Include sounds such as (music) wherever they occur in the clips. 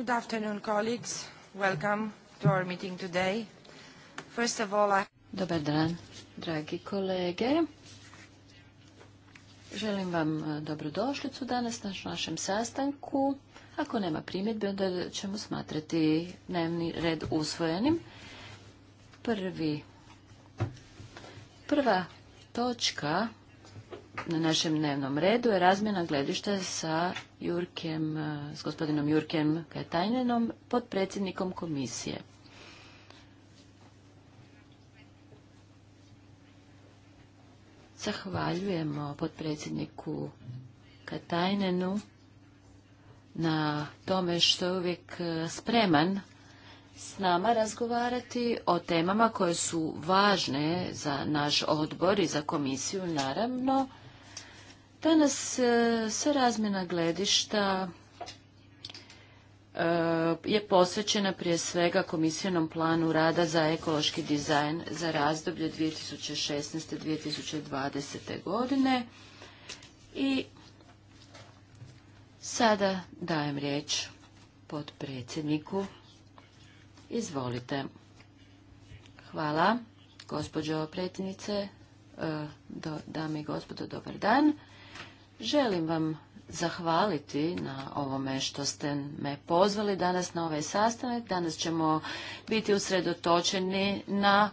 Good afternoon, colleagues. Welcome to our meeting today. First of all, Dobar dan, dragi kolege. Želim vam e, dobrodošlicu danas na našem sastanku. Ako nema primjedbe, onda ćemo smatrati dnevni red usvojenim. Prvi, prva točka na našem dnevnom redu je razmjena gledišta sa Jurkem, eh, s gospodinom Jurkem Katajnenom, podpredsjednikom komisije. Zahvaljujemo podpredsjedniku Katajnenu na tome što je uvijek eh, spreman s nama razgovarati o temama koje su važne za naš odbor i za komisiju, naravno. Danas se razmjena gledišta e, je posvećena prije svega komisijenom planu rada za ekološki dizajn za razdoblje 2016-2020. godine i sada dajem riječ potpredsjedniku. Izvolite. Hvala, gospođo predsjednice, e, dame i gospodo, dobar dan. Želim vam zahvaliti na ovome što ste me pozvali danas na ovaj sastanak. Danas ćemo biti usredotočeni na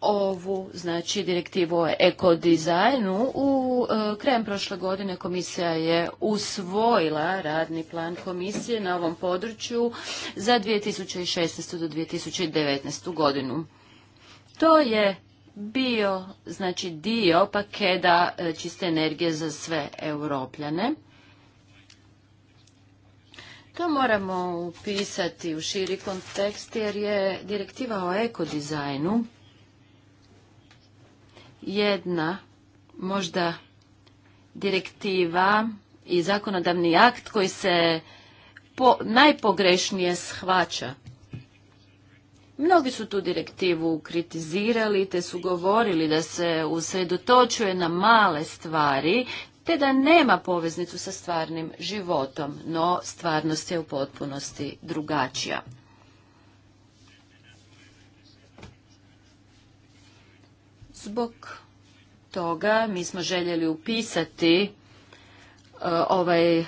ovu znači direktivu o ekodizajnu u e, krajem prošle godine komisija je usvojila radni plan komisije na ovom području za 2016. do 2019. godinu. To je bio znači dio paketa e, čiste energije za sve europljane. To moramo upisati u širi kontekst jer je direktiva o ekodizajnu jedna možda direktiva i zakonodavni akt koji se najpogrešnije shvaća Mnogi su tu direktivu kritizirali te su govorili da se usredotočuje na male stvari te da nema poveznicu sa stvarnim životom, no stvarnost je u potpunosti drugačija. Zbog toga mi smo željeli upisati e, ovaj e,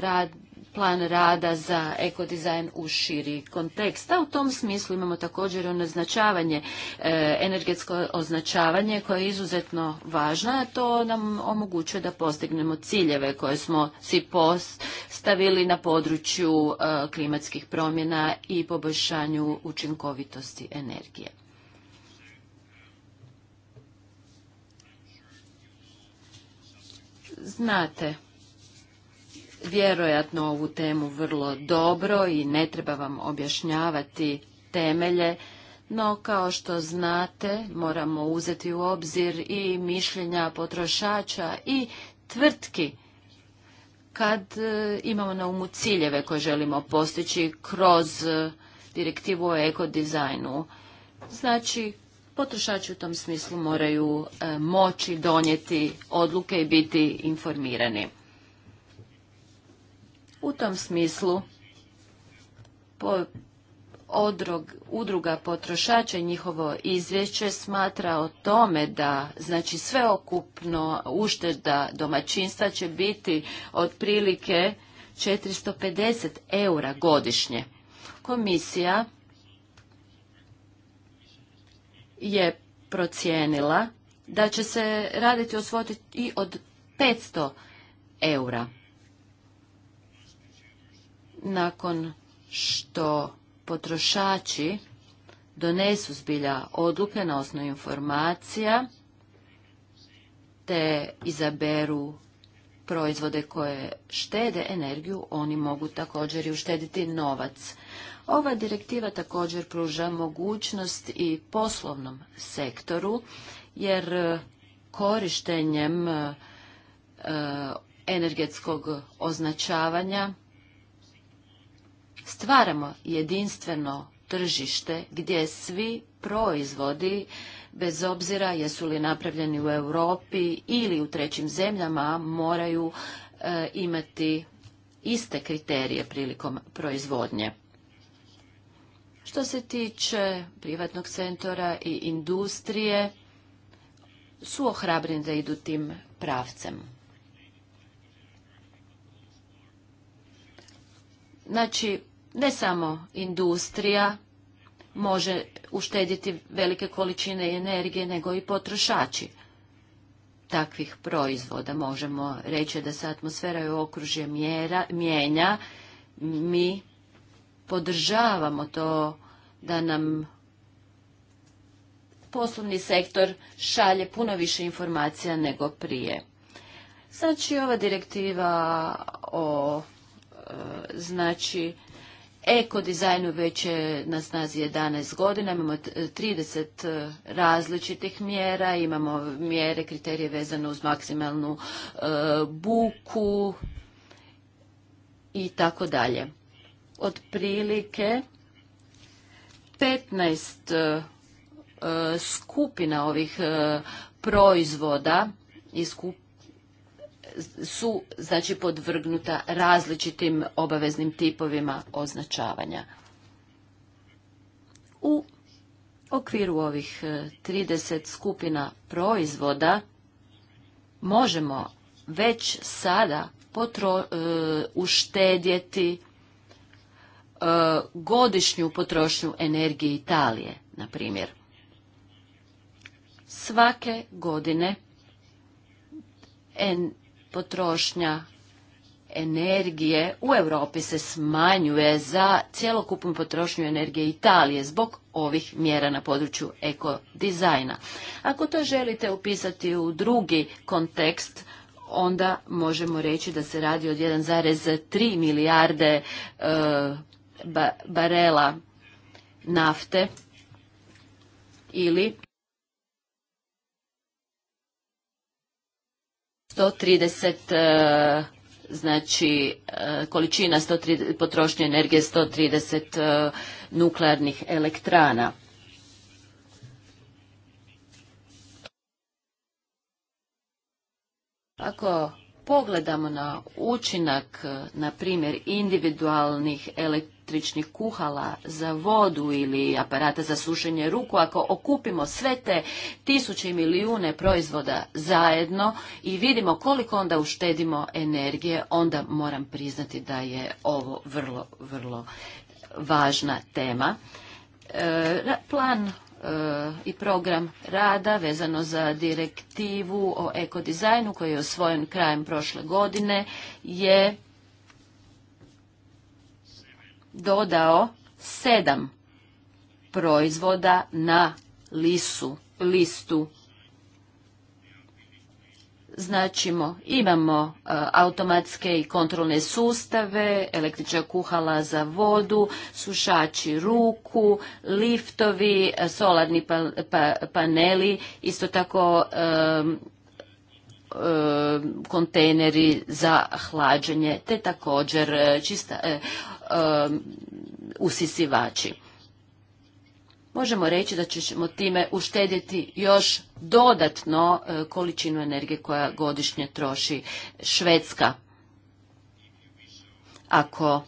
rad plan rada za ekodizajn u širi kontekst. A u tom smislu imamo također označavanje, e, energetsko označavanje koje je izuzetno važno, a to nam omogućuje da postignemo ciljeve koje smo si postavili na području e, klimatskih promjena i poboljšanju učinkovitosti energije. Znate, vjerojatno ovu temu vrlo dobro i ne treba vam objašnjavati temelje, no kao što znate moramo uzeti u obzir i mišljenja potrošača i tvrtki kad e, imamo na umu ciljeve koje želimo postići kroz e, direktivu o ekodizajnu. Znači, potrošači u tom smislu moraju e, moći donijeti odluke i biti informirani. U tom smislu odrog, udruga potrošača i njihovo izvješće smatra o tome da znači sveokupno ušteda domaćinstva će biti otprilike 450 eura godišnje. Komisija je procijenila da će se raditi o svoti i od 500 eura nakon što potrošači donesu zbilja odluke na osnovu informacija te izaberu proizvode koje štede energiju, oni mogu također i uštediti novac. Ova direktiva također pruža mogućnost i poslovnom sektoru, jer korištenjem e, energetskog označavanja stvaramo jedinstveno tržište gdje svi proizvodi, bez obzira jesu li napravljeni u Europi ili u trećim zemljama, moraju e, imati iste kriterije prilikom proizvodnje. Što se tiče privatnog centora i industrije, su ohrabreni da idu tim pravcem. Znači, ne samo industrija može uštediti velike količine energije, nego i potrošači takvih proizvoda. Možemo reći da se atmosfera i okružje mjera, mijenja. Mi podržavamo to da nam poslovni sektor šalje puno više informacija nego prije. Znači, ova direktiva o e, znači Eko dizajnu već je na snazi 11 godina, imamo 30 e, različitih mjera, imamo mjere, kriterije vezane uz maksimalnu e, buku i tako dalje. Otprilike 15 e, skupina ovih proizvoda i su znači podvrgnuta različitim obaveznim tipovima označavanja. U okviru ovih 30 e, skupina proizvoda možemo već sada potro, e, uštedjeti e, godišnju potrošnju energije Italije, na primjer. Svake godine en, potrošnja energije u Europi se smanjuje za cjelokupnu potrošnju energije Italije zbog ovih mjera na području ekodizajna. Ako to želite upisati u drugi kontekst, onda možemo reći da se radi od 1,3 milijarde e, barela nafte ili 130 e, znači e, količina potrošnje energije 130 e, nuklearnih elektrana. Ako pogledamo na učinak, na primjer, individualnih elektrana, električnih kuhala za vodu ili aparata za sušenje ruku, ako okupimo sve te tisuće i milijune proizvoda zajedno i vidimo koliko onda uštedimo energije, onda moram priznati da je ovo vrlo, vrlo važna tema. E, plan e, i program rada vezano za direktivu o ekodizajnu koji je osvojen krajem prošle godine je dodao sedam proizvoda na lisu, listu. Značimo, imamo e, automatske i kontrolne sustave, električna kuhala za vodu, sušači ruku, liftovi, e, solarni pa, pa, paneli, isto tako e, kontejneri za hlađenje, te također čista Um, usisivači. Možemo reći da ćemo time uštedjeti još dodatno uh, količinu energije koja godišnje troši Švedska. Ako,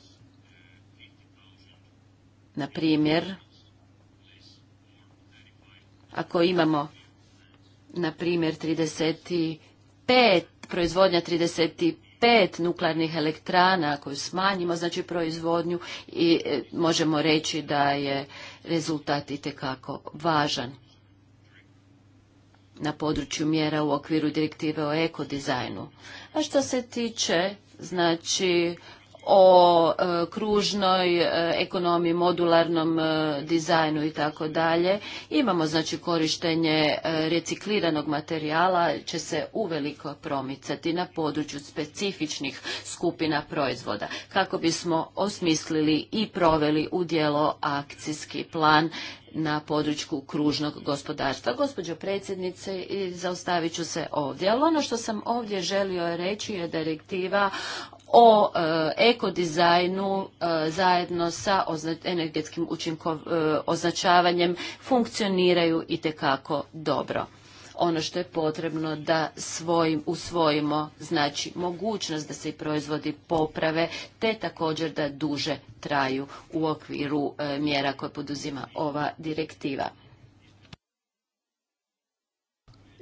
na primjer, ako imamo, na primjer, 35, proizvodnja 35 pet nuklearnih elektrana koju smanjimo, znači proizvodnju i e, možemo reći da je rezultat itekako važan na području mjera u okviru direktive o ekodizajnu. A što se tiče znači o e, kružnoj e, ekonomiji, modularnom e, dizajnu i tako dalje. Imamo znači korištenje recikliranog materijala će se uveliko promicati na području specifičnih skupina proizvoda kako bismo osmislili i proveli u djelo akcijski plan na području kružnog gospodarstva. Gospođo predsjednice, zaustavit ću se ovdje. Ali ono što sam ovdje želio reći je direktiva o e, ekodizajnu e, zajedno sa energetskim e, označavanjem funkcioniraju i tekako dobro ono što je potrebno da svojim, usvojimo, znači mogućnost da se i proizvodi poprave, te također da duže traju u okviru mjera koje poduzima ova direktiva.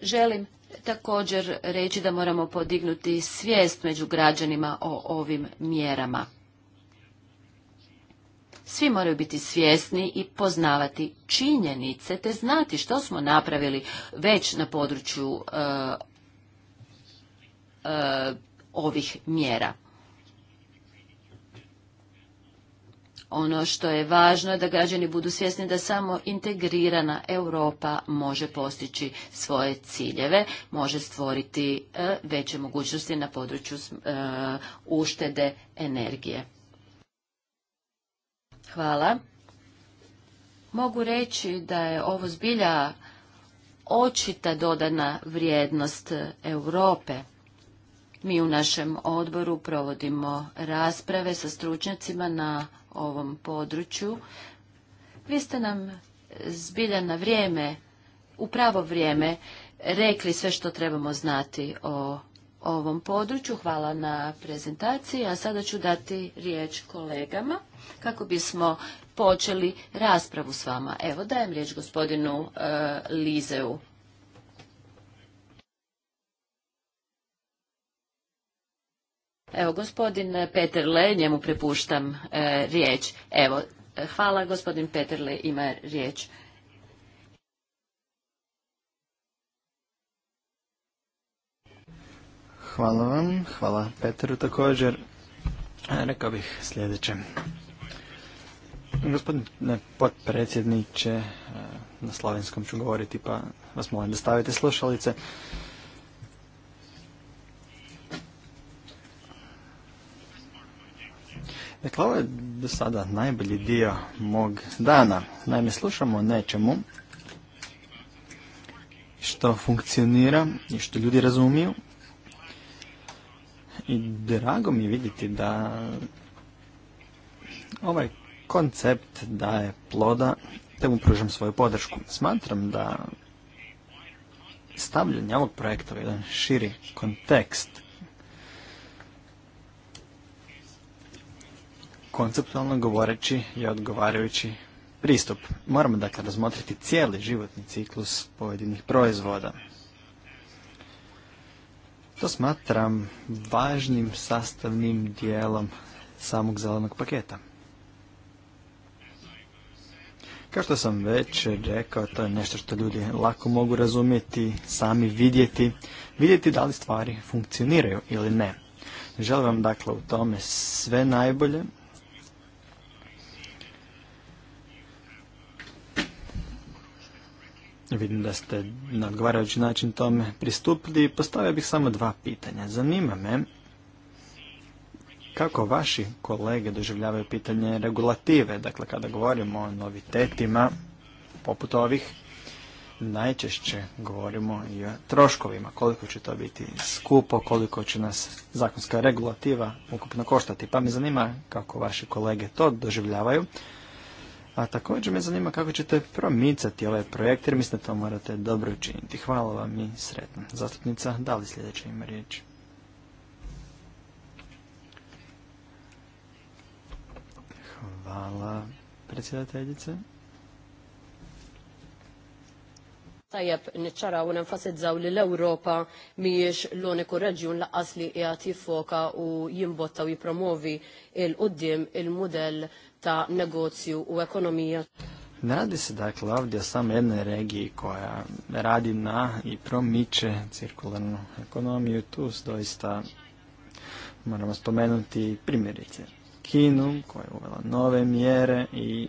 Želim također reći da moramo podignuti svijest među građanima o ovim mjerama. Svi moraju biti svjesni i poznavati činjenice te znati što smo napravili već na području e, e, ovih mjera. Ono što je važno je da građani budu svjesni da samo integrirana Europa može postići svoje ciljeve, može stvoriti e, veće mogućnosti na području e, uštede energije. Hvala. Mogu reći da je ovo zbilja očita dodana vrijednost Europe. Mi u našem odboru provodimo rasprave sa stručnjacima na ovom području. Vi ste nam zbilja na vrijeme, u pravo vrijeme, rekli sve što trebamo znati o ovom području. Hvala na prezentaciji, a sada ću dati riječ kolegama kako bismo počeli raspravu s vama. Evo dajem riječ gospodinu e, Lizeu. Evo, gospodin Le, njemu prepuštam e, riječ. Evo, hvala, gospodin Peterle ima riječ. Hvala vam, hvala Peteru također. E, rekao bih sljedeće. Gospodine potpredsjedniče, e, na slovenskom ću govoriti, pa vas molim da stavite slušalice. Dakle, ovo je do sada najbolji dio mog dana. Naime, slušamo o nečemu što funkcionira i što ljudi razumiju. I drago mi je vidjeti da ovaj koncept daje ploda te mu pružam svoju podršku. Smatram da stavljanje ovog projekta u jedan širi kontekst konceptualno govoreći je odgovarajući pristup. Moramo dakle razmotriti cijeli životni ciklus pojedinih proizvoda. To smatram važnim sastavnim dijelom samog zelenog paketa. Kao što sam već rekao, to je nešto što ljudi lako mogu razumjeti, sami vidjeti, vidjeti da li stvari funkcioniraju ili ne. Želim vam dakle u tome sve najbolje, Vidim da ste na odgovarajući način tome pristupili postavio bih samo dva pitanja. Zanima me kako vaši kolege doživljavaju pitanje regulative, dakle kada govorimo o novitetima poput ovih, najčešće govorimo i o troškovima, koliko će to biti skupo, koliko će nas zakonska regulativa ukupno koštati. Pa me zanima kako vaši kolege to doživljavaju, a također me zanima kako ćete promicati ovaj projekt, jer mislim da to morate dobro učiniti. Hvala vam i sretno. Zastupnica, da li sljedeća ima riječ? Hvala, predsjedateljice. طيب niċċaraw u nenfasizzaw li l-Ewropa mhijiex l-uniku فوكا laqas li u ta negociju u ekonomiju. Ne radi se dakle ovdje o samo jednoj regiji koja radi na i promiče cirkularnu ekonomiju. Tu doista moramo spomenuti primjerice Kinu koja je uvela nove mjere i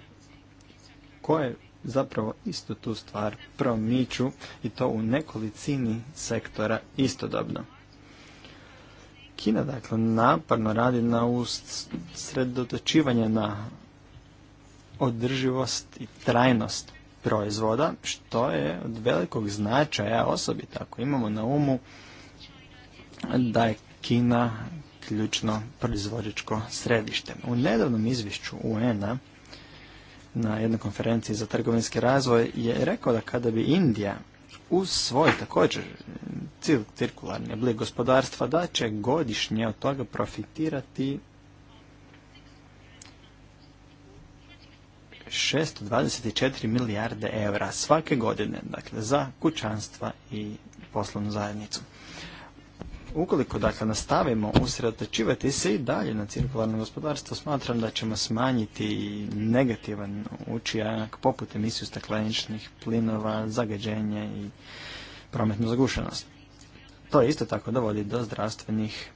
koje zapravo isto tu stvar promiču i to u nekolicini sektora istodobno. Kina dakle naporno radi na usredotočivanje na održivost i trajnost proizvoda, što je od velikog značaja, osobito ako imamo na umu da je Kina ključno proizvođačko središte. U nedavnom izvješću UN-a na jednoj konferenciji za trgovinski razvoj je rekao da kada bi Indija uz svoj također cirkularni oblik gospodarstva da će godišnje od toga profitirati 624 milijarde eura svake godine, dakle, za kućanstva i poslovnu zajednicu. Ukoliko dakle nastavimo usredotočivati se i dalje na cirkularno gospodarstvo, smatram da ćemo smanjiti negativan učijak poput emisiju stakleničnih plinova, zagađenja i prometnu zagušenost. To isto tako dovodi do zdravstvenih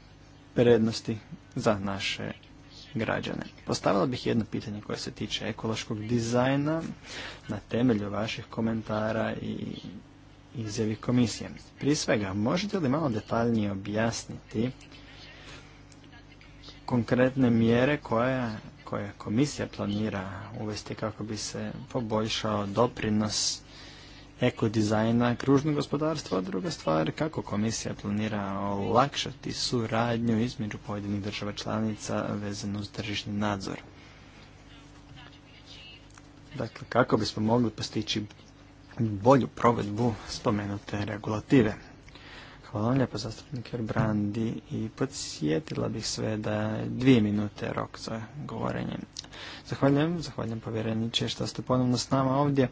prednosti za naše građane. Postavila bih jedno pitanje koje se tiče ekološkog dizajna na temelju vaših komentara i izjavi komisije. Prije svega, možete li malo detaljnije objasniti konkretne mjere koje, koje komisija planira uvesti kako bi se poboljšao doprinos ekodizajna kružnog gospodarstva, a druga stvar kako komisija planira olakšati suradnju između pojedinih država članica vezano uz tržišni nadzor. Dakle, kako bismo mogli postići bolju provedbu spomenute regulative. Hvala vam lijepo zastupnik Brandi i podsjetila bih sve da je dvije minute rok za govorenje. Zahvaljujem, zahvaljujem povjereniče što ste ponovno s nama ovdje.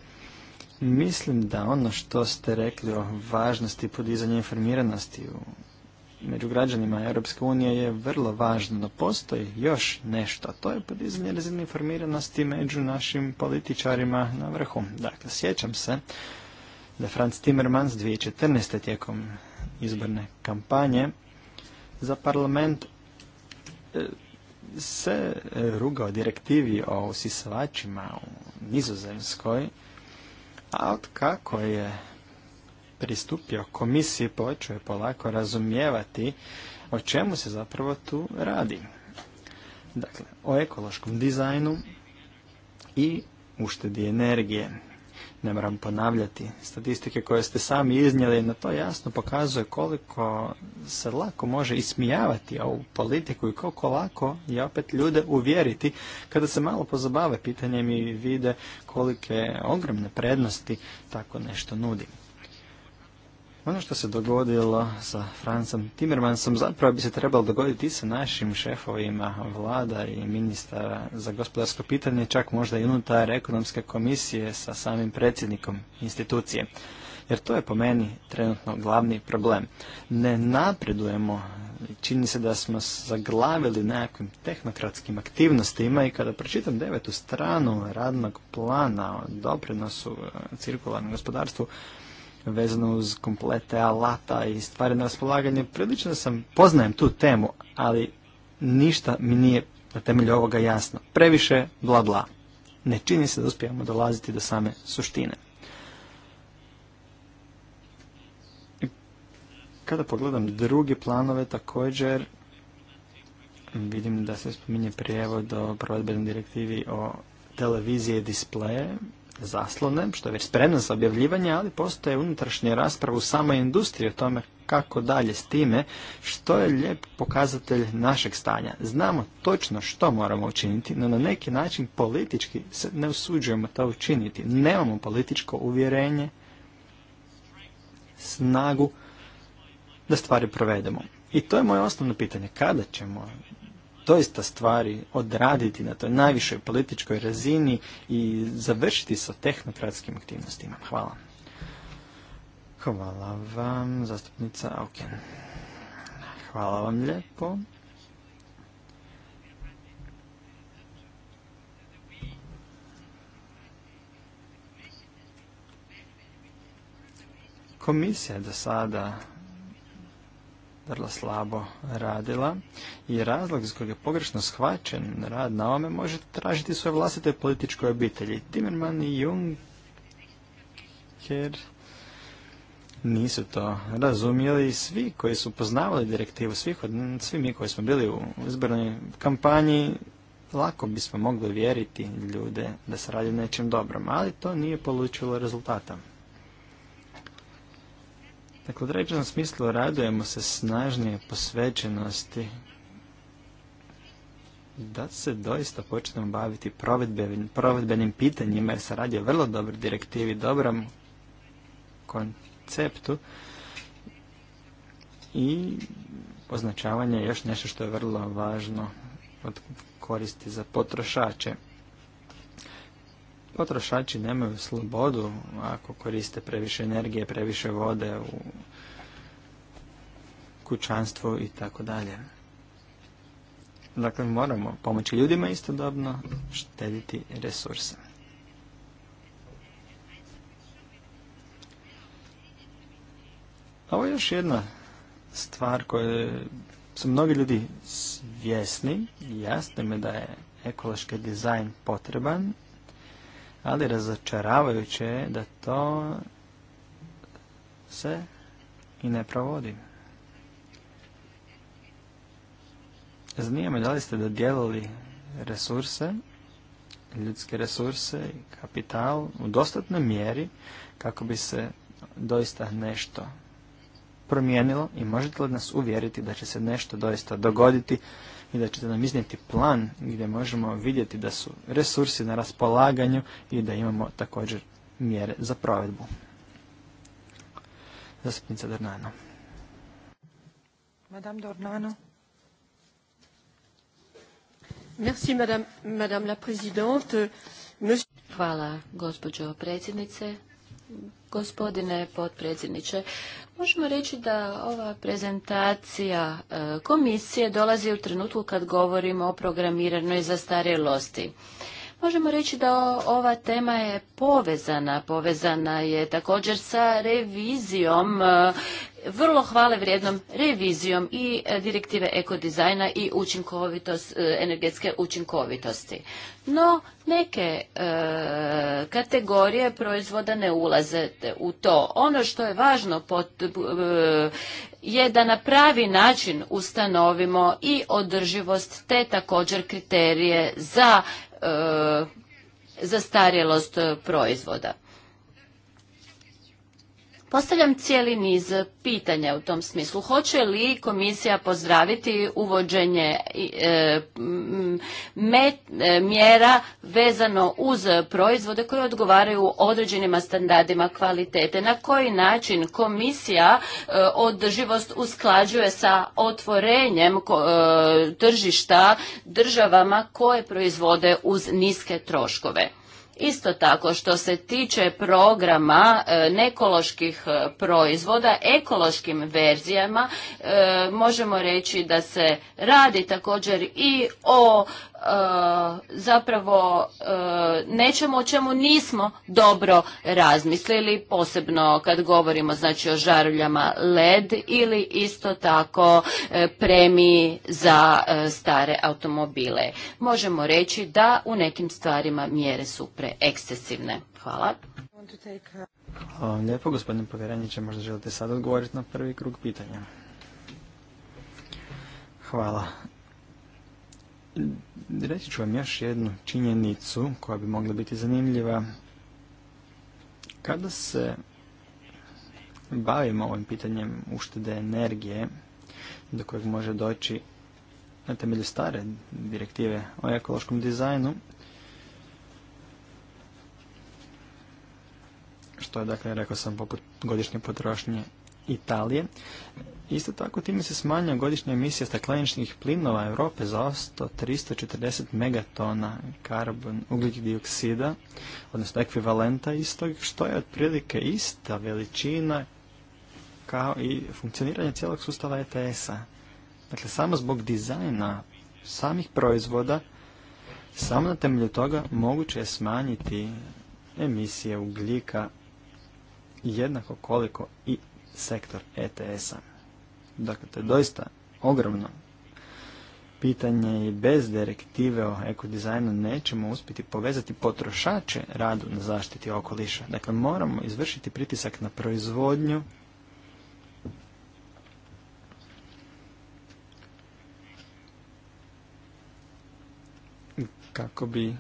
Mislim da ono što ste rekli o važnosti podizanja informiranosti u među građanima Europske unije je vrlo važno, Da postoji još nešto, a to je podizanje razine informiranosti među našim političarima na vrhu. Dakle, sjećam se da Franz Timmermans 2014. tijekom izborne kampanje za parlament e, se rugao direktivi o usisavačima u Nizozemskoj a od kako je pristupio komisiji počeo je polako razumijevati o čemu se zapravo tu radi. Dakle, o ekološkom dizajnu i uštedi energije. Ne moram ponavljati statistike koje ste sami iznijeli, na to jasno pokazuje koliko se lako može ismijavati ovu politiku i koliko lako je opet ljude uvjeriti kada se malo pozabave pitanjem i vide kolike ogromne prednosti tako nešto nudi. Ono što se dogodilo sa Francom Timmermansom zapravo bi se trebalo dogoditi i sa našim šefovima vlada i ministara za gospodarsko pitanje, čak možda i unutar ekonomske komisije sa samim predsjednikom institucije. Jer to je po meni trenutno glavni problem. Ne napredujemo, čini se da smo zaglavili nekakvim tehnokratskim aktivnostima i kada pročitam devetu stranu radnog plana o doprinosu cirkularnom gospodarstvu, vezano uz komplete alata i stvari na raspolaganje. Prilično sam, poznajem tu temu, ali ništa mi nije na temelju ovoga jasno. Previše bla bla. Ne čini se da uspijemo dolaziti do same suštine. Kada pogledam druge planove također vidim da se spominje prijevod o provedbenoj direktivi o televizije displeje zaslone, što je već spremno za objavljivanje, ali postoje unutrašnje rasprave u samoj industriji o tome kako dalje s time, što je lijep pokazatelj našeg stanja. Znamo točno što moramo učiniti, no na neki način politički se ne usuđujemo to učiniti. Nemamo političko uvjerenje, snagu da stvari provedemo. I to je moje osnovno pitanje. Kada ćemo doista stvari odraditi na toj najvišoj političkoj razini i završiti sa tehnokratskim aktivnostima. Hvala. Hvala vam, zastupnica Auken. Hvala vam lijepo. Komisija do sada vrlo slabo radila i razlog iz kojeg je pogrešno shvaćen rad na ovome može tražiti svoje vlastite političkoj obitelji. Timerman i Juncker nisu to razumjeli svi koji su poznavali direktivu, svi mi koji smo bili u izbornoj kampanji, lako bismo mogli vjeriti ljude da se radi nečem dobrom, ali to nije polučilo rezultata. Dakle, u određenom smislu radujemo se snažnije posvećenosti da se doista počnemo baviti provedbenim, pitanjima jer se radi o vrlo dobroj direktivi, dobrom konceptu i označavanje je još nešto što je vrlo važno od koristi za potrošače potrošači nemaju slobodu ako koriste previše energije, previše vode u kućanstvu i tako dalje. Dakle, moramo pomoći ljudima istodobno štediti resurse. Ovo je još jedna stvar koje su mnogi ljudi svjesni. Jasno je da je ekološki dizajn potreban ali razočaravajuće je da to se i ne provodi. Zanima da li ste dodijelili resurse, ljudske resurse i kapital u dostatnoj mjeri kako bi se doista nešto promijenilo i možete li nas uvjeriti da će se nešto doista dogoditi i da ćete nam iznijeti plan gdje možemo vidjeti da su resursi na raspolaganju i da imamo također mjere za provedbu. Zastupnica Dornano. Madame Dornano. Merci, madame, madame la présidente. Hvala, gospođo predsjednice. Gospodine potpredsjedniče, možemo reći da ova prezentacija e, komisije dolazi u trenutku kad govorimo o programiranoj zastarjelosti. Možemo reći da ova tema je povezana, povezana je također sa revizijom e, vrlo hvale vrijednom revizijom i e, direktive ekodizajna i učinkovitost, e, energetske učinkovitosti. No, neke e, kategorije proizvoda ne ulaze u to. Ono što je važno je da na pravi način ustanovimo i održivost te također kriterije za zastarjelost proizvoda. Postavljam cijeli niz pitanja u tom smislu. Hoće li komisija pozdraviti uvođenje e, e, mjera vezano uz proizvode koje odgovaraju određenim standardima kvalitete? Na koji način komisija e, održivost usklađuje sa otvorenjem tržišta državama koje proizvode uz niske troškove? Isto tako što se tiče programa e, nekoloških e, proizvoda, ekološkim verzijama e, možemo reći da se radi također i o E, zapravo e, nečemu o čemu nismo dobro razmislili, posebno kad govorimo znači o žaruljama LED ili isto tako e, premiji za stare automobile. Možemo reći da u nekim stvarima mjere su preekscesivne. Hvala. lijepo, gospodine povjereniče, možda želite sad odgovoriti na prvi krug pitanja. Hvala. Reći ću vam još jednu činjenicu koja bi mogla biti zanimljiva. Kada se bavimo ovim pitanjem uštede energije, do kojeg može doći na temelju stare direktive o ekološkom dizajnu, što je, dakle, rekao sam, poput godišnje potrošnje Italije, Isto tako time se smanjuje godišnja emisija stakleničnih plinova Europe za 340 megatona karbon ugljik dioksida, odnosno ekvivalenta istog, što je otprilike ista veličina kao i funkcioniranje cijelog sustava ETS-a. Dakle, samo zbog dizajna samih proizvoda, samo na temelju toga moguće je smanjiti emisije ugljika jednako koliko i sektor ETS-a. Dakle, to je doista ogromno pitanje i bez direktive o ekodizajnu nećemo uspjeti povezati potrošače radu na zaštiti okoliša. Dakle, moramo izvršiti pritisak na proizvodnju kako bi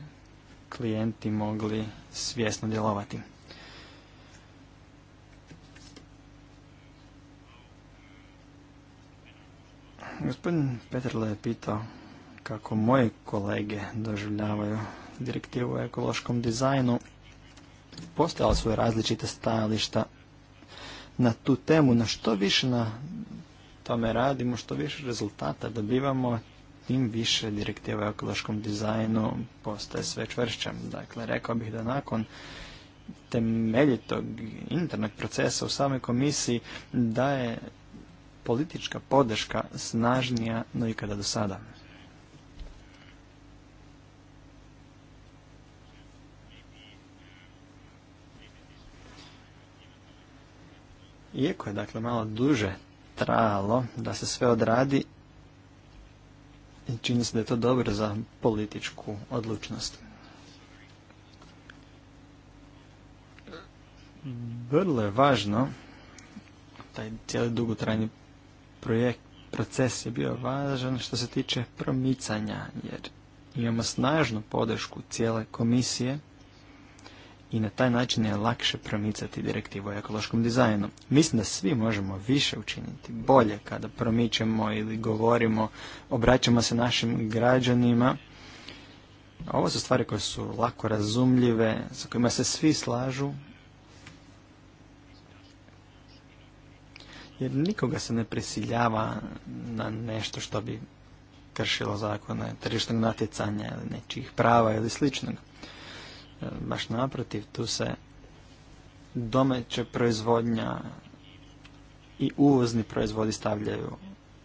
klijenti mogli svjesno djelovati. Gospodin Petrle je pitao kako moji kolege doživljavaju direktivu o ekološkom dizajnu. Postojala su različite stajališta na tu temu, na što više na tome radimo, što više rezultata dobivamo, tim više direktiva o ekološkom dizajnu postaje sve čvršća. Dakle, rekao bih da nakon temeljitog internog procesa u samoj komisiji da je politička podrška snažnija no ikada do sada. Iako je dakle malo duže trajalo da se sve odradi, čini se da je to dobro za političku odlučnost. Vrlo je važno taj cijeli dugotrajni projekt, proces je bio važan što se tiče promicanja, jer imamo snažnu podršku cijele komisije i na taj način je lakše promicati direktivu o ekološkom dizajnu. Mislim da svi možemo više učiniti, bolje kada promičemo ili govorimo, obraćamo se našim građanima. Ovo su stvari koje su lako razumljive, sa kojima se svi slažu jer nikoga se ne prisiljava na nešto što bi kršilo zakone tržišnog natjecanja ili nečijih prava ili sličnog. E, baš naprotiv, tu se domaća proizvodnja i uvozni proizvodi stavljaju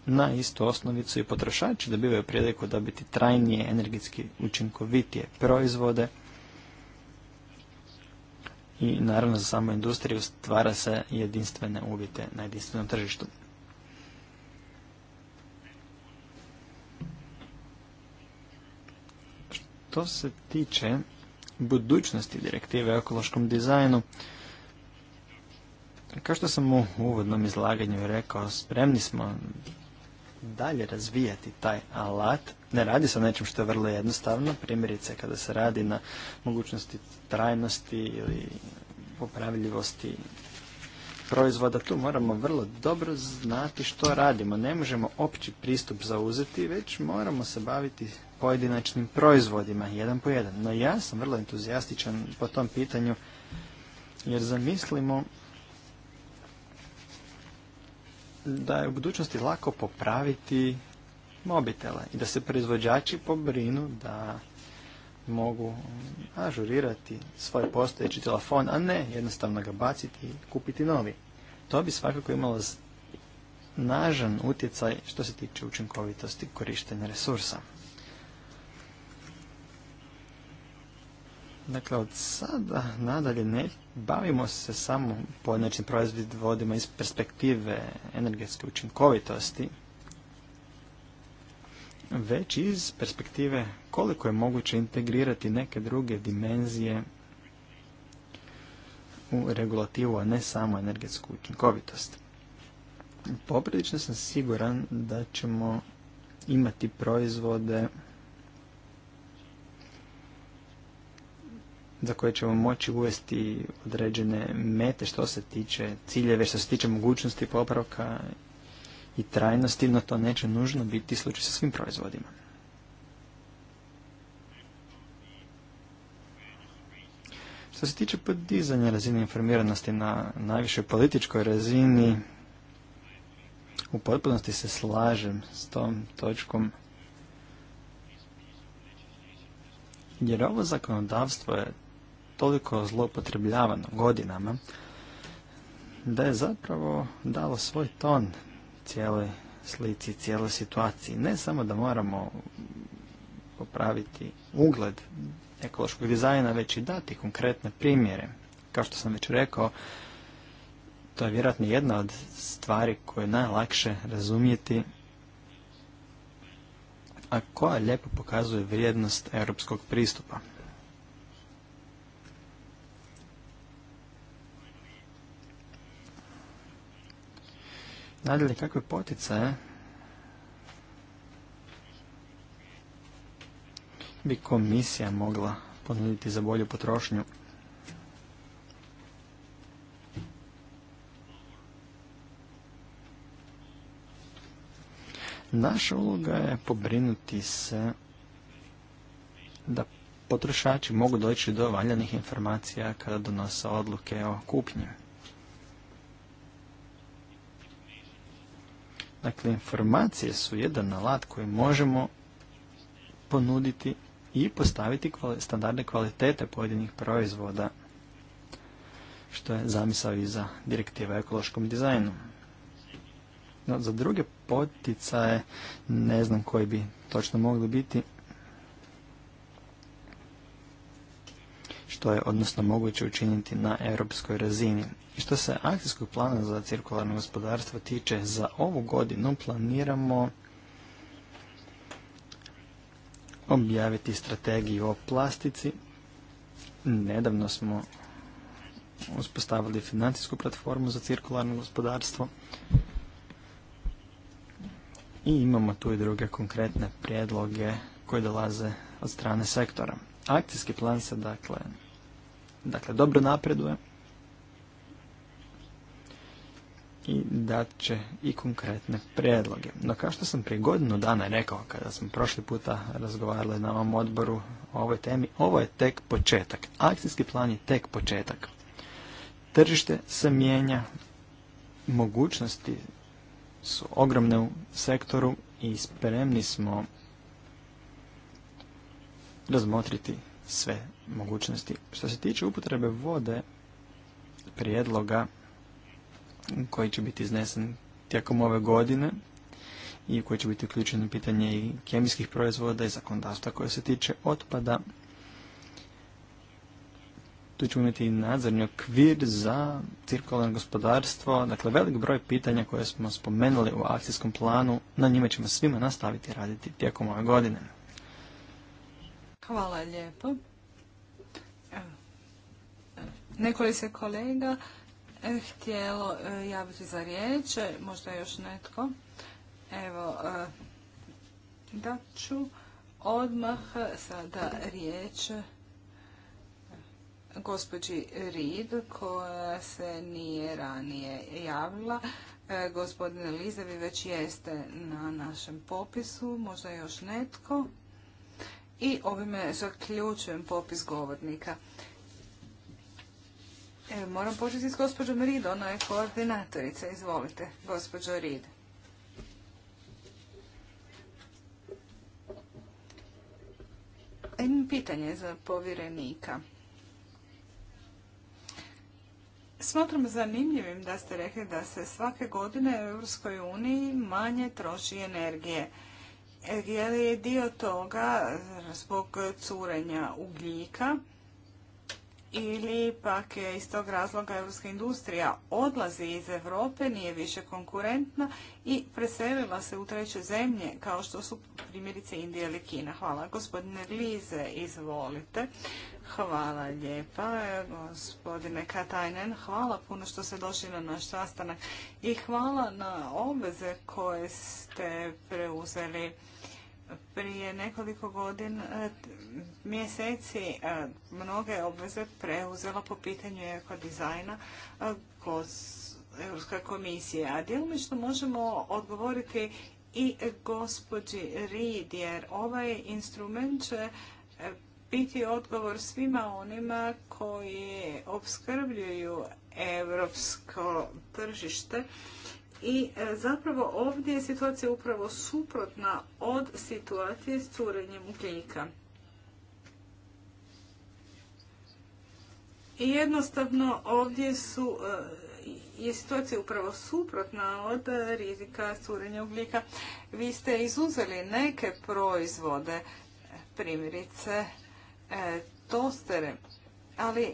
na istu osnovicu i potrošači dobivaju priliku dobiti trajnije, energetski učinkovitije proizvode i naravno za samu industriju stvara se jedinstvene uvjete na jedinstvenom tržištu. Što se tiče budućnosti direktive o ekološkom dizajnu, kao što sam u uvodnom izlaganju rekao, spremni smo dalje razvijati taj alat. Ne radi se o nečem što je vrlo jednostavno, primjerice kada se radi na mogućnosti trajnosti ili popravljivosti proizvoda, tu moramo vrlo dobro znati što radimo. Ne možemo opći pristup zauzeti, već moramo se baviti pojedinačnim proizvodima, jedan po jedan. No ja sam vrlo entuzijastičan po tom pitanju, jer zamislimo da je u budućnosti lako popraviti mobitele i da se proizvođači pobrinu da mogu ažurirati svoj postojeći telefon, a ne jednostavno ga baciti i kupiti novi. To bi svakako imalo snažan utjecaj što se tiče učinkovitosti korištenja resursa. Dakle, od sada nadalje ne bavimo se samo pojedinačnim proizvodima iz perspektive energetske učinkovitosti, već iz perspektive koliko je moguće integrirati neke druge dimenzije u regulativu, a ne samo energetsku učinkovitost. Poprilično sam siguran da ćemo imati proizvode za koje ćemo moći uvesti određene mete što se tiče ciljeve, što se tiče mogućnosti popravka i trajnosti, no to neće nužno biti slučaj sa svim proizvodima. Što se tiče podizanja razine informiranosti na najvišoj političkoj razini, u potpunosti se slažem s tom točkom jer ovo zakonodavstvo je toliko zloupotrebljavano godinama da je zapravo dalo svoj ton cijeloj slici, cijeloj situaciji. Ne samo da moramo popraviti ugled ekološkog dizajna, već i dati konkretne primjere. Kao što sam već rekao, to je vjerojatno jedna od stvari koje je najlakše razumjeti, a koja lijepo pokazuje vrijednost europskog pristupa. Nadalje, kakve poticaje bi komisija mogla ponuditi za bolju potrošnju? Naša uloga je pobrinuti se da potrošači mogu doći do valjanih informacija kada donose odluke o kupnji. Dakle, informacije su jedan alat koji možemo ponuditi i postaviti standardne kvalitete pojedinih proizvoda, što je zamisao i za direktiva o ekološkom dizajnu. No, za druge poticaje ne znam koji bi točno mogli biti, što je odnosno moguće učiniti na europskoj razini što se akcijskog plana za cirkularno gospodarstvo tiče, za ovu godinu planiramo objaviti strategiju o plastici. Nedavno smo uspostavili financijsku platformu za cirkularno gospodarstvo i imamo tu i druge konkretne prijedloge koji dolaze od strane sektora. Akcijski plan se dakle, dakle dobro napreduje. i dat će i konkretne prijedloge. No kao što sam prije godinu dana rekao kada smo prošli puta razgovarali na ovom odboru o ovoj temi, ovo je tek početak. Akcijski plan je tek početak. Tržište se mijenja, mogućnosti su ogromne u sektoru i spremni smo razmotriti sve mogućnosti. Što se tiče upotrebe vode, prijedloga koji će biti iznesen tijekom ove godine i koji će biti uključeno pitanje i kemijskih proizvoda i zakonodavstva koje se tiče otpada. Tu ćemo imati i nadzorni okvir za cirkularno gospodarstvo, dakle velik broj pitanja koje smo spomenuli u akcijskom planu, na njima ćemo svima nastaviti raditi tijekom ove godine. Hvala lijepo. Nekoli se kolega htjelo e, javiti za riječ, možda još netko. Evo, e, da ću odmah sada riječ gospođi Rid koja se nije ranije javila. E, gospodine Lize, vi već jeste na našem popisu, možda još netko. I ovime zaključujem popis govornika. Moram početi s gospođom Rid, ona je koordinatorica. Izvolite, gospođo Rid. Jedno pitanje za povjerenika. Smatram zanimljivim da ste rekli da se svake godine u Europskoj uniji manje troši energije. Je li dio toga zbog curenja ugljika? ili pak je iz tog razloga europska industrija odlazi iz Europe, nije više konkurentna i preselila se u treće zemlje kao što su primjerice Indija ili Kina. Hvala. Gospodine Lize, izvolite. Hvala lijepa, gospodine Katajnen. Hvala puno što ste došli na naš sastanak i hvala na obveze koje ste preuzeli prije nekoliko godina, e, mjeseci, e, mnoge obveze preuzela po pitanju dizajna e, kroz Europska komisija. A što možemo odgovoriti i gospođi Rid jer ovaj instrument će biti odgovor svima onima koji opskrbljuju europsko tržište i e, zapravo ovdje je situacija upravo suprotna od situacije s curenjem ugljika. I jednostavno ovdje su, e, je situacija upravo suprotna od e, rizika curenja ugljika. Vi ste izuzeli neke proizvode, primjerice tostere, ali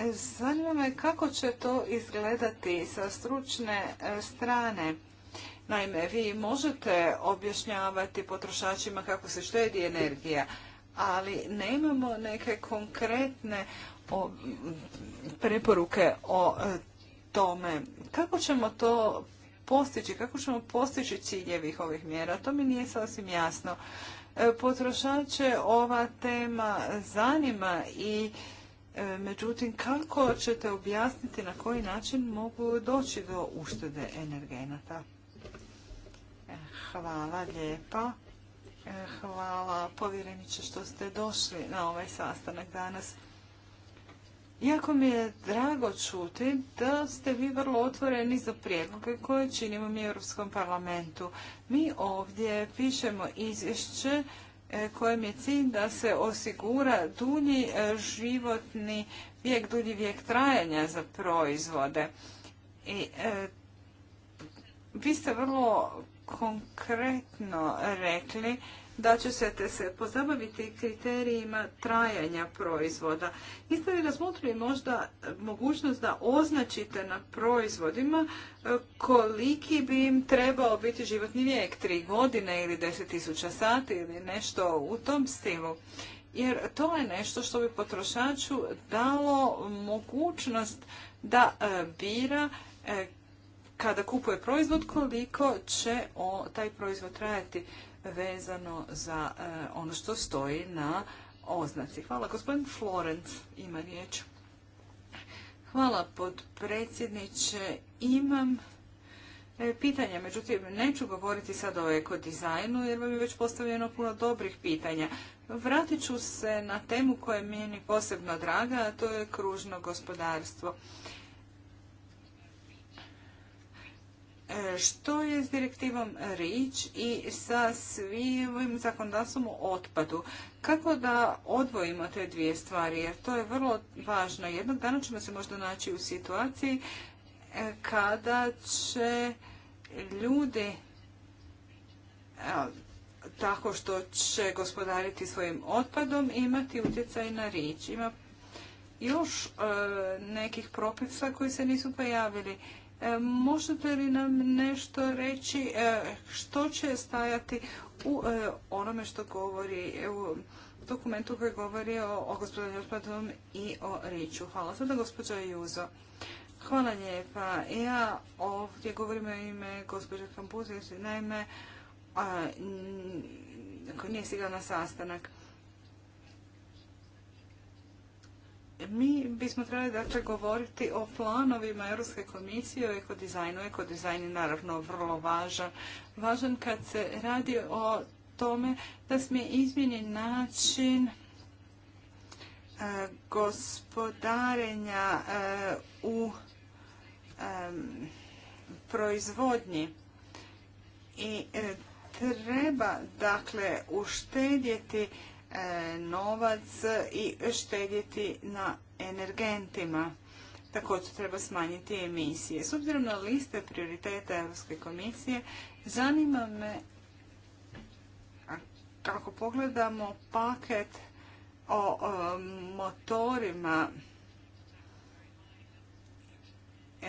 Zanima me kako će to izgledati sa stručne e, strane. Naime, vi možete objašnjavati potrošačima kako se štedi energija, ali nemamo neke konkretne preporuke o e, tome. Kako ćemo to postići, kako ćemo postići ciljevih ovih mjera, to mi nije sasvim jasno. E, potrošače ova tema zanima i E, međutim, kako ćete objasniti na koji način mogu doći do uštede energenata? E, hvala lijepa. E, hvala povjereniče što ste došli na ovaj sastanak danas. Iako mi je drago čuti da ste vi vrlo otvoreni za prijedloge koje činimo mi u Europskom parlamentu. Mi ovdje pišemo izvješće E, kojem je cilj da se osigura dulji e, životni vijek, dulji vijek trajanja za proizvode. I e, vi ste vrlo konkretno rekli da će se te se pozabaviti kriterijima trajanja proizvoda. isto li razmotrili možda mogućnost da označite na proizvodima e, koliki bi im trebao biti životni vijek, tri godine ili deset tisuća sati ili nešto u tom stilu? Jer to je nešto što bi potrošaču dalo mogućnost da e, bira e, kada kupuje proizvod koliko će taj proizvod trajati vezano za e, ono što stoji na oznaci. Hvala. Gospodin Florence ima riječ. Hvala podpredsjedniče. Imam e, pitanja, međutim neću govoriti sad o ekodizajnu jer vam je već postavljeno puno dobrih pitanja. Vratit ću se na temu koja je meni posebno draga, a to je kružno gospodarstvo. E, što je s direktivom REACH i sa svim zakonodavstvom o otpadu. Kako da odvojimo te dvije stvari, jer to je vrlo važno. Jednog dana ćemo se možda naći u situaciji e, kada će ljudi e, tako što će gospodariti svojim otpadom imati utjecaj na REACH. Ima još nekih propisa koji se nisu pojavili. E, možete li nam nešto reći e, što će stajati u e, onome što govori u dokumentu koji govori o, o gospodinu otpadom i o riču. Hvala sada gospođo Juzo. Hvala lijepa. Ja ovdje govorim o ime gospođe Kampuzi, naime, a, nije sigurno na sastanak. Mi bismo trebali dakle govoriti o planovima Europske komisije o ekodizajnu. Ekodizajn je naravno vrlo važan. Važan kad se radi o tome da smije izmijenjen način e, gospodarenja e, u e, proizvodnji i treba dakle uštedjeti E, novac i štedjeti na energentima. Također treba smanjiti emisije. S obzirom na liste prioriteta Europske komisije, zanima me kako pogledamo paket o, motorima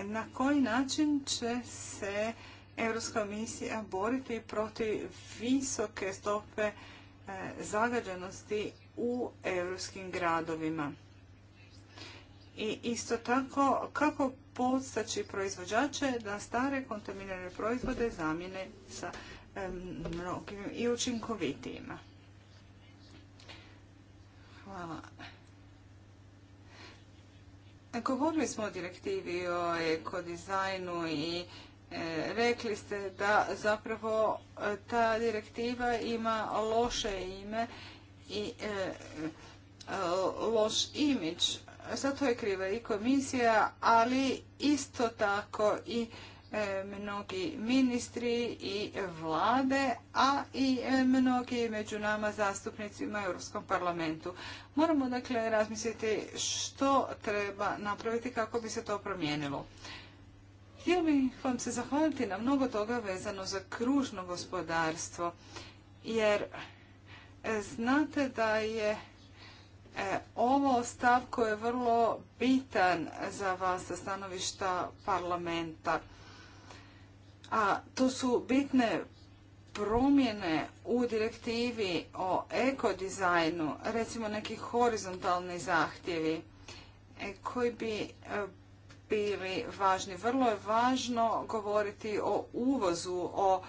na koji način će se Europska komisija boriti protiv visoke stope E, zagađenosti u europskim gradovima. I isto tako kako podstaći proizvođače da stare kontaminirane proizvode zamijene sa e, mnogim i učinkovitijima. Hvala. E, govorili smo o direktivi o ekodizajnu i E, rekli ste da zapravo e, ta direktiva ima loše ime i e, loš imidž. Zato je kriva i komisija, ali isto tako i mnogi ministri i vlade, a i mnogi među nama zastupnicima u Europskom parlamentu. Moramo dakle razmisliti što treba napraviti kako bi se to promijenilo. Htio bih vam se zahvaliti na mnogo toga vezano za kružno gospodarstvo, jer e, znate da je e, ovo stav koji je vrlo bitan za vas sa stanovišta parlamenta. A to su bitne promjene u direktivi o ekodizajnu, recimo neki horizontalni zahtjevi e, koji bi bili važni. Vrlo je važno govoriti o uvozu, o,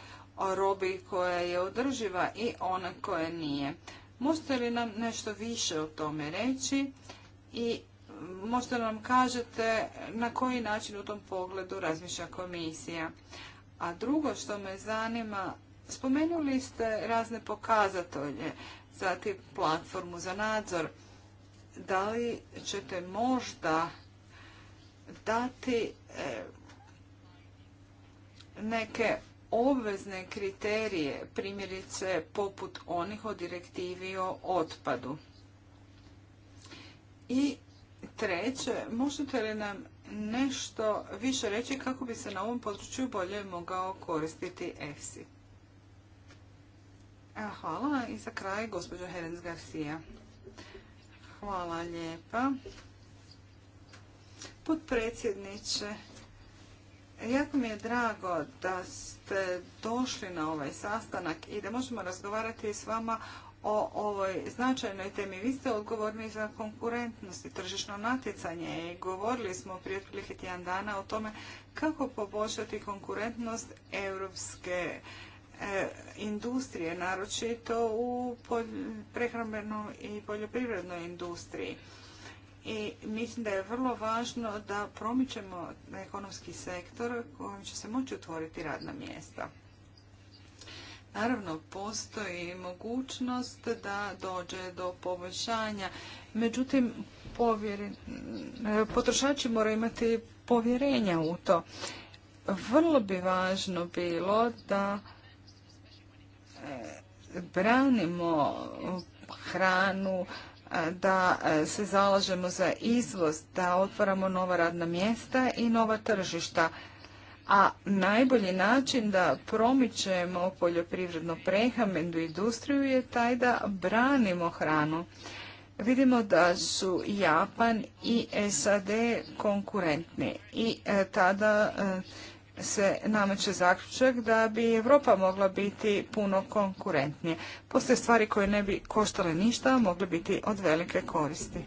robi koja je održiva i ona koja nije. Možete li nam nešto više o tome reći i možda nam kažete na koji način u tom pogledu razmišlja komisija. A drugo što me zanima, spomenuli ste razne pokazatelje, za tip platformu za nadzor. Da li ćete možda dati e, neke obvezne kriterije, primjerice poput onih o direktivi o otpadu. I treće, možete li nam nešto više reći kako bi se na ovom području bolje mogao koristiti EFSI? Hvala i za kraj gospođo Herenz Garcia. Hvala lijepa. Potpredsjedniče, jako mi je drago da ste došli na ovaj sastanak i da možemo razgovarati s vama o ovoj značajnoj temi. Vi ste odgovorni za konkurentnost i tržišno natjecanje i govorili smo prije otprilike tjedan dana o tome kako poboljšati konkurentnost europske e, industrije, naročito u prehrambenoj i poljoprivrednoj industriji i mislim da je vrlo važno da promičemo ekonomski sektor kojim će se moći otvoriti radna mjesta. Naravno, postoji mogućnost da dođe do poboljšanja. Međutim, potrošači moraju imati povjerenja u to. Vrlo bi važno bilo da e, branimo hranu, da e, se zalažemo za izvoz, da otvaramo nova radna mjesta i nova tržišta. A najbolji način da promičemo poljoprivredno prehrambenu industriju je taj da branimo hranu. Vidimo da su Japan i SAD konkurentni i e, tada e, se nameće zaključak da bi Europa mogla biti puno konkurentnije. Postoje stvari koje ne bi koštale ništa, a mogle biti od velike koristi.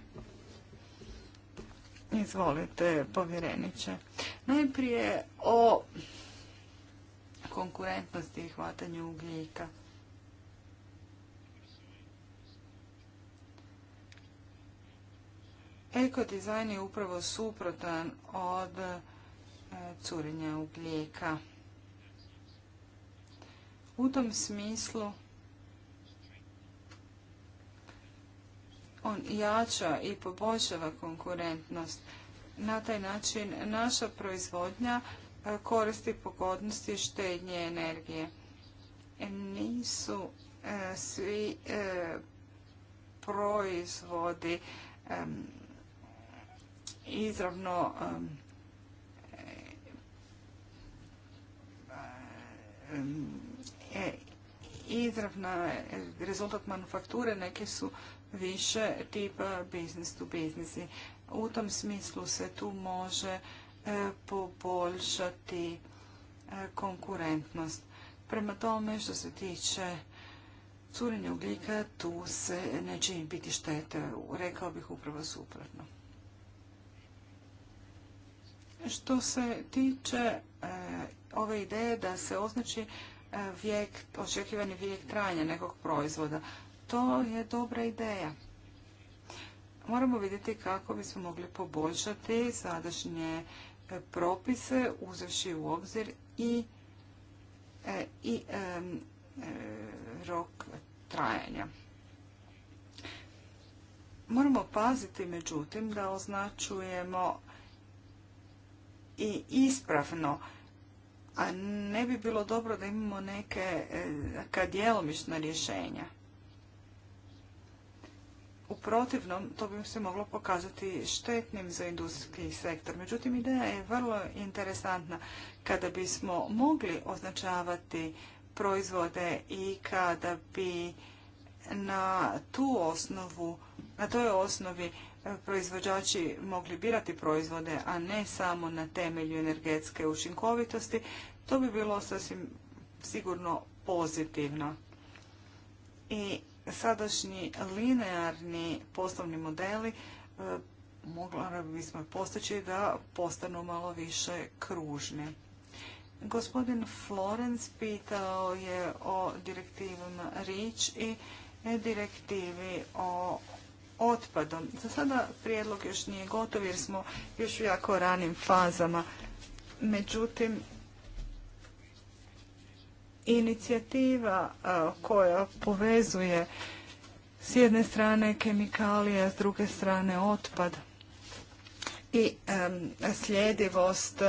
Izvolite, povjereniče. Najprije o konkurentnosti i hvatanju ugljika. dizajn je upravo suprotan od curenja ugljika. U tom smislu on jača i poboljšava konkurentnost. Na taj način naša proizvodnja e, koristi pogodnosti štednje energije. Nisu e, svi e, proizvodi izravno E, izravna e, rezultat manufakture, neke su više tipa business to business. U tom smislu se tu može e, poboljšati konkurentnost. Prema tome što se tiče curenja ugljika, tu se neće biti štete, rekao bih upravo suprotno. Što se tiče e, ove ideje da se označi e, vijek, očekivani vijek trajanja nekog proizvoda, to je dobra ideja. Moramo vidjeti kako bismo mogli poboljšati sadašnje e, propise, uzevši u obzir i, rok trajanja. Moramo paziti, međutim, da označujemo i ispravno. A ne bi bilo dobro da imamo neke e, ka rješenja. U protivnom, to bi se moglo pokazati štetnim za industrijski sektor. Međutim, ideja je vrlo interesantna. Kada bismo mogli označavati proizvode i kada bi na tu osnovu, na toj osnovi E, proizvođači mogli birati proizvode, a ne samo na temelju energetske učinkovitosti, to bi bilo sasvim sigurno pozitivno. I sadašnji linearni poslovni modeli e, mogli bismo postići da postanu malo više kružni. Gospodin Florence pitao je o direktivama REACH i e, direktivi o otpadom. Za sada prijedlog još nije gotov jer smo još u jako ranim fazama. Međutim, inicijativa koja povezuje s jedne strane kemikalije, s druge strane otpad i sljedivost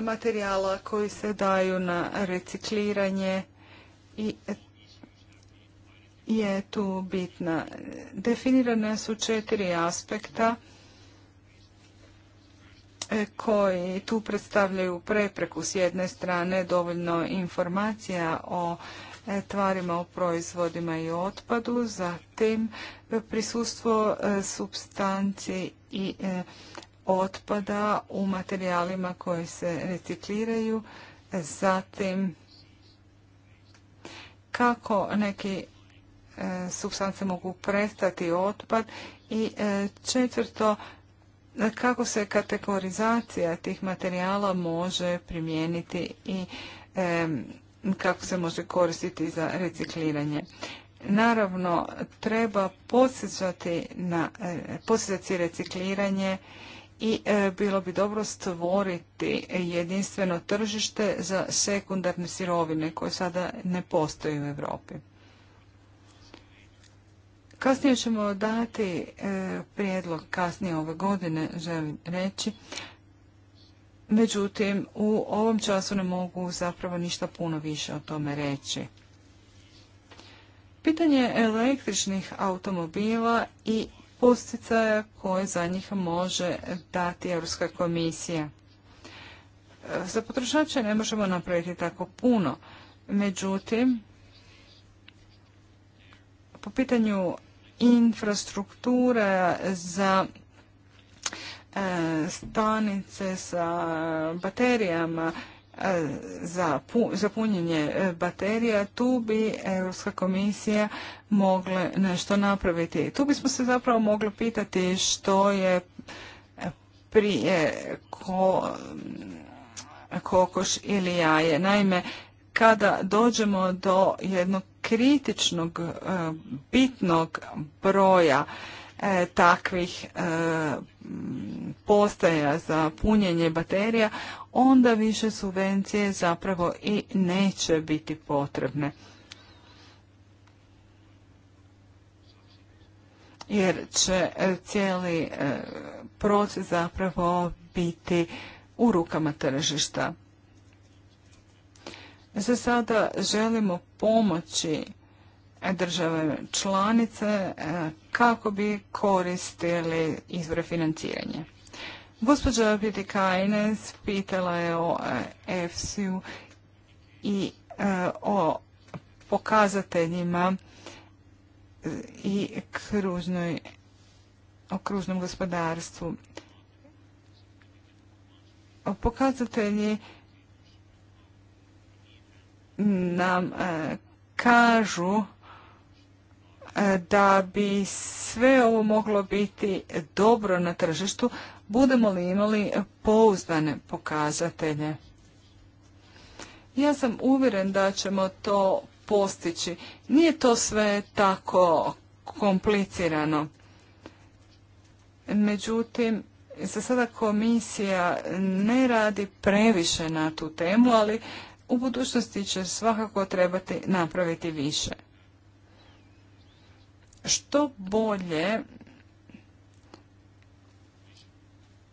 materijala koji se daju na recikliranje i je tu bitna. Definirane su četiri aspekta e, koji tu predstavljaju prepreku. S jedne strane dovoljno informacija o e, tvarima, o proizvodima i otpadu, zatim prisustvo e, substanci i otpada u materijalima koji se recikliraju, zatim kako neki E, substance mogu prestati otpad i e, četvrto e, kako se kategorizacija tih materijala može primijeniti i kako se može koristiti za recikliranje. Naravno, treba posjećati na recikliranje i bilo bi dobro stvoriti jedinstveno tržište za sekundarne sirovine koje sada ne postoji u Europi. Kasnije ćemo dati e, prijedlog kasnije ove godine, želim reći. Međutim, u ovom času ne mogu zapravo ništa puno više o tome reći. Pitanje električnih automobila i posticaja koje za njih može dati Europska komisija. Za potrošače ne možemo napraviti tako puno. Međutim, po pitanju infrastruktura za e, stanice sa baterijama e, za, punjenje baterija, tu bi Europska komisija mogla nešto napraviti. Tu bismo se zapravo mogli pitati što je prije kokoš ili jaje. Naime, kada dođemo do jednog kritičnog e, bitnog broja e, takvih e, postaja za punjenje baterija, onda više subvencije zapravo i neće biti potrebne. Jer će cijeli proces zapravo biti u rukama tržišta. Za sada želimo pomoći države članice e, kako bi koristili izvore financiranja. Gospođa Pitikajnes pitala je o EFSI-u i e, o pokazateljima e, i o kružnom gospodarstvu. Pokazatelji nam e, kažu e, da bi sve ovo moglo biti dobro na tržištu, budemo li imali pouzdane pokazatelje. Ja sam uvjeren da ćemo to postići. Nije to sve tako komplicirano. Međutim, za sada komisija ne radi previše na tu temu, ali u budućnosti će svakako trebati napraviti više. Što bolje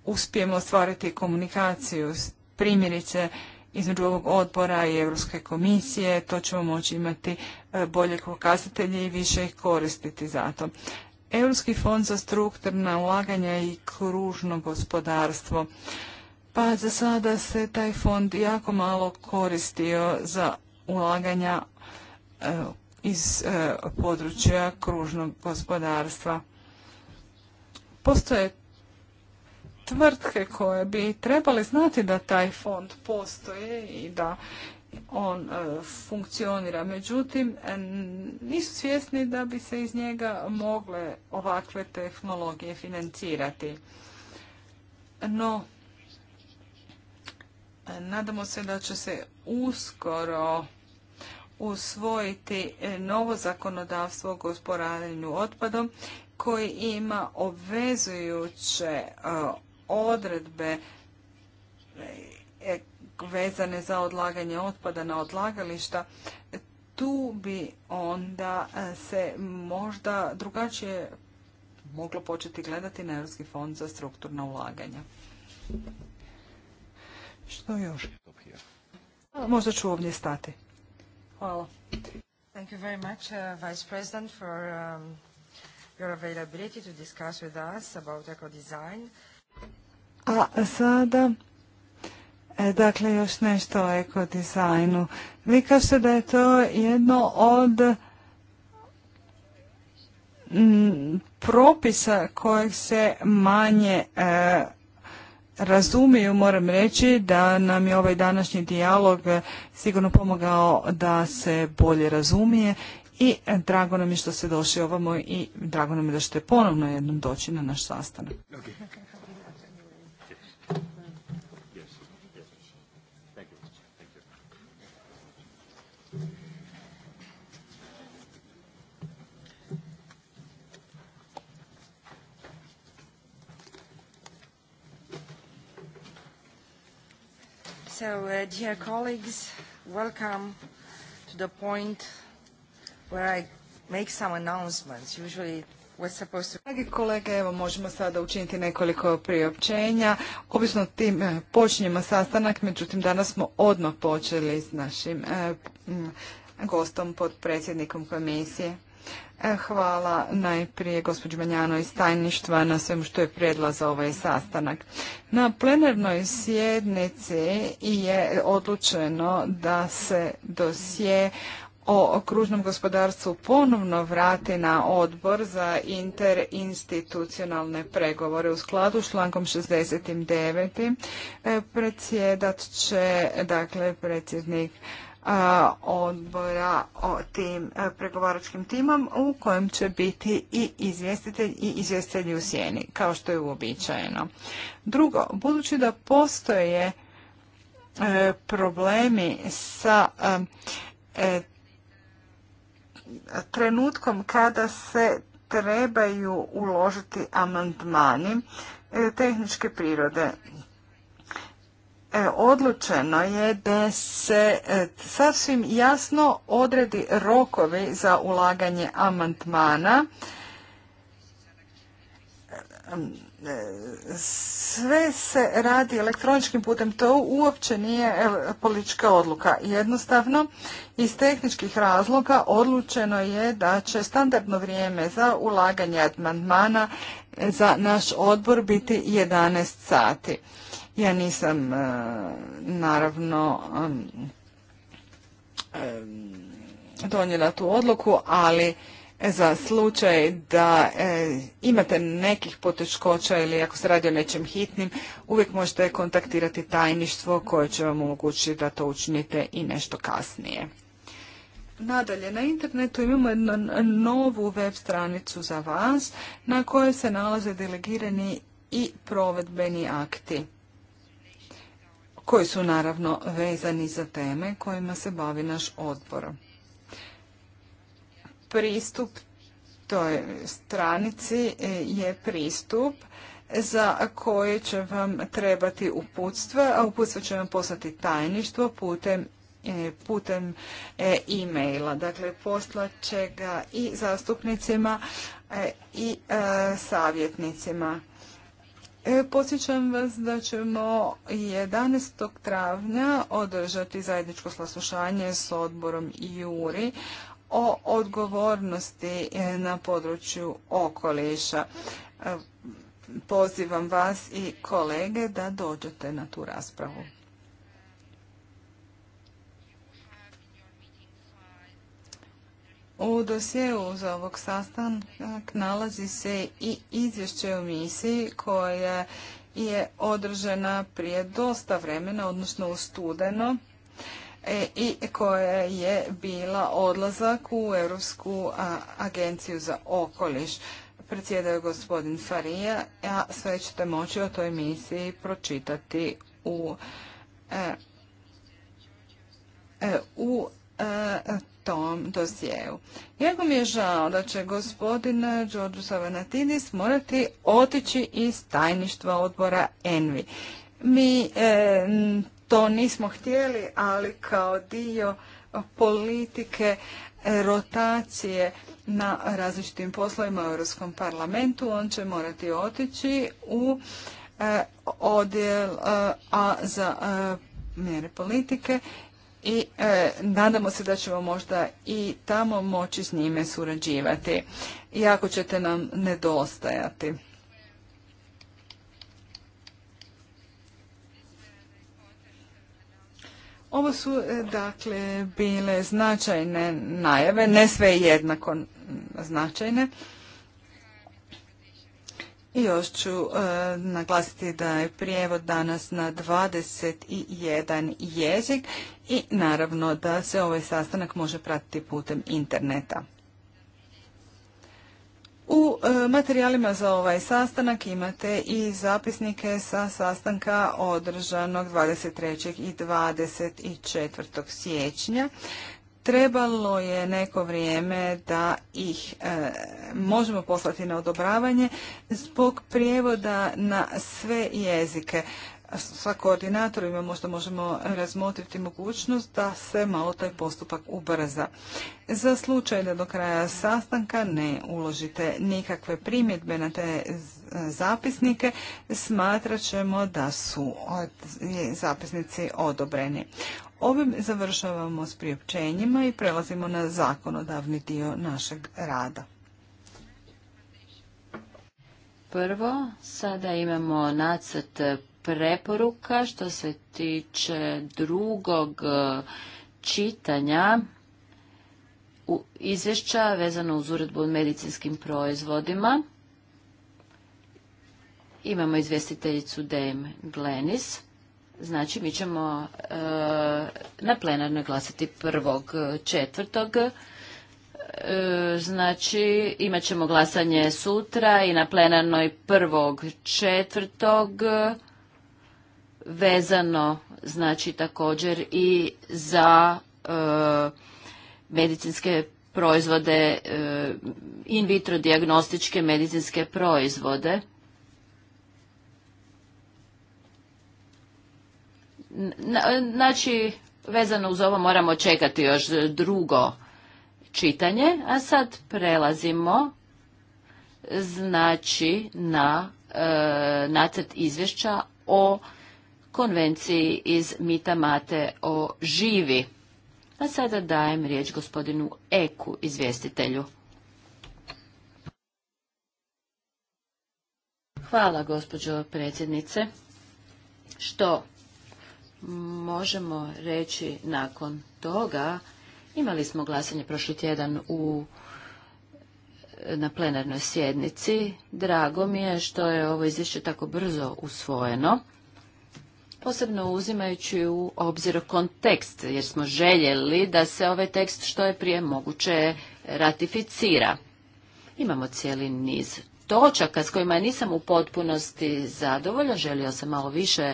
uspijemo ostvariti komunikaciju, primjerice između ovog odbora i Europske komisije, to ćemo moći imati e, bolje pokazatelje i više ih koristiti za to. Europski fond za strukturna ulaganja i kružno gospodarstvo pa za sada se taj fond jako malo koristio za ulaganja e, iz e, područja kružnog gospodarstva. Postoje tvrtke koje bi trebali znati da taj fond postoje i da on e, funkcionira. Međutim, nisu svjesni da bi se iz njega mogle ovakve tehnologije financirati. No, Nadamo se da će se uskoro usvojiti novo zakonodavstvo o gospodarenju otpadom koji ima obvezujuće odredbe e, vezane za odlaganje otpada na odlagališta, tu bi onda se možda drugačije moglo početi gledati na Europski fond za strukturna ulaganja. Što još? Možda ću ovdje stati. Hvala. Thank you very much, uh, Vice President, for um, your availability to discuss with us about eco-design. A sada, e, dakle, još nešto o ekodizajnu. Vi kažete da je to jedno od m, propisa kojeg se manje e, razumiju, moram reći da nam je ovaj današnji dijalog eh, sigurno pomogao da se bolje razumije i eh, drago nam je što ste došli ovamo i drago nam je da ćete ponovno jednom doći na naš sastanak. So, uh, dear colleagues, welcome to the point where I make some announcements. Usually we're supposed to... Dragi kolege, evo možemo sada učiniti nekoliko priopćenja. Obično tim eh, počinjemo sastanak, međutim danas smo odmah počeli s našim eh, gostom pod predsjednikom komisije. E, hvala najprije gospođi Manjano iz tajništva na svemu što je predla za ovaj sastanak. Na plenarnoj sjednici je odlučeno da se dosje o kružnom gospodarstvu ponovno vrati na odbor za interinstitucionalne pregovore. U skladu s člankom 69. E, predsjedat će dakle predsjednik odbora o tim e, pregovaračkim timom u kojem će biti i izvjestitelj i izvjestitelj u sjeni, kao što je uobičajeno. Drugo, budući da postoje e, problemi sa e, trenutkom kada se trebaju uložiti amandmani tehničke prirode. E, odlučeno je da se e, sasvim jasno odredi rokovi za ulaganje amandmana e, sve se radi elektroničkim putem, to uopće nije politička odluka. Jednostavno, iz tehničkih razloga odlučeno je da će standardno vrijeme za ulaganje amandmana za naš odbor biti 11 sati. Ja nisam e, naravno donijela tu odluku, ali za slučaj da e, imate nekih poteškoća ili ako se radi o nečem hitnim, uvijek možete kontaktirati tajništvo koje će vam omogućiti da to učinite i nešto kasnije. Nadalje, na internetu imamo jednu novu web stranicu za vas na kojoj se nalaze delegirani i provedbeni akti koji su naravno vezani za teme kojima se bavi naš odbor. Pristup toj stranici e, je pristup za koje će vam trebati uputstva, a uputstva će vam poslati tajništvo putem e, putem e, e-maila. Dakle, poslat će ga i zastupnicima i savjetnicima. E, Podsjećam vas da ćemo 11. travnja održati zajedničko saslušanje s odborom Juri o odgovornosti e, na području okoliša. E, pozivam vas i kolege da dođete na tu raspravu. U dosjeu za ovog sastanak nalazi se i izvješće o misiji koja je održana prije dosta vremena, odnosno u studeno, e, i koja je bila odlazak u Europsku agenciju za okoliš. Predsjedao je gospodin Farija, a sve ćete moći o toj misiji pročitati u, e, e, u tom dosjeu. Jako mi je žao da će gospodin Đorđu Savanatidis morati otići iz tajništva odbora Envi. Mi e, to nismo htjeli, ali kao dio politike e, rotacije na različitim poslovima u Europskom parlamentu, on će morati otići u e, odjel e, A za mjere politike i e, nadamo se da ćemo možda i tamo moći s njime surađivati. Jako ćete nam nedostajati. Ovo su e, dakle bile značajne najave, ne sve jednako značajne. I još ću e, naglasiti da je prijevod danas na 21 jezik i naravno da se ovaj sastanak može pratiti putem interneta. U e, materijalima za ovaj sastanak imate i zapisnike sa sastanka održanog 23. i 24. siječnja Trebalo je neko vrijeme da ih e, možemo poslati na odobravanje zbog prijevoda na sve jezike. Sa koordinatorima možda možemo razmotriti mogućnost da se malo taj postupak ubrza. Za slučaj da do kraja sastanka ne uložite nikakve primjedbe na te zapisnike, smatrat ćemo da su zapisnici odobreni. Ovim završavamo s priopćenjima i prelazimo na zakonodavni dio našeg rada. Prvo, sada imamo nacrt preporuka što se tiče drugog eh, čitanja izvješća vezano uz uredbu o medicinskim proizvodima. Imamo izvjestiteljicu Dame Glenis. Znači, mi ćemo eh, na plenarnoj glasati prvog eh, četvrtog. Eh, znači, imat ćemo glasanje sutra i na plenarnoj prvog četvrtog vezano, znači, također i za medicinske proizvode, in vitro diagnostičke medicinske proizvode. znači vezano uz ovo moramo čekati još drugo čitanje, a sad prelazimo znači na e, nacrt izvješća o konvenciji iz Mita Mate o živi. A sada dajem riječ gospodinu Eku, izvjestitelju. Hvala, gospođo predsjednice, što možemo reći nakon toga, imali smo glasanje prošli tjedan u na plenarnoj sjednici. Drago mi je što je ovo izvješće tako brzo usvojeno, posebno uzimajući u obzir kontekst, jer smo željeli da se ovaj tekst što je prije moguće ratificira. Imamo cijeli niz točaka s kojima nisam u potpunosti zadovoljan, želio sam malo više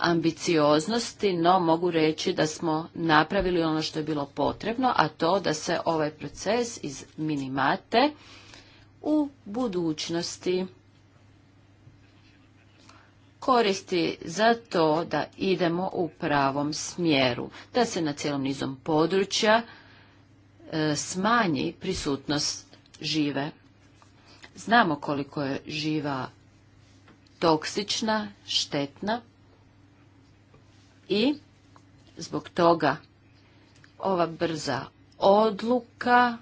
ambicioznosti, no mogu reći da smo napravili ono što je bilo potrebno, a to da se ovaj proces iz minimate u budućnosti koristi za to da idemo u pravom smjeru, da se na cijelom nizom područja e, smanji prisutnost žive. Znamo koliko je živa toksična, štetna i zbog toga ova brza odluka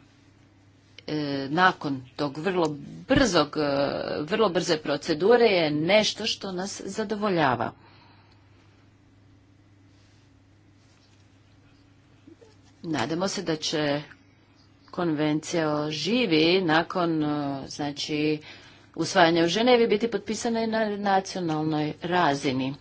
e, nakon tog vrlo brzog, e, vrlo brze procedure je nešto što nas zadovoljava. Nadamo se da će konvencija o živi nakon e, znači usvajanja u Ženevi biti potpisana i na nacionalnoj razini.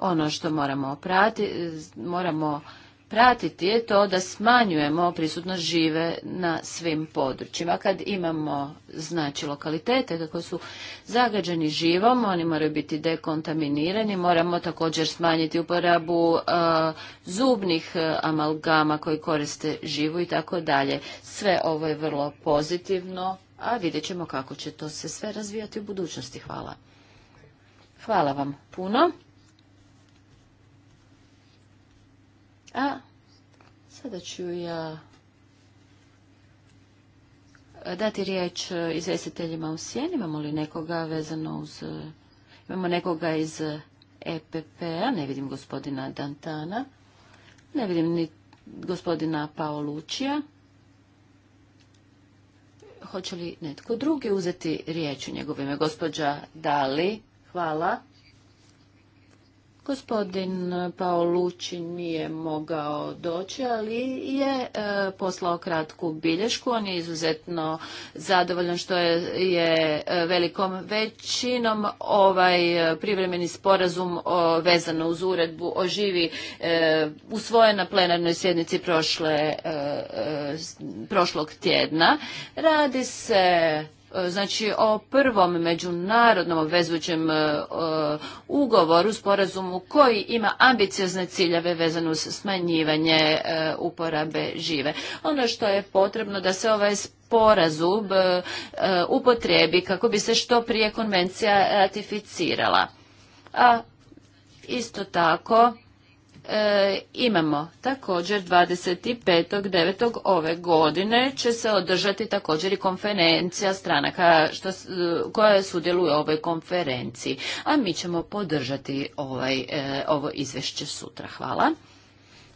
Ono što moramo, prati, moramo pratiti je to da smanjujemo prisutnost žive na svim područjima. Kad imamo znači lokalitete kako su zagađeni živom, oni moraju biti dekontaminirani, moramo također smanjiti uporabu e, zubnih e, amalgama koji koriste živu i tako dalje. Sve ovo je vrlo pozitivno, a vidjet ćemo kako će to se sve razvijati u budućnosti. Hvala. Hvala vam puno. A sada ću ja dati riječ izvjestiteljima u sjeni. Imamo li nekoga vezano uz... Imamo nekoga iz EPP-a, ne vidim gospodina Dantana, ne vidim ni gospodina Paolučija. Hoće li netko drugi uzeti riječ u njegovime? Gospođa Dali, hvala. Gospodin Luči nije mogao doći, ali je e, poslao kratku bilješku. On je izuzetno zadovoljan što je, e, velikom većinom ovaj e, privremeni sporazum vezano uz uredbu o živi usvojen na plenarnoj sjednici prošlog tjedna. Radi se E, znači o prvom međunarodnom obvezujućem e, ugovoru, sporazumu koji ima ambiciozne ciljeve vezane uz smanjivanje e, uporabe žive. Ono što je potrebno da se ovaj sporazum upotrebi kako bi se što prije konvencija ratificirala. A isto tako E, imamo također 25.9. ove godine će se održati također i konferencija stranaka e, koja sudjeluje u ovoj konferenciji, a mi ćemo podržati ovaj, e, ovo izvješće sutra. Hvala.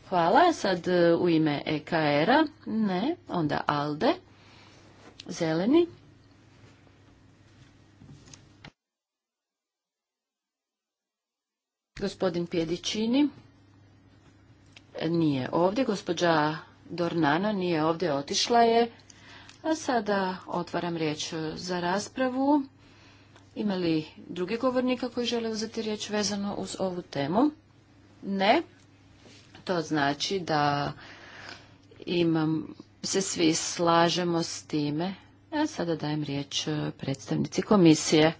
Hvala. Sad u ime ekr Ne. Onda ALDE. Zeleni. Gospodin Pjedićini nije ovdje. Gospođa Dornana nije ovdje, otišla je. A sada otvaram riječ za raspravu. Ima li drugi govornika koji žele uzeti riječ vezano uz ovu temu? Ne. To znači da imam, se svi slažemo s time. A sada dajem riječ predstavnici komisije.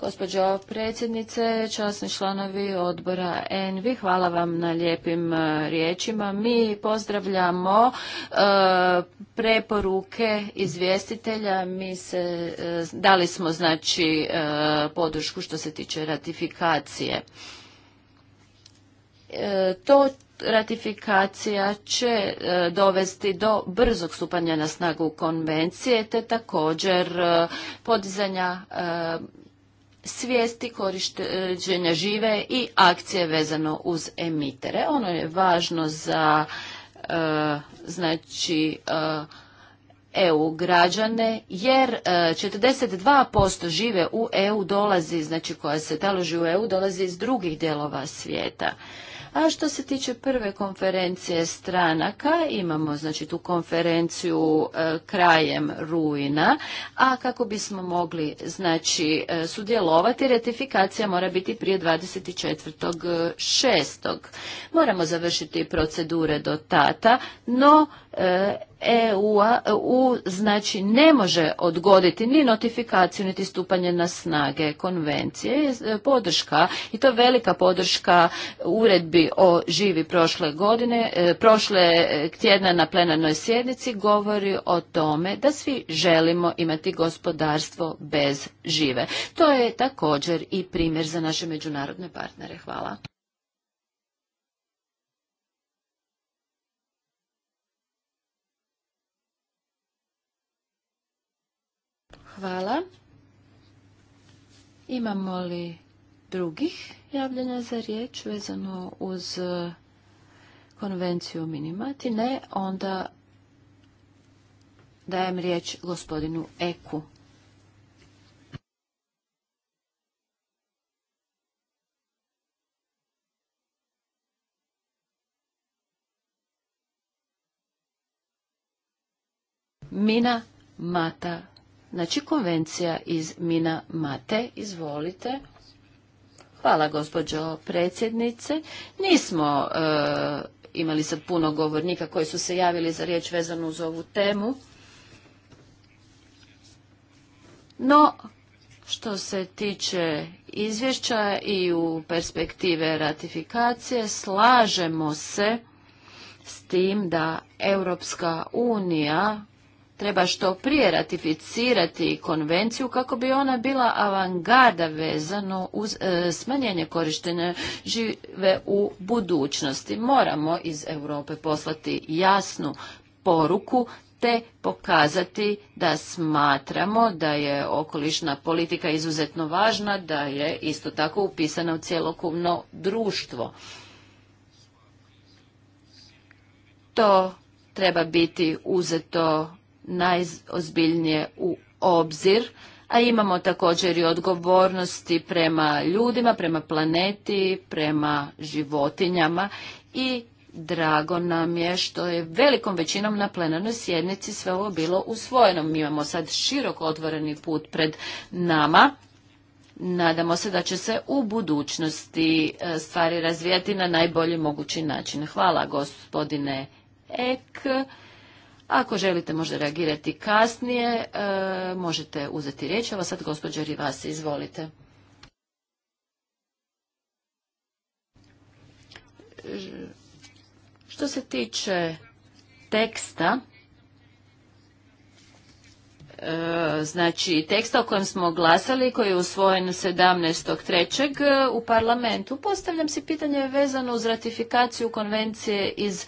Gospođo predsjednice, časni članovi odbora ENVI, hvala vam na lijepim e, riječima. Mi pozdravljamo e, preporuke izvjestitelja. Mi se, e, dali smo znači podršku što se tiče ratifikacije. To ratifikacija će dovesti do brzog stupanja na snagu konvencije te također podizanja svijesti korištenja žive i akcije vezano uz emitere. Ono je važno za e, znači e, EU građane jer 42% e, žive u EU dolazi znači koja se taloži u EU dolazi iz drugih dijelova svijeta. A što se tiče prve konferencije stranaka, imamo znači tu konferenciju e, krajem rujna, a kako bismo mogli znači e, sudjelovati, ratifikacija mora biti prije 24.6. E, Moramo završiti procedure do tata, no eu e znači ne može odgoditi ni notifikaciju niti stupanje na snage konvencije e, podrška i to velika podrška uredbi o živi prošle godine e, prošle tjedna na plenarnoj sjednici govori o tome da svi želimo imati gospodarstvo bez žive to je također i primjer za naše međunarodne partnere hvala Hvala. Imamo li drugih javljanja za riječ vezano uz e, konvenciju minimati? Ne, onda dajem riječ gospodinu Eku. Mina Mata Znači, konvencija iz Mina Mate, izvolite. Hvala, gospođo predsjednice. Nismo e, imali sad puno govornika koji su se javili za riječ vezanu uz ovu temu. No, što se tiče izvješća i u perspektive ratifikacije, slažemo se s tim da Europska unija treba što prije ratificirati konvenciju kako bi ona bila avangarda vezano uz e, smanjenje korištenja žive u budućnosti. Moramo iz Europe poslati jasnu poruku te pokazati da smatramo da je okolišna politika izuzetno važna, da je isto tako upisana u cjelokupno društvo. To treba biti uzeto najozbiljnije u obzir, a imamo također i odgovornosti prema ljudima, prema planeti, prema životinjama i drago nam je što je velikom većinom na plenarnoj sjednici sve ovo bilo usvojeno. Mi imamo sad široko otvoreni put pred nama. Nadamo se da će se u budućnosti e, stvari razvijati na najbolji mogući način. Hvala gospodine Ek. Ako želite možda reagirati kasnije, e, možete uzeti riječ. Evo sad gospođa Rivasi, izvolite. Što se tiče teksta, E, znači teksta o kojem smo glasali, koji je usvojen 17.3. E, u parlamentu. Postavljam si pitanje vezano uz ratifikaciju konvencije iz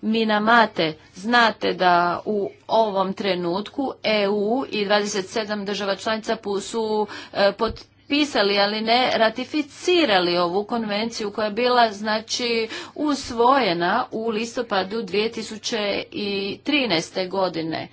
Minamate. Znate da u ovom trenutku EU i 27 država članica su e, potpisali, ali ne ratificirali ovu konvenciju koja je bila znači usvojena u listopadu 2013. godine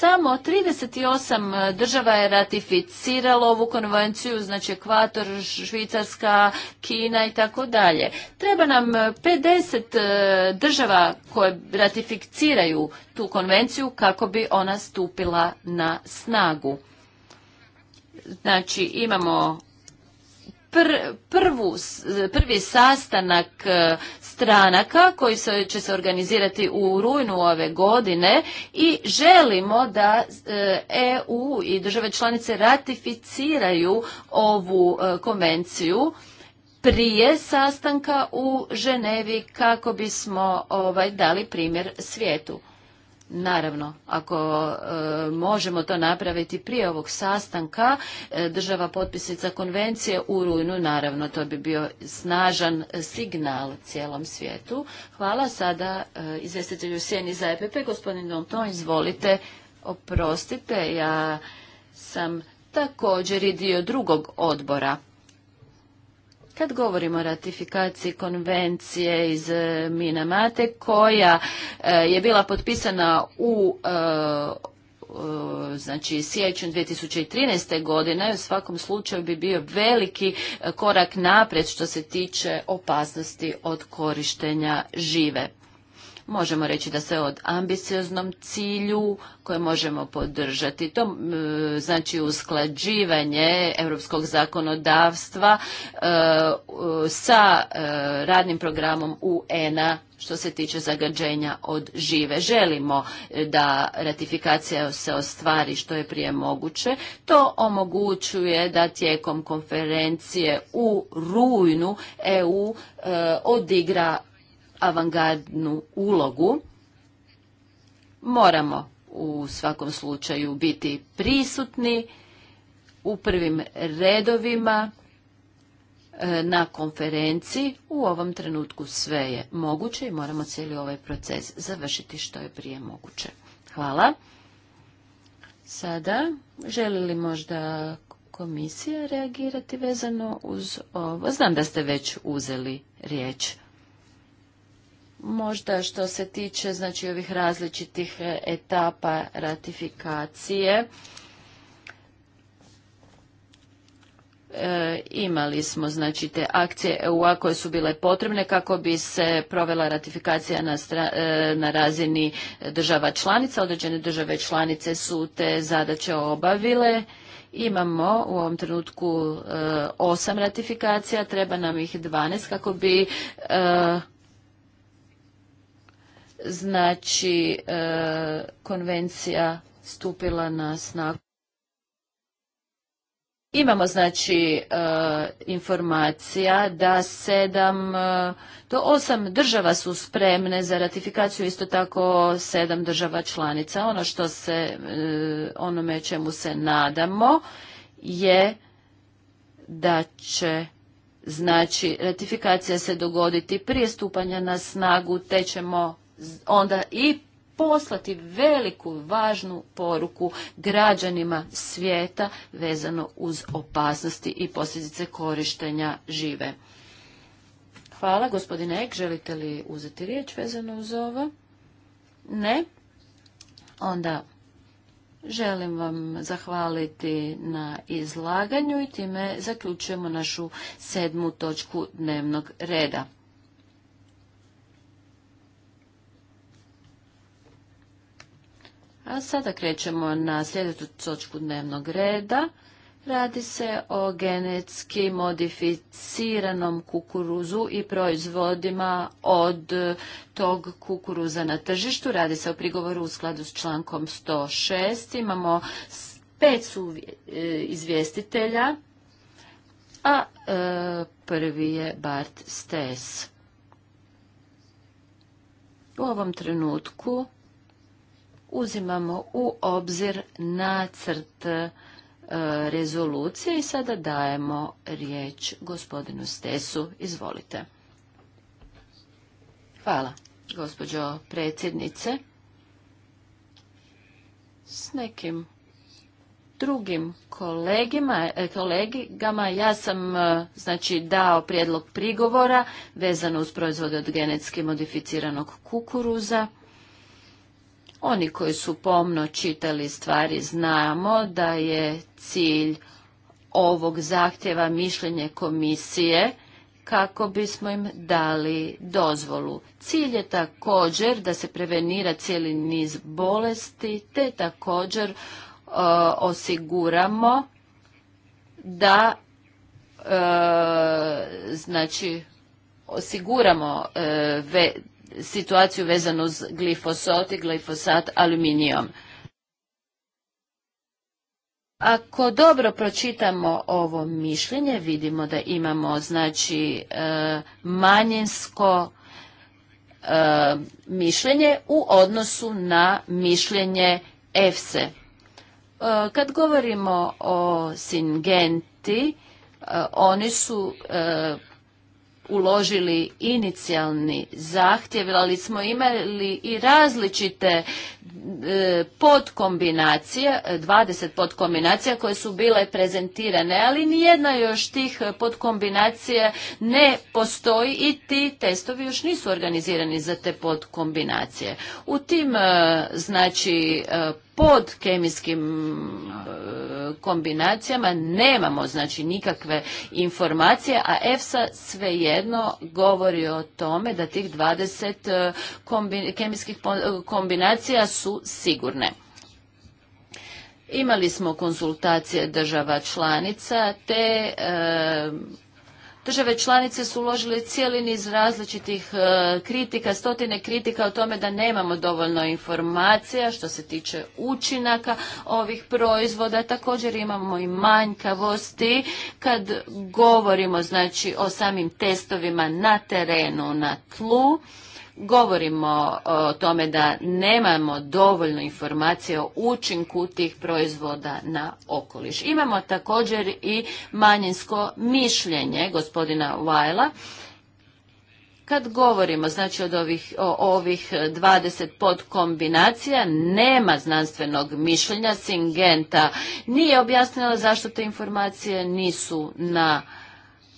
samo 38 e, država je ratificiralo ovu konvenciju, znači Ekvator, Švicarska, Kina i tako dalje. Treba nam 50 e, e, država koje ratificiraju tu konvenciju kako bi ona stupila na snagu. Znači imamo prvi sastanak e, stranaka koji će se organizirati u rujnu ove godine i želimo da EU e i države članice ratificiraju ovu e, konvenciju prije sastanka u Ženevi kako bismo ovaj dali primjer svijetu. Naravno, ako e, možemo to napraviti prije ovog sastanka, e, država potpisnica konvencije u rujnu, naravno, to bi bio snažan signal cijelom svijetu. Hvala sada izvestitelju izvjestitelju Sjeni za EPP, gospodin Donton, izvolite, oprostite, ja sam također i dio drugog odbora. Kad govorimo o ratifikaciji konvencije iz e, Minamate koja e, je bila potpisana u e, znači siječnju 2013. godine u svakom slučaju bi bio veliki korak napred što se tiče opasnosti od korištenja žive Možemo reći da se od ambicioznom cilju koje možemo podržati. To znači usklađivanje europskog zakonodavstva e, sa e, radnim programom UN-a što se tiče zagađenja od žive. Želimo e, da ratifikacija se ostvari što je prije moguće. To omogućuje da tijekom konferencije u rujnu EU odigra avangardnu ulogu. Moramo u svakom slučaju biti prisutni u prvim redovima e, na konferenciji. U ovom trenutku sve je moguće i moramo cijeli ovaj proces završiti što je prije moguće. Hvala. Sada, želi li možda komisija reagirati vezano uz ovo? Znam da ste već uzeli riječ. Možda što se tiče znači ovih različitih e, etapa ratifikacije, e, imali smo znači te akcije eu koje su bile potrebne kako bi se provela ratifikacija na, e, na razini država članica. Određene države članice su te zadaće obavile. Imamo u ovom trenutku osam ratifikacija, treba nam ih 12 kako bi znači e, konvencija stupila na snagu. Imamo znači e, informacija da sedam e, do osam država su spremne za ratifikaciju, isto tako sedam država članica. Ono što se, onome čemu se nadamo je da će znači ratifikacija se dogoditi prije stupanja na snagu, te ćemo onda i poslati veliku važnu poruku građanima svijeta vezano uz opasnosti i posljedice korištenja žive. Hvala, gospodine Ek, želite li uzeti riječ vezano uz ovo? Ne? Onda želim vam zahvaliti na izlaganju i time zaključujemo našu sedmu točku dnevnog reda. A sada krećemo na sljedeću točku dnevnog reda. Radi se o genetski modificiranom kukuruzu i proizvodima od tog kukuruza na tržištu. Radi se o prigovoru u skladu s člankom 106. Imamo pet izvjestitelja, a e, prvi je Bart Stes. U ovom trenutku uzimamo u obzir nacrt e, rezolucije i sada dajemo riječ gospodinu Stesu. Izvolite. Hvala, gospođo predsjednice. S nekim drugim kolegima, e, kolegama ja sam e, znači dao prijedlog prigovora vezano uz proizvode od genetski modificiranog kukuruza. Oni koji su pomno čitali stvari znamo da je cilj ovog zahtjeva mišljenje komisije kako bismo im dali dozvolu. Cilj je također da se prevenira cijeli niz bolesti te također e, osiguramo da e, znači osiguramo e, situaciju vezanu uz glifosat i glifosat aluminijom. Ako dobro pročitamo ovo mišljenje, vidimo da imamo znači e, manjinsko e, mišljenje u odnosu na mišljenje EFSE. E, kad govorimo o Singenti, oni su uložili inicijalni zahtjev, ali smo imali i različite e, podkombinacije, 20 podkombinacija koje su bile prezentirane, ali nijedna još tih podkombinacija ne postoji i ti testovi još nisu organizirani za te podkombinacije. U tim e, znači e, pod kemijskim e, kombinacijama nemamo znači nikakve informacije, a EFSA svejedno govori o tome da tih 20 e, kemijskih e, kombinacija su sigurne. Imali smo konsultacije država članica te Države članice su uložile cijeli niz različitih e, kritika, stotine kritika o tome da nemamo dovoljno informacija što se tiče učinaka ovih proizvoda. Također imamo i manjkavosti kad govorimo znači o samim testovima na terenu, na tlu. Govorimo o tome da nemamo dovoljno informacije o učinku tih proizvoda na okoliš. Imamo također i manjinsko mišljenje gospodina Vajla kad govorimo znači od ovih, o ovih 20 podkombinacija, nema znanstvenog mišljenja Singenta. Nije objasnila zašto te informacije nisu na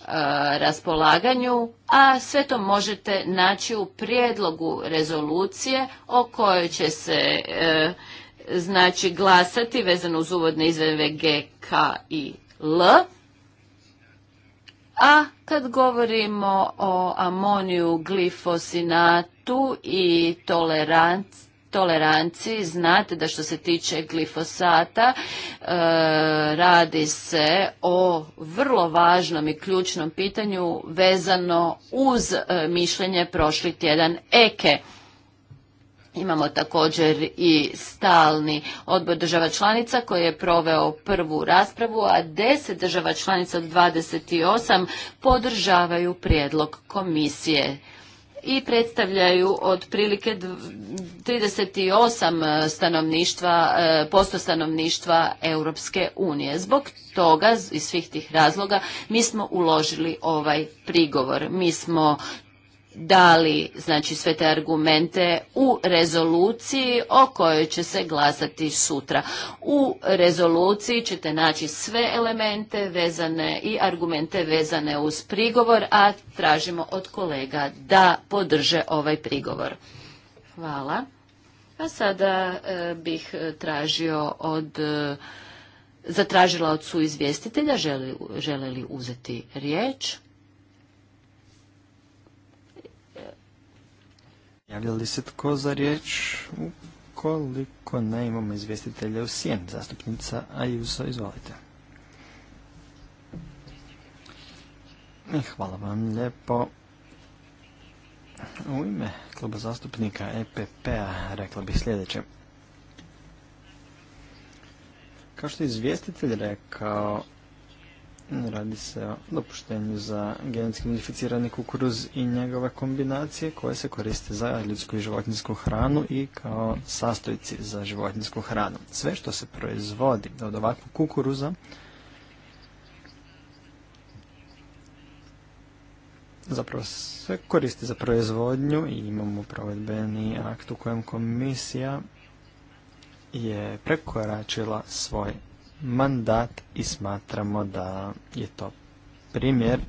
E, raspolaganju, a sve to možete naći u prijedlogu rezolucije o kojoj će se e, znači glasati vezano uz uvodne izveve G, K i L. A kad govorimo o amoniju, glifosinatu i toleranci, toleranciji znate da što se tiče glifosata e, radi se o vrlo važnom i ključnom pitanju vezano uz e, mišljenje prošli tjedan EKE. Imamo također i stalni odbor država članica koji je proveo prvu raspravu, a deset država članica od 28 podržavaju prijedlog komisije i predstavljaju otprilike 38 e, stanovništva, e, posto stanovništva Europske unije. Zbog toga, iz svih tih razloga, mi smo uložili ovaj prigovor. Mi smo dali znači sve te argumente u rezoluciji o kojoj će se glasati sutra. U rezoluciji ćete naći sve elemente vezane i argumente vezane uz prigovor, a tražimo od kolega da podrže ovaj prigovor. Hvala. A sada e, bih tražio od e, zatražila od suizvjestitelja žele li uzeti riječ? Javlja li se tko za riječ? Ukoliko ne imamo izvjestitelja u sjen. Zastupnica Ajuso, izvolite. E, hvala vam lijepo. U ime kluba zastupnika EPP-a rekla bih sljedeće. Kao što je izvjestitelj rekao, Radi se o dopuštenju za genetski modificirani kukuruz i njegove kombinacije koje se koriste za ljudsku i životinsku hranu i kao sastojci za životinsku hranu. Sve što se proizvodi od ovakvog kukuruza zapravo se koristi za proizvodnju i imamo provedbeni akt u kojem komisija je prekoračila svoj mandat i smatramo da je to primjer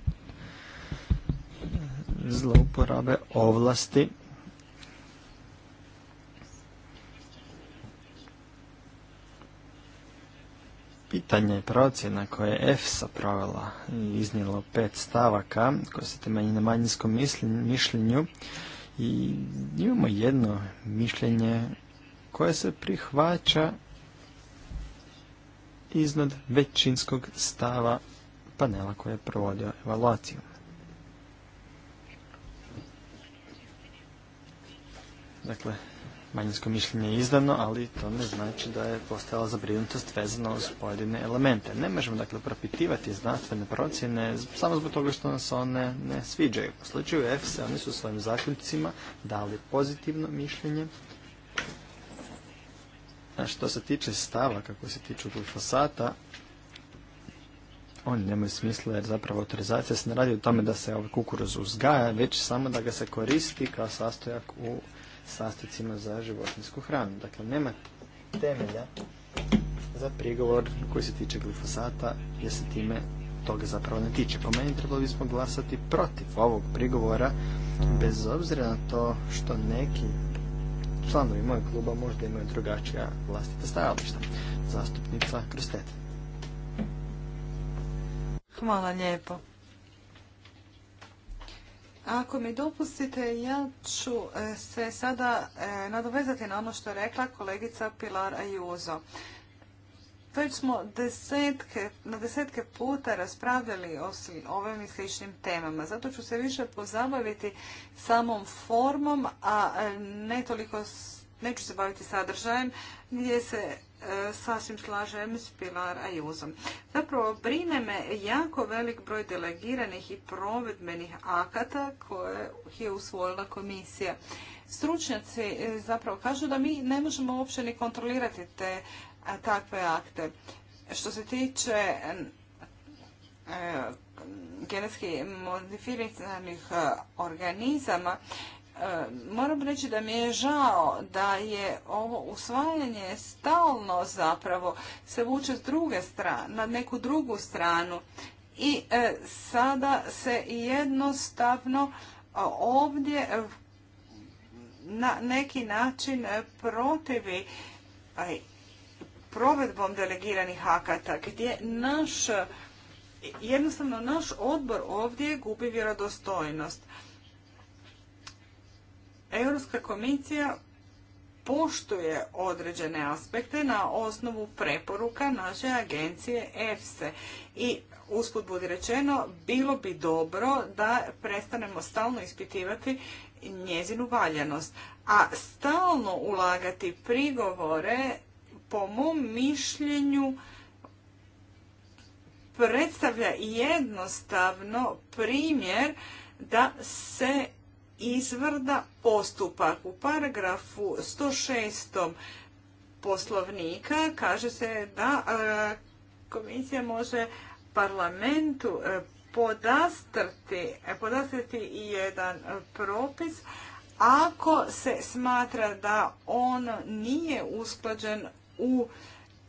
zlouporabe ovlasti pitanje i procjena koje je EFSA provjela i iznijelo pet stavaka koje se temelji na manjinskom mišljenju i imamo jedno mišljenje koje se prihvaća iznad većinskog stava panela koji je provodio evaluaciju. Dakle, manjinsko mišljenje je izdano, ali to ne znači da je postala zabrinutost vezana uz pojedine elemente. Ne možemo dakle propitivati znanstvene procjene samo zbog toga što nas one ne sviđaju. U slučaju EFSA oni su svojim zaključcima dali pozitivno mišljenje a što se tiče stava kako se tiču glifosata, oni nemaju smisla jer zapravo autorizacija se ne radi o tome da se ovaj kukuruz uzgaja, već samo da ga se koristi kao sastojak u sastojcima za životinsku hranu. Dakle, nema temelja za prigovor koji se tiče glifosata jer se time toga zapravo ne tiče. Po meni trebali bismo glasati protiv ovog prigovora bez obzira na to što neki članovi mojeg kluba možda imaju drugačija vlastita stajališta. Zastupnica Hvala lijepo. Ako mi dopustite, ja ću eh, se sada eh, nadovezati na ono što je rekla kolegica Pilar Ajuzo. Već smo desetke, na desetke puta raspravljali o ovim i sličnim temama. Zato ću se više pozabaviti samom formom, a e, ne toliko, neću se baviti sadržajem, gdje se e, sasvim slažem s Pilar Ajuzom. Zapravo, brine me jako velik broj delegiranih i provedbenih akata koje je usvojila komisija. Stručnjaci e, zapravo kažu da mi ne možemo uopće ni kontrolirati te takve akte. Što se tiče e, genetski modificiranih e, organizama, e, moram reći da mi je žao da je ovo usvajanje stalno zapravo se vuče s druge strane, na neku drugu stranu i sada se jednostavno ovdje na neki način protivi provedbom delegiranih akata gdje naš jednostavno naš odbor ovdje gubi vjerodostojnost. Europska komisija poštuje određene aspekte na osnovu preporuka naše agencije EFSE i usput budi rečeno bilo bi dobro da prestanemo stalno ispitivati njezinu valjanost, a stalno ulagati prigovore po mom mišljenju predstavlja jednostavno primjer da se izvrda postupak. U paragrafu 106. poslovnika kaže se da e, komisija može parlamentu e, podastrti, e, i jedan propis ako se smatra da on nije usklađen u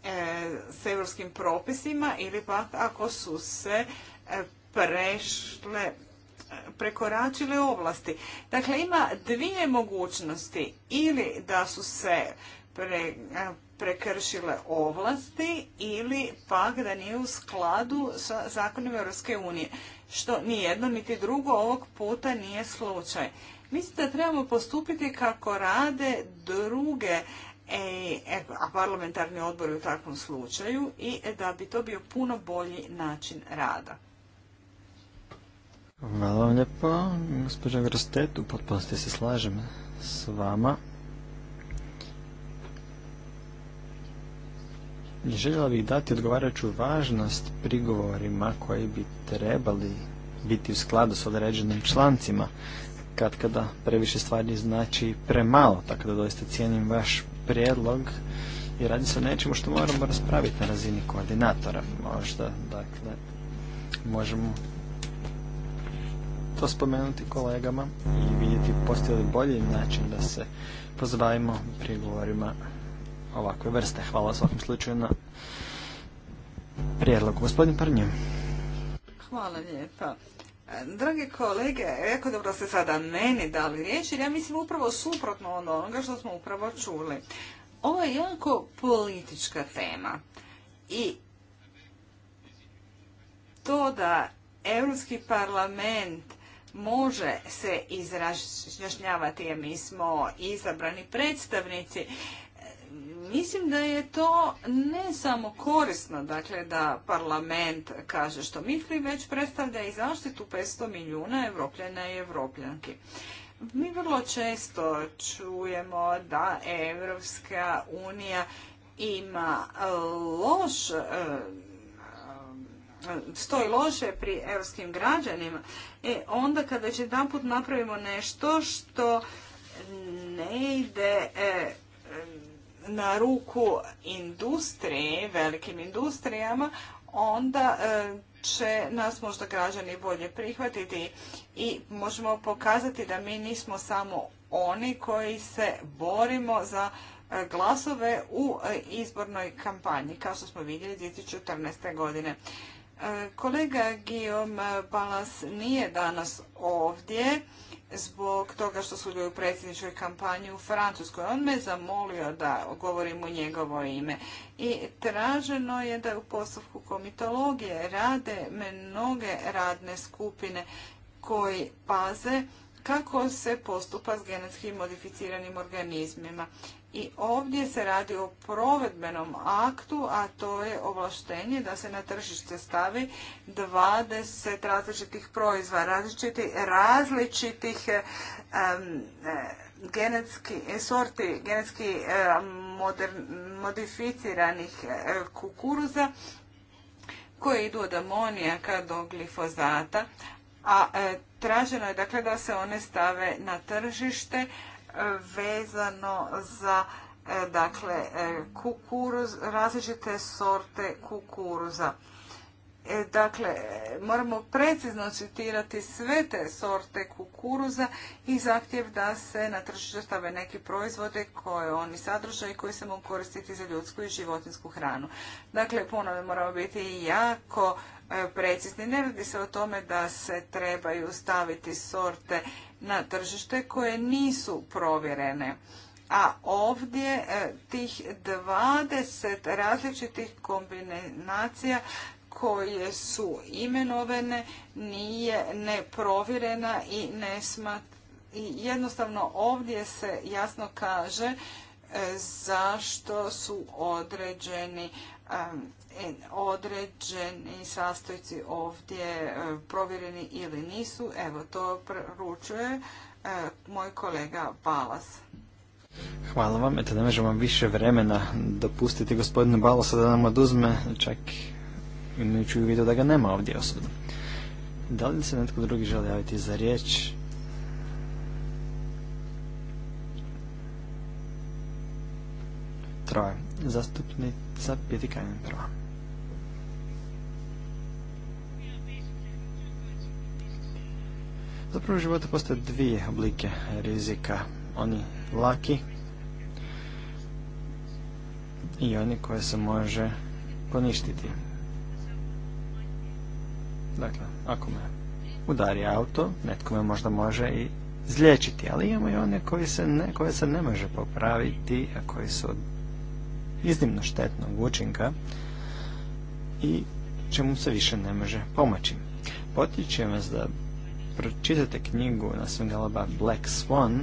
e, s europskim propisima ili pak ako su se e, prešle e, prekoračile ovlasti. Dakle, ima dvije mogućnosti. Ili da su se e, prekršile ovlasti ili pak da nije u skladu sa zakonima Europske unije. Što ni jedno niti drugo ovog puta nije slučaj. Mislim da trebamo postupiti kako rade druge E, e, a parlamentarni odbor je u takvom slučaju i da bi to bio puno bolji način rada. Hvala vam lijepo, gospođa u potpunosti se slažem s vama. Željela bih dati odgovarajuću važnost prigovorima koji bi trebali biti u skladu s određenim člancima, kad kada previše stvari znači premalo, tako da doista cijenim vaš prijedlog i radi se o nečemu što moramo raspraviti na razini koordinatora. Možda, dakle, možemo to spomenuti kolegama i vidjeti postoji li bolji način da se pozabavimo prigovorima ovakve vrste. Hvala svakom slučaju na prijedlogu. Gospodin Prnje. Hvala lijepa. Dragi kolege, jako dobro ste sada meni dali riječ, jer ja mislim upravo suprotno od onoga što smo upravo čuli. Ovo je jako politička tema i to da Europski parlament može se izrašnjavati, jer mi smo izabrani predstavnici mislim da je to ne samo korisno, dakle da parlament kaže što misli, već predstavlja i zaštitu 500 milijuna evropljena i evropljanki. Mi vrlo često čujemo da Evropska unija ima loš eh, stoji loše pri europskim građanima, e, onda kad već jedan put napravimo nešto što ne ide eh, na ruku industriji, velikim industrijama, onda e, će nas možda građani bolje prihvatiti i možemo pokazati da mi nismo samo oni koji se borimo za e, glasove u e, izbornoj kampanji, kao što smo vidjeli 2014. godine. Kolega Guillaume Balas nije danas ovdje zbog toga što su u predsjedničkoj kampanji u Francuskoj. On me zamolio da govorim u njegovo ime i traženo je da u postupku komitologije rade mnoge radne skupine koji paze kako se postupa s genetski modificiranim organizmima. I ovdje se radi o provedbenom aktu, a to je ovlaštenje da se na tržište stavi 20 različitih proizva, različiti, različitih e, genetski sorti, genetski e, modificiranih e, kukuruza koje idu od amonijaka do glifozata, a traženo je dakle da se one stave na tržište, vezano za e, dakle, e, kukuruz, različite sorte kukuruza. E, dakle, moramo precizno citirati sve te sorte kukuruza i zahtjev da se na tržište stave neki proizvode koje oni sadržaju i koji se mogu koristiti za ljudsku i životinsku hranu. Dakle, ponovno moramo biti jako precizni. Ne radi se o tome da se trebaju staviti sorte na tržište koje nisu provjerene. A ovdje e, tih 20 različitih kombinacija koje su imenovane nije neprovjerena i ne smat... i jednostavno ovdje se jasno kaže e, zašto su određeni E, određeni sastojci ovdje e, provjereni ili nisu. Evo, to proručuje e, moj kolega Balas. Hvala vam, eto ne možemo više vremena dopustiti gospodinu Balasa da nam oduzme, čak imajući u vidu da ga nema ovdje osobno. Da li se netko drugi želi javiti za riječ? Troje zastupnica Pjeti Kajnen prva. Zapravo u životu postoje dvije oblike rizika. Oni laki i oni koje se može poništiti. Dakle, ako me udari auto, netko me možda može i zlječiti, ali imamo i one koji se ne, koje se ne može popraviti, a koji su iznimno štetnog učinka i čemu se više ne može pomoći. Potičem vas da pročitate knjigu na svim galaba Black Swan,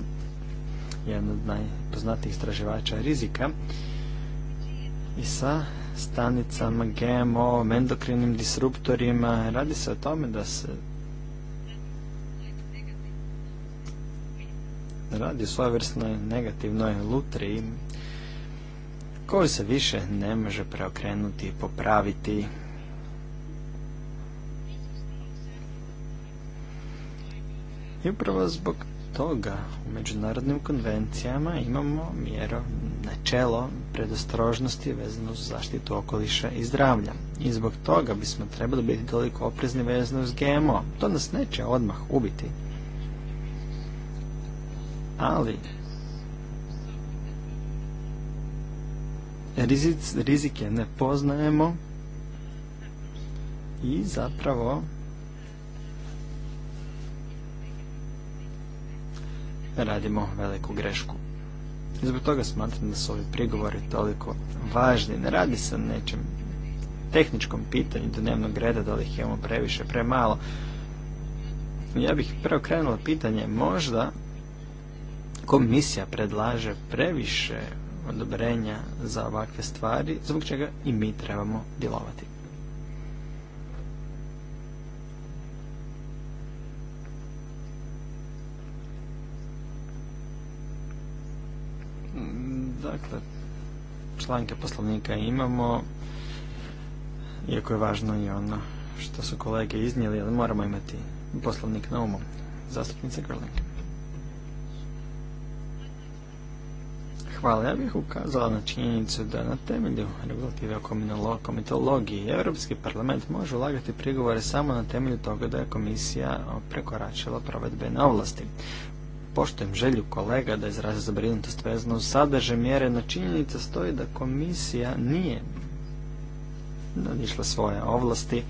jedan od najpoznatijih istraživača rizika, i sa stanicama GMO, endokrinim disruptorima. Radi se o tome da se radi o svojevrsnoj negativnoj lutriji koju se više ne može preokrenuti i popraviti. I upravo zbog toga u međunarodnim konvencijama imamo mjero načelo predostrožnosti vezano uz zaštitu okoliša i zdravlja. I zbog toga bismo trebali biti toliko oprezni vezano s GMO. To nas neće odmah ubiti. Ali rizike ne poznajemo i zapravo radimo veliku grešku. zbog toga smatram da su ovi prigovori toliko važni. Ne radi se o nečem tehničkom pitanju dnevnog reda, da li ih imamo previše, premalo. Ja bih preokrenula pitanje, možda komisija predlaže previše odobrenja za ovakve stvari, zbog čega i mi trebamo djelovati. Dakle, članke poslovnika imamo, iako je važno i ono što su kolege iznijeli, ali moramo imati poslovnik na umu. Zastupnica Hvala. Ja bih ukazala na činjenicu da na temelju regulative o komitologiji Europski parlament može ulagati prigovore samo na temelju toga da je komisija prekoračila provedbene ovlasti. Poštojem želju kolega da izraze zabrinutost vezano u mjere, na činjenica stoji da komisija nije nadišla svoje ovlasti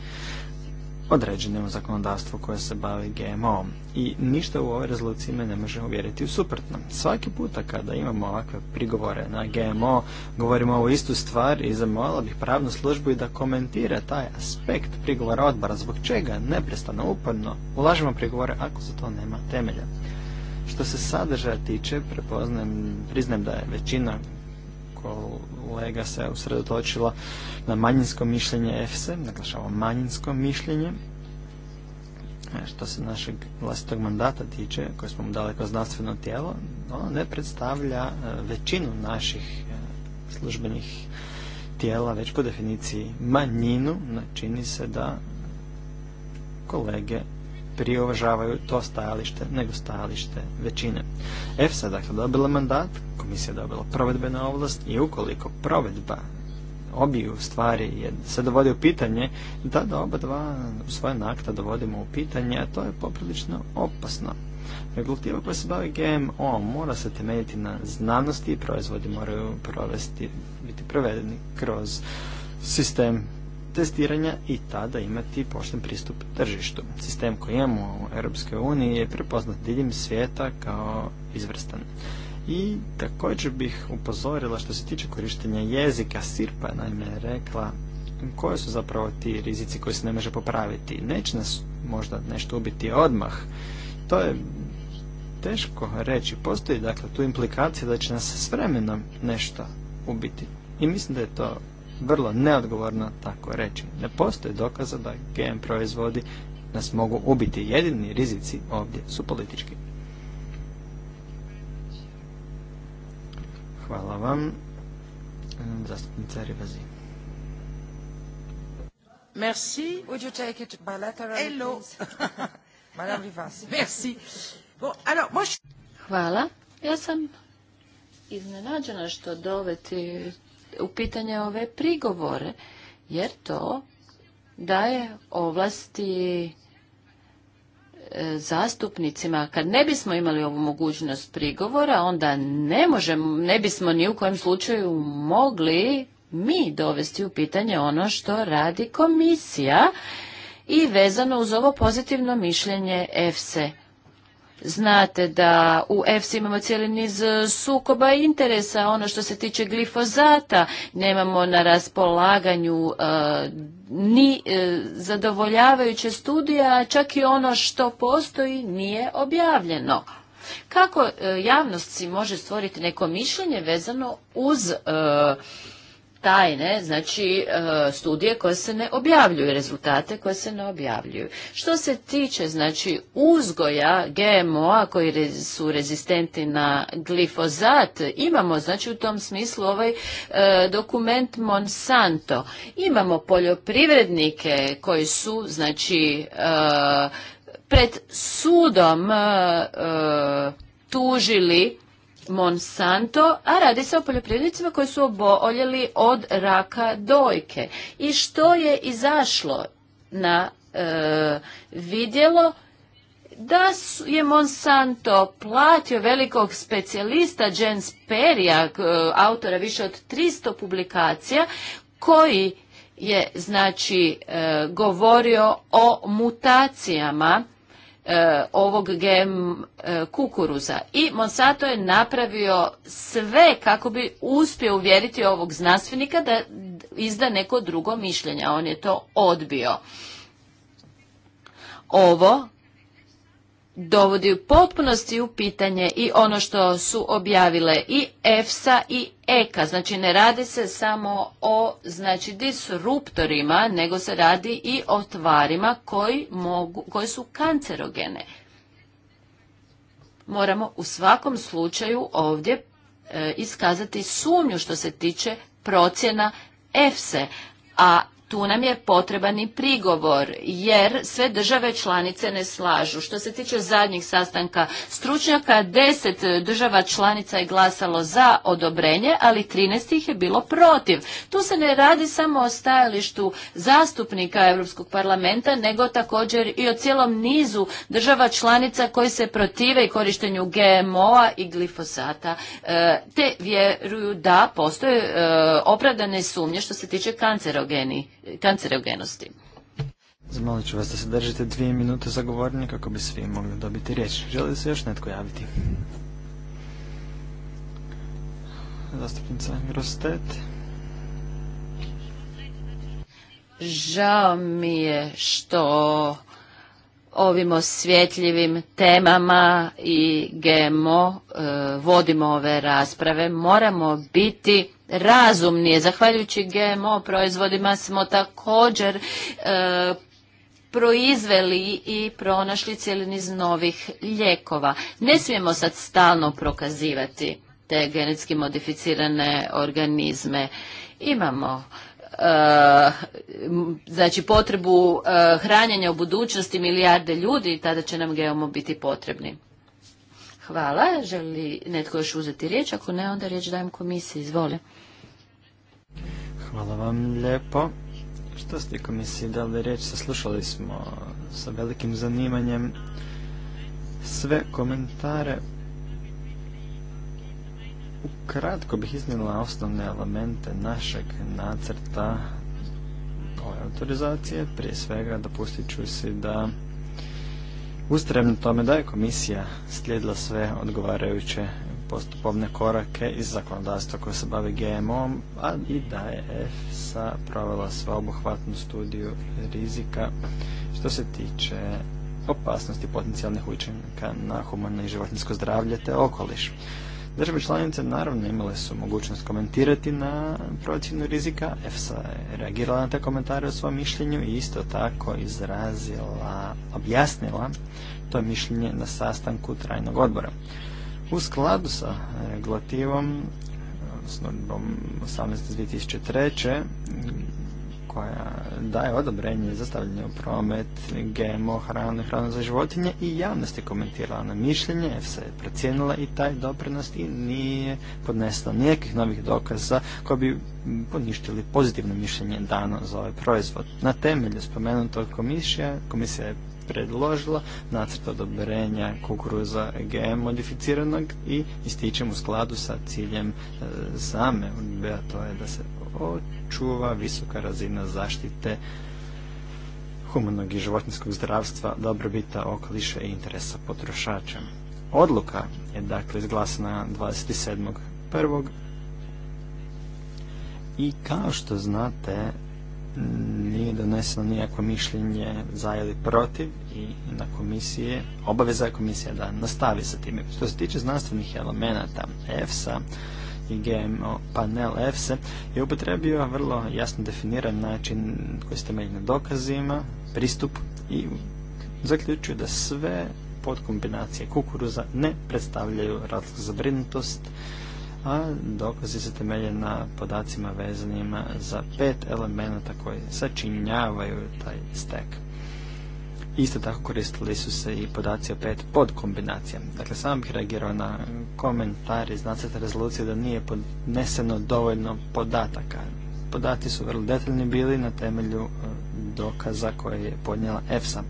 određenom zakonodavstvu koje se bavi gmo I ništa u ovoj rezoluciji me ne može uvjeriti u suprotno. Svaki puta kada imamo ovakve prigovore na GMO, govorimo ovu istu stvar i zamolila bih pravnu službu i da komentira taj aspekt prigovora odbora, zbog čega neprestano uporno ulažemo prigovore ako za to nema temelja. Što se sadržaja tiče, prepoznajem, priznajem da je većina kolega se usredotočila na manjinsko mišljenje EFSE, naglašava dakle, manjinsko mišljenje, e, što se našeg vlastitog mandata tiče, koje smo mu dali kao znanstveno tijelo, ono ne predstavlja e, većinu naših e, službenih tijela, već po definiciji manjinu, čini se da kolege prije uvažavaju to stajalište nego stajalište većine. EFSA je dakle dobila mandat, komisija je dobila provedbena ovlast i ukoliko provedba obiju stvari se dovodi u pitanje, da da oba dva svoje nakta dovodimo u pitanje, a to je poprilično opasno. Regulativa koja se bavi GMO mora se temeljiti na znanosti i proizvodi moraju provesti, biti provedeni kroz sistem testiranja i tada imati pošten pristup tržištu. Sistem koji imamo u Europskoj uniji je prepoznat diljem svijeta kao izvrstan. I također bih upozorila što se tiče korištenja jezika, Sirpa je naime rekla koje su zapravo ti rizici koji se ne može popraviti. Neće nas možda nešto ubiti odmah. To je teško reći. Postoji dakle tu implikacija da će nas s vremenom nešto ubiti. I mislim da je to vrlo neodgovorno tako reći. Ne postoji dokaza da GM proizvodi nas mogu ubiti. Jedini rizici ovdje su politički. Hvala vam. Zastupnica Rivazi. Merci. Would you Hello. (laughs) Madame Merci. Hvala. Ja sam iznenađena što doveti u pitanje ove prigovore, jer to daje ovlasti e, zastupnicima, kad ne bismo imali ovu mogućnost prigovora, onda ne možemo, ne bismo ni u kojem slučaju mogli mi dovesti u pitanje ono što radi komisija i vezano uz ovo pozitivno mišljenje EFSE. Znate da u EFS imamo cijeli niz e, sukoba interesa, ono što se tiče glifozata, nemamo na raspolaganju e, ni e, zadovoljavajuće studija, čak i ono što postoji nije objavljeno. Kako javnost si može stvoriti neko mišljenje vezano uz tajne, znači e, studije koje se ne objavljuju, rezultate koje se ne objavljuju. Što se tiče znači uzgoja GMO-a koji su rezistenti na glifozat, imamo znači u tom smislu ovaj e, dokument Monsanto. Imamo poljoprivrednike koji su znači e, pred sudom tužili Monsanto, a radi se o poljoprivrednicima koji su oboljeli od raka dojke. I što je izašlo na e, vidjelo? da je Monsanto platio velikog specijalista Jens Perija, e, autora više od 300 publikacija, koji je znači e, govorio o mutacijama E, ovog gem e, kukuruza. I Monsanto je napravio sve kako bi uspio uvjeriti ovog znanstvenika da izda neko drugo mišljenje. On je to odbio. Ovo dovodi u potpunosti u pitanje i ono što su objavile i EFSA i EKA. Znači ne radi se samo o znači, disruptorima, nego se radi i o tvarima koji, mogu, koji su kancerogene. Moramo u svakom slučaju ovdje e, iskazati sumnju što se tiče procjena EFSA, a tu nam je potreban i prigovor, jer sve države članice ne slažu. Što se tiče zadnjih sastanka stručnjaka, deset država članica je glasalo za odobrenje, ali 13 ih je bilo protiv. Tu se ne radi samo o stajalištu zastupnika Europskog parlamenta, nego također i o cijelom nizu država članica koji se protive i korištenju GMO-a i glifosata, e, te vjeruju da postoje e, opravdane sumnje što se tiče kancerogeni kancerogenosti. Zamolit ću vas da se držite dvije minute za govornje kako bi svi mogli dobiti riječ. Želi li se još netko javiti? Zastupnica Grostet. Žao mi je što ovim osvjetljivim temama i GMO e, vodimo ove rasprave. Moramo biti razumnije. Zahvaljujući GMO proizvodima smo također e, proizveli i pronašli cijeli niz novih lijekova. Ne smijemo sad stalno prokazivati te genetski modificirane organizme. Imamo e, znači potrebu e, hranjenja u budućnosti milijarde ljudi i tada će nam GMO biti potrebni. Hvala. Želi netko još uzeti riječ? Ako ne, onda riječ dajem komisiji. Izvoli. Hvala vam lijepo. Što ste komisiji dali riječ, saslušali smo sa velikim zanimanjem sve komentare. Ukratko bih iznijela osnovne elemente našeg nacrta ove autorizacije. Prije svega dopustit ću si da ustrajem tome da je komisija slijedila sve odgovarajuće postupovne korake iz zakonodavstva koje se bavi GMO-om, a i da je EFSA provela sveobuhvatnu studiju rizika što se tiče opasnosti potencijalnih učinaka na humano i životinsko zdravlje te okoliš. Države članice naravno imale su mogućnost komentirati na procjenu rizika, EFSA je reagirala na te komentare o svom mišljenju i isto tako izrazila, objasnila to mišljenje na sastanku trajnog odbora u skladu sa regulativom s 18.2003 koja daje odobrenje za stavljanje u promet GMO hrane, hranu za životinje i javnost je komentirala na mišljenje, EFSA je procijenila i taj doprinos i nije podnesla nijakih novih dokaza koji bi poništili pozitivno mišljenje dano za ovaj proizvod. Na temelju spomenutog komisija, komisija je predložila nacrt odobrenja kukuruza GM modificiranog i ističem u skladu sa ciljem e, same unije, a to je da se očuva visoka razina zaštite humanog i životinskog zdravstva, dobrobita okoliša i interesa potrošača. Odluka je dakle izglasana 27.1. I kao što znate, nije doneseno nijako mišljenje za ili protiv i na komisije, obaveza je komisija da nastavi sa time. Što se tiče znanstvenih elemenata EFSA i GMO panel EFSA je upotrebio vrlo jasno definiran način koji se temelji na dokazima, pristup i zaključuje da sve podkombinacije kukuruza ne predstavljaju razlog za a dokazi se temelje na podacima vezanima za pet elemenata koji sačinjavaju taj stek. Isto tako koristili su se i podaci o pet kombinacijama. Dakle, sam bih reagirao na komentar iz nacrta rezolucije da nije podneseno dovoljno podataka. Podaci su vrlo detaljni bili na temelju e, dokaza koje je podnijela EFSA.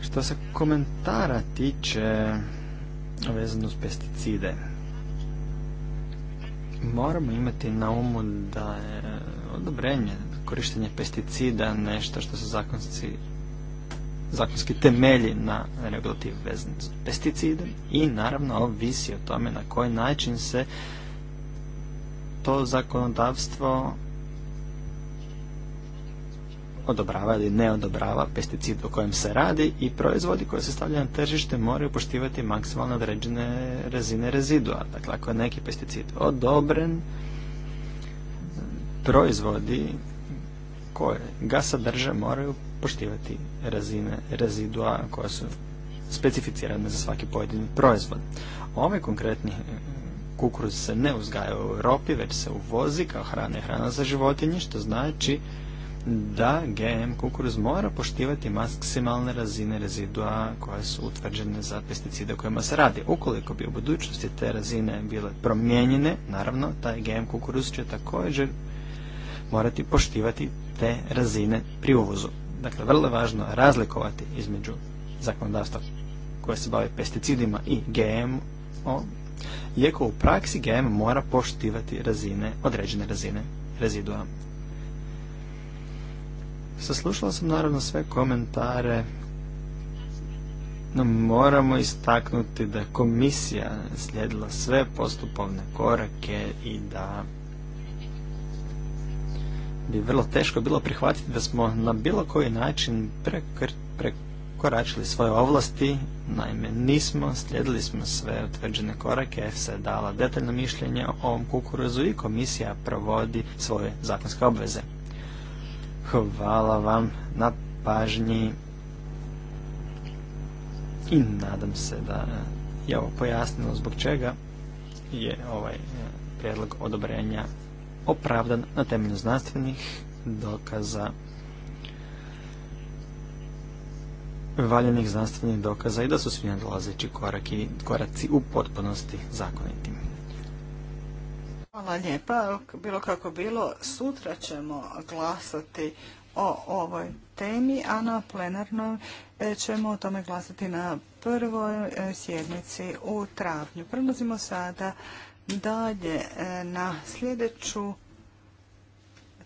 Što se komentara tiče, vezano uz pesticide. Moramo imati na umu da je odobrenje korištenje pesticida nešto što se zakonski zakonski temelji na regulativi vezan s i naravno ovisi o tome na koji način se to zakonodavstvo odobrava ili ne odobrava pesticid o kojem se radi i proizvodi koji se stavljaju na tržište moraju poštivati maksimalno određene razine rezidua. Dakle, ako je neki pesticid odobren, proizvodi koje ga sadrže moraju poštivati razine rezidua koje su specificirane za svaki pojedini proizvod. Ovaj konkretni e, kukuruz se ne uzgaja u Europi, već se uvozi kao hrana i hrana za životinje, što znači da GM kukuruz mora poštivati maksimalne razine rezidua koje su utvrđene za pesticide kojima se radi. Ukoliko bi u budućnosti te razine bile promijenjene, naravno, taj GM kukuruz će također morati poštivati te razine pri uvozu. Dakle, vrlo je važno razlikovati između zakonodavstva koje se bavi pesticidima i GMO, iako u praksi GM mora poštivati razine, određene razine rezidua Saslušala sam naravno sve komentare, no moramo istaknuti da je komisija slijedila sve postupovne korake i da bi vrlo teško bilo prihvatiti da smo na bilo koji način prekoračili svoje ovlasti, naime nismo, slijedili smo sve utvrđene korake, se je dala detaljno mišljenje o ovom kukuruzu i komisija provodi svoje zakonske obveze. Hvala vam na pažnji i nadam se da je ovo pojasnilo zbog čega je ovaj e, prijedlog odobrenja opravdan na temelju znanstvenih dokaza valjenih znanstvenih dokaza i da su svi nadlazeći koraki, koraci u potpunosti zakonitim. Hvala lijepa. Bilo kako bilo, sutra ćemo glasati o ovoj temi, a na plenarnoj e, ćemo o tome glasati na prvoj e, sjednici u travnju. Prelazimo sada dalje e, na sljedeću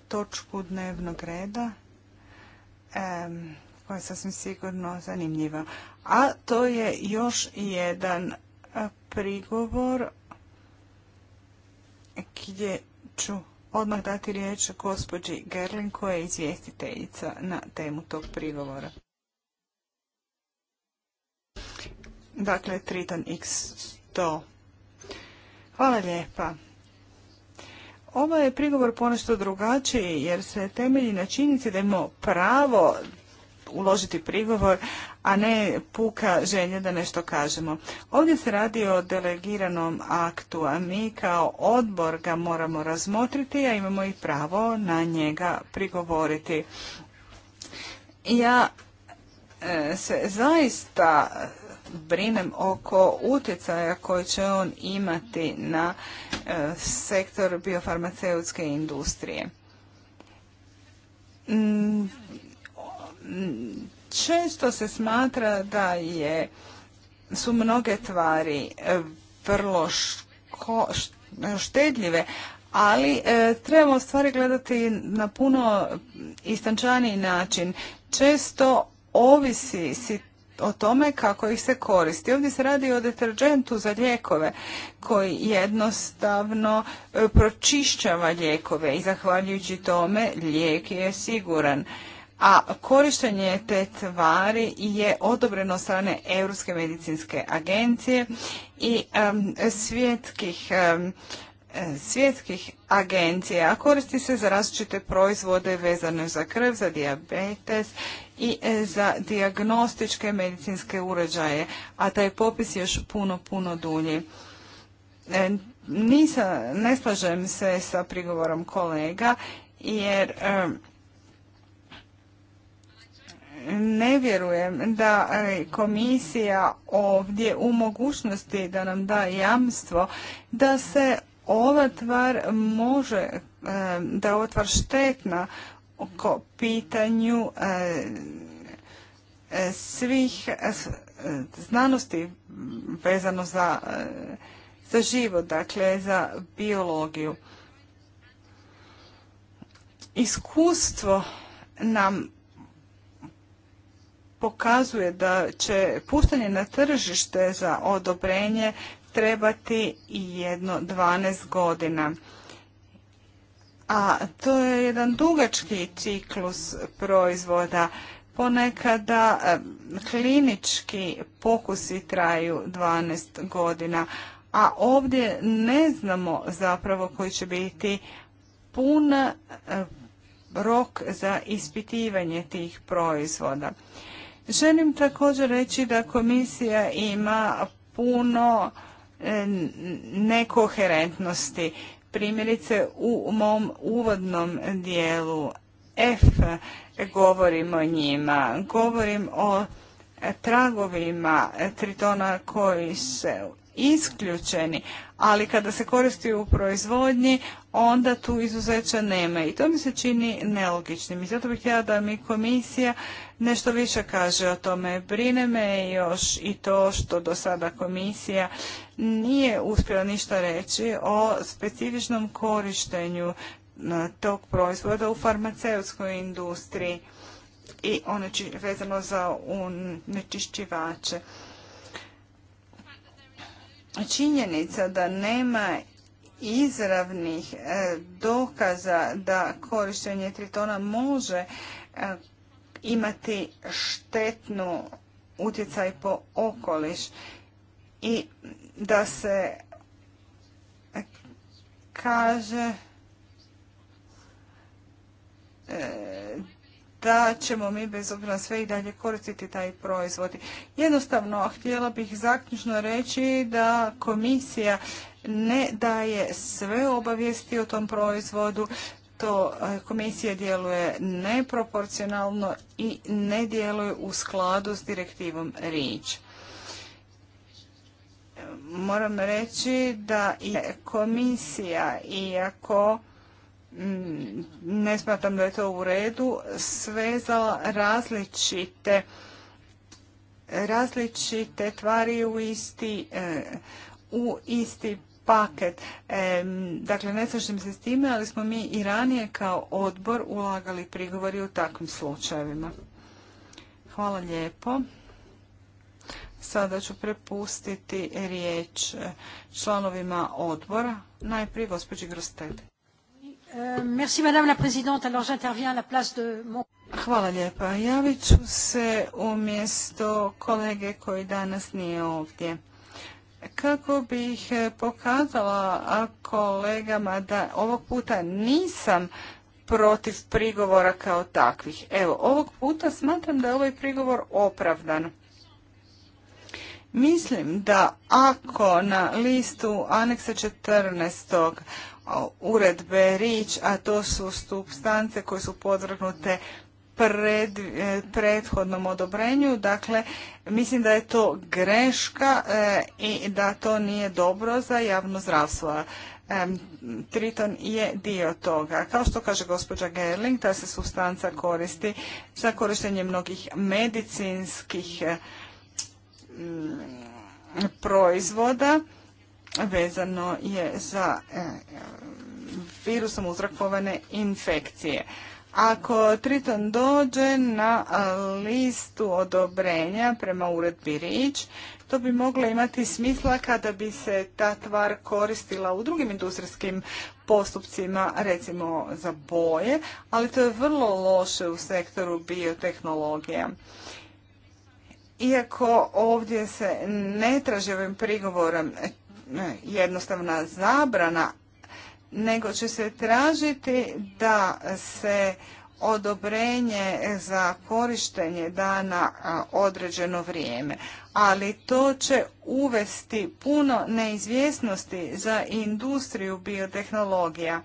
točku dnevnog reda koja je sasvim sigurno zanimljiva. A to je još jedan prigovor gdje ću odmah dati riječ gospođi Gerlin koja je izvjestiteljica na temu tog prigovora. Dakle, Triton X100. Hvala lijepa. Ovo je prigovor ponešto drugačiji jer se temelji na činjenici da imamo pravo uložiti prigovor, a ne puka želja da nešto kažemo. Ovdje se radi o delegiranom aktu, a mi kao odbor ga moramo razmotriti, a imamo i pravo na njega prigovoriti. Ja e, se zaista brinem oko utjecaja koji će on imati na e, sektor biofarmaceutske industrije. Mm, Često se smatra da je su mnoge tvari e, vrlo štedljive, ali e, trebamo stvari gledati na puno istančaniji način. Često ovisi si o tome kako ih se koristi. Ovdje se radi o deterđentu za lijekove koji jednostavno e, pročišćava lijekove i zahvaljujući tome lijek je siguran a korištenje te tvari je odobreno od strane Europske medicinske agencije i svjetskih um, A agencija, koristi se za različite proizvode vezane za krv, za dijabetes i e, za diagnostičke medicinske uređaje, a taj popis je još puno, puno dulji. E, nisa, ne slažem se sa prigovorom kolega, jer ne vjerujem da e, komisija ovdje u mogućnosti da nam da jamstvo da se ova tvar može, e, da je ova tvar štetna oko pitanju e, svih znanosti vezano za, život, dakle za biologiju. Iskustvo nam pokazuje da će puštanje na tržište za odobrenje trebati jedno 12 godina. A to je jedan dugački ciklus proizvoda. Ponekada klinički pokusi traju 12 godina, a ovdje ne znamo zapravo koji će biti pun rok za ispitivanje tih proizvoda. Želim također reći da komisija ima puno e, nekoherentnosti. Primjerice u mom uvodnom dijelu F govorim o njima. Govorim o tragovima tritona koji se isključeni, ali kada se koristi u proizvodnji, onda tu izuzeća nema. I to mi se čini nelogičnim. I zato bih htjela da mi komisija nešto više kaže o tome. Brine me još i to što do sada komisija nije uspjela ništa reći o specifičnom korištenju e, tog proizvoda u farmaceutskoj industriji i ono vezano za nečišćivače činjenica da nema izravnih e, dokaza da korištenje tritona može e, imati štetnu utjecaj po okoliš i da se kaže e, da ćemo mi bez obzira sve i dalje koristiti taj proizvod. Jednostavno, htjela bih zaključno reći da komisija ne daje sve obavijesti o tom proizvodu, to e, komisija djeluje neproporcionalno i ne djeluje u skladu s direktivom REACH. Moram reći da je komisija, iako Mm, ne smatram da je to u redu, sve za različite različite tvari u isti, eh, u isti paket. Dakle, ne slažem se s time, ali smo mi i ranije kao odbor ulagali prigovori u takvim slučajevima. Hvala lijepo. Sada ću prepustiti riječ eh, članovima odbora. Najprije gospođi Grostedi. Euh, Hvala lijepa. Javit ću se umjesto kolege koji danas nije ovdje. Kako bih e, pokazala kolegama da ovog puta nisam protiv prigovora kao takvih. Evo, ovog puta smatram da je ovaj prigovor opravdan. Mislim da ako na listu aneksa 14 uredbe rič, a to su substance koje su podvrgnute pred, e, prethodnom odobrenju. Dakle, mislim da je to greška e, i da to nije dobro za javno zdravstvo. E, triton je dio toga. Kao što kaže gospođa Gerling, ta se substanca koristi za korištenje mnogih medicinskih proizvoda vezano je za e, virusom uzrakovane infekcije. Ako Triton dođe na listu odobrenja prema uredbi Rič, to bi moglo imati smisla kada bi se ta tvar koristila u drugim industrijskim postupcima, recimo za boje, ali to je vrlo loše u sektoru biotehnologija. Iako ovdje se ne traži ovim prigovorom jednostavna zabrana, nego će se tražiti da se odobrenje za korištenje dana određeno vrijeme. Ali to će uvesti puno neizvjesnosti za industriju biotehnologija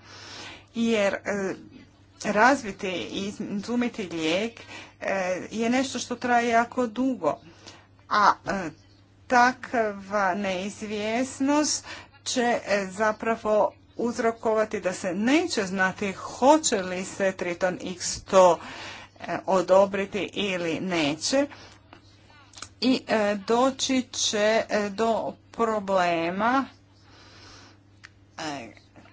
jer e, razviti i izumiti lijek e, je nešto što traje jako dugo. A e, takva neizvjesnost će e, zapravo uzrokovati da se neće znati hoće li se Triton x to e, odobriti ili neće i e, doći će do problema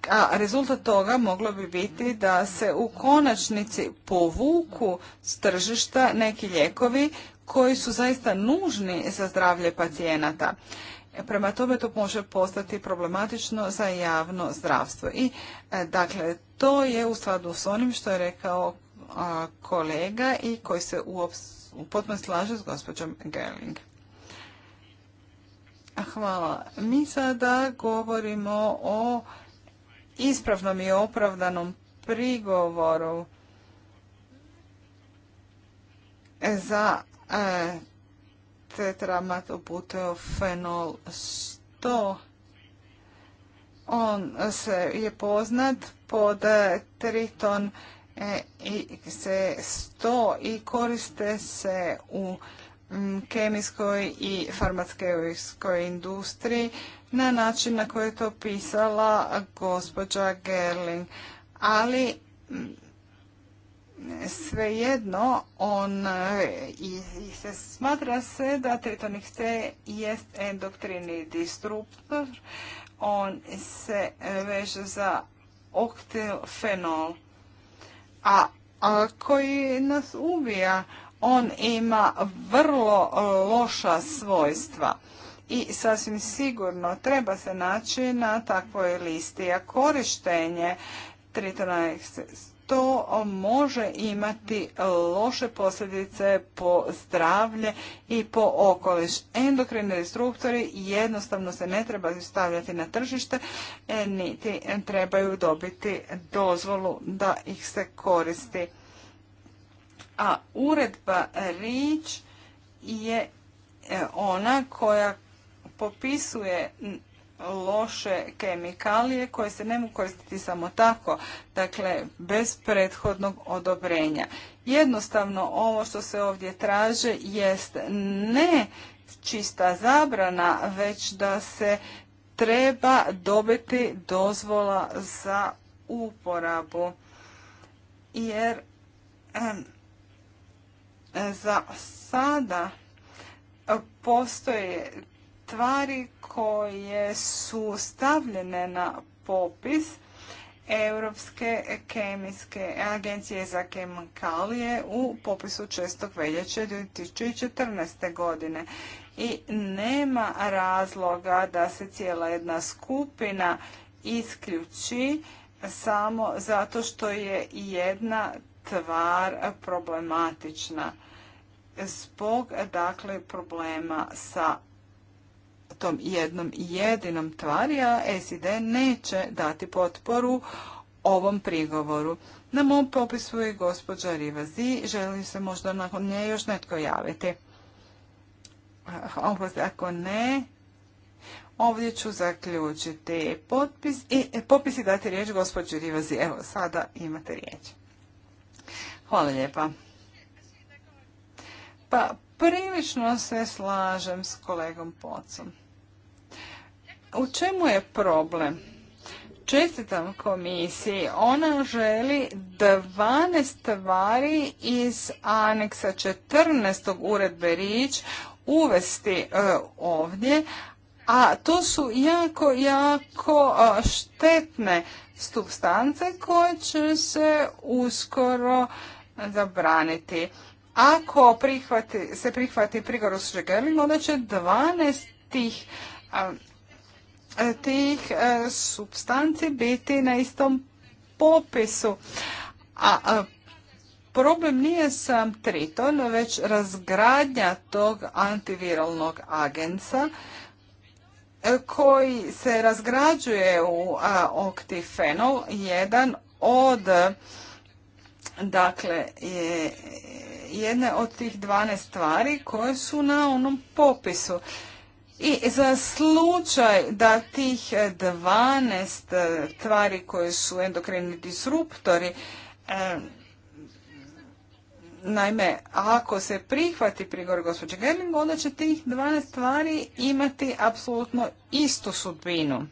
a rezultat toga moglo bi biti da se u konačnici povuku s tržišta neki lijekovi koji su zaista nužni za zdravlje pacijenata. Prema tome to može postati problematično za javno zdravstvo. I e, dakle, to je u skladu s onim što je rekao kolega i koji se u, u potpunosti slaže s gospođom Gerling. Hvala. Mi sada govorimo o ispravnom i opravdanom prigovoru za e, tetramatobuteofenol 100 on se je poznat pod triton e, i se 100 i koriste se u Mm, kemijskoj i farmaceutskoj industriji na način na koji je to pisala gospođa Gerling. Ali mm, svejedno on e, i, se smatra se da tritonik C jest endoktrini disruptor. On se veže za oktilfenol, a, a koji nas ubija on ima vrlo e, loša svojstva i sasvim sigurno treba se naći na takvoj listi. A korištenje tritona to može imati loše posljedice po zdravlje i po okoliš. Endokrini destruktori jednostavno se ne trebaju stavljati na tržište, e, niti trebaju dobiti dozvolu da ih se koristi a uredba REACH je e, ona koja popisuje loše kemikalije koje se ne mogu koristiti samo tako, dakle bez prethodnog odobrenja. Jednostavno ovo što se ovdje traže jest ne čista zabrana, već da se treba dobiti dozvola za uporabu. Jer E, za sada e, postoje tvari koje su stavljene na popis Europske kemijske agencije za kemikalije u popisu 6. veljače 2014. godine. I nema razloga da se cijela jedna skupina isključi samo zato što je jedna tvar problematična zbog dakle problema sa tom jednom jedinom tvari, a SID neće dati potporu ovom prigovoru. Na mom popisu je gospođa Rivazi, Želim se možda nakon nje još netko javiti. Ako ne, ovdje ću zaključiti potpis i popis i dati riječ gospođi Rivazi. Evo, sada imate riječ. Hvala lijepa. Pa prilično se slažem s kolegom Pocom. U čemu je problem? Čestitam komisiji. Ona želi 12 stvari iz aneksa 14. uredbe Rič uvesti e, ovdje, a to su jako, jako e, štetne substance koje će se uskoro zabraniti. Ako se prihvati prigovor s onda će 12 tih tih e, substanci biti na istom popisu. A problem nije sam triton, već razgradnja tog antiviralnog agensa e, koji se razgrađuje u oktifenol, jedan od Dakle, je jedna od tih 12 stvari koje su na onom popisu. I za slučaj da tih 12 tvari koje su endokrini disruptori, naime, ako se prihvati prigovor gospođe Gerling, onda će tih 12 stvari imati apsolutno istu sudbinu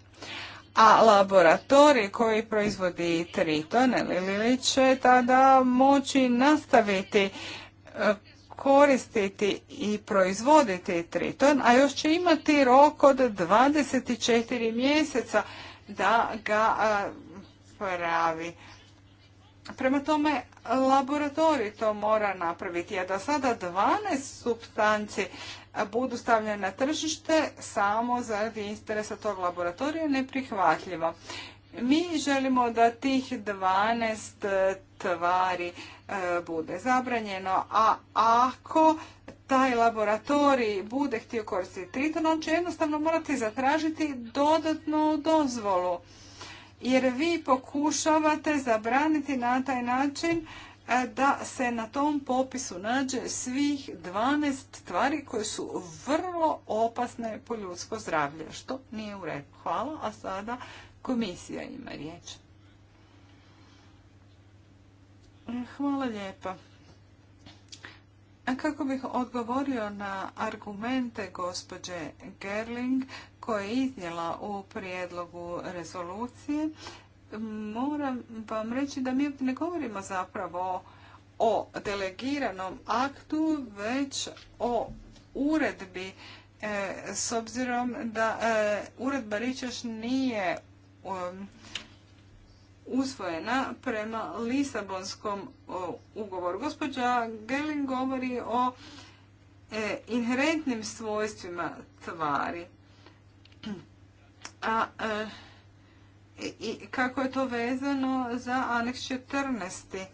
a laboratorij koji proizvodi Triton ili Lili će tada moći nastaviti e, koristiti i proizvoditi Triton, a još će imati rok od 24 mjeseca da ga e, pravi. Prema tome, laboratorij to mora napraviti, a da sada 12 substanci budu stavljene na tržište samo za interesa tog laboratorija neprihvatljivo. Mi želimo da tih 12 tvari e, bude zabranjeno, a ako taj laboratorij bude htio koristiti triton, on će jednostavno morati zatražiti dodatnu dozvolu. Jer vi pokušavate zabraniti na taj način E, da se na tom popisu nađe svih 12 stvari koje su vrlo opasne po ljudsko zdravlje, što nije u redu. Hvala, a sada komisija ima riječ. E, hvala lijepa. Kako bih odgovorio na argumente gospođe Gerling koje je iznijela u prijedlogu rezolucije, moram vam reći da mi ne govorimo zapravo o delegiranom aktu, već o uredbi e, s obzirom da e, uredba Ričaš nije e, usvojena prema Lisabonskom ugovoru. Gospođa Gelin govori o inherentnim svojstvima tvari. A i kako je to vezano za aneks 14.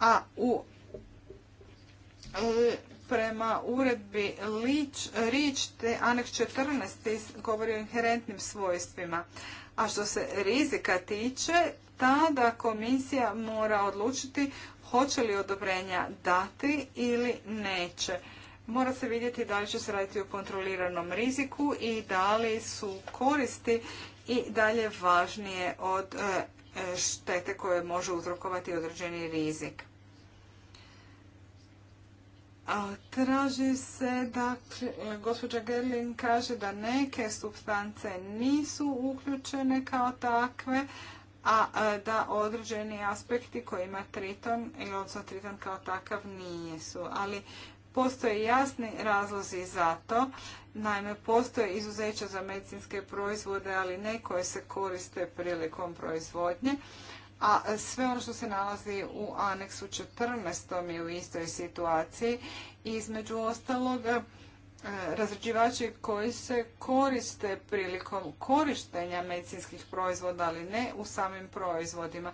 A u e, prema uredbi Rič te aneks 14. govori o inherentnim svojstvima. A što se rizika tiče, tada komisija mora odlučiti hoće li odobrenja dati ili neće. Mora se vidjeti da li će se raditi o kontroliranom riziku i da li su koristi i dalje važnije od e, e, štete koje može uzrokovati određeni rizik. traži se, da... E, gospođa Gerlin kaže da neke substance nisu uključene kao takve, a, da određeni aspekti koji ima triton, ili odnosno triton kao takav, nisu. Ali Postoje jasni razlozi za to. Naime, postoje izuzeća za medicinske proizvode, ali ne koje se koriste prilikom proizvodnje. A sve ono što se nalazi u aneksu 14. je u istoj situaciji. Između ostalog, e, razređivači koji se koriste prilikom korištenja medicinskih proizvoda, ali ne u samim proizvodima.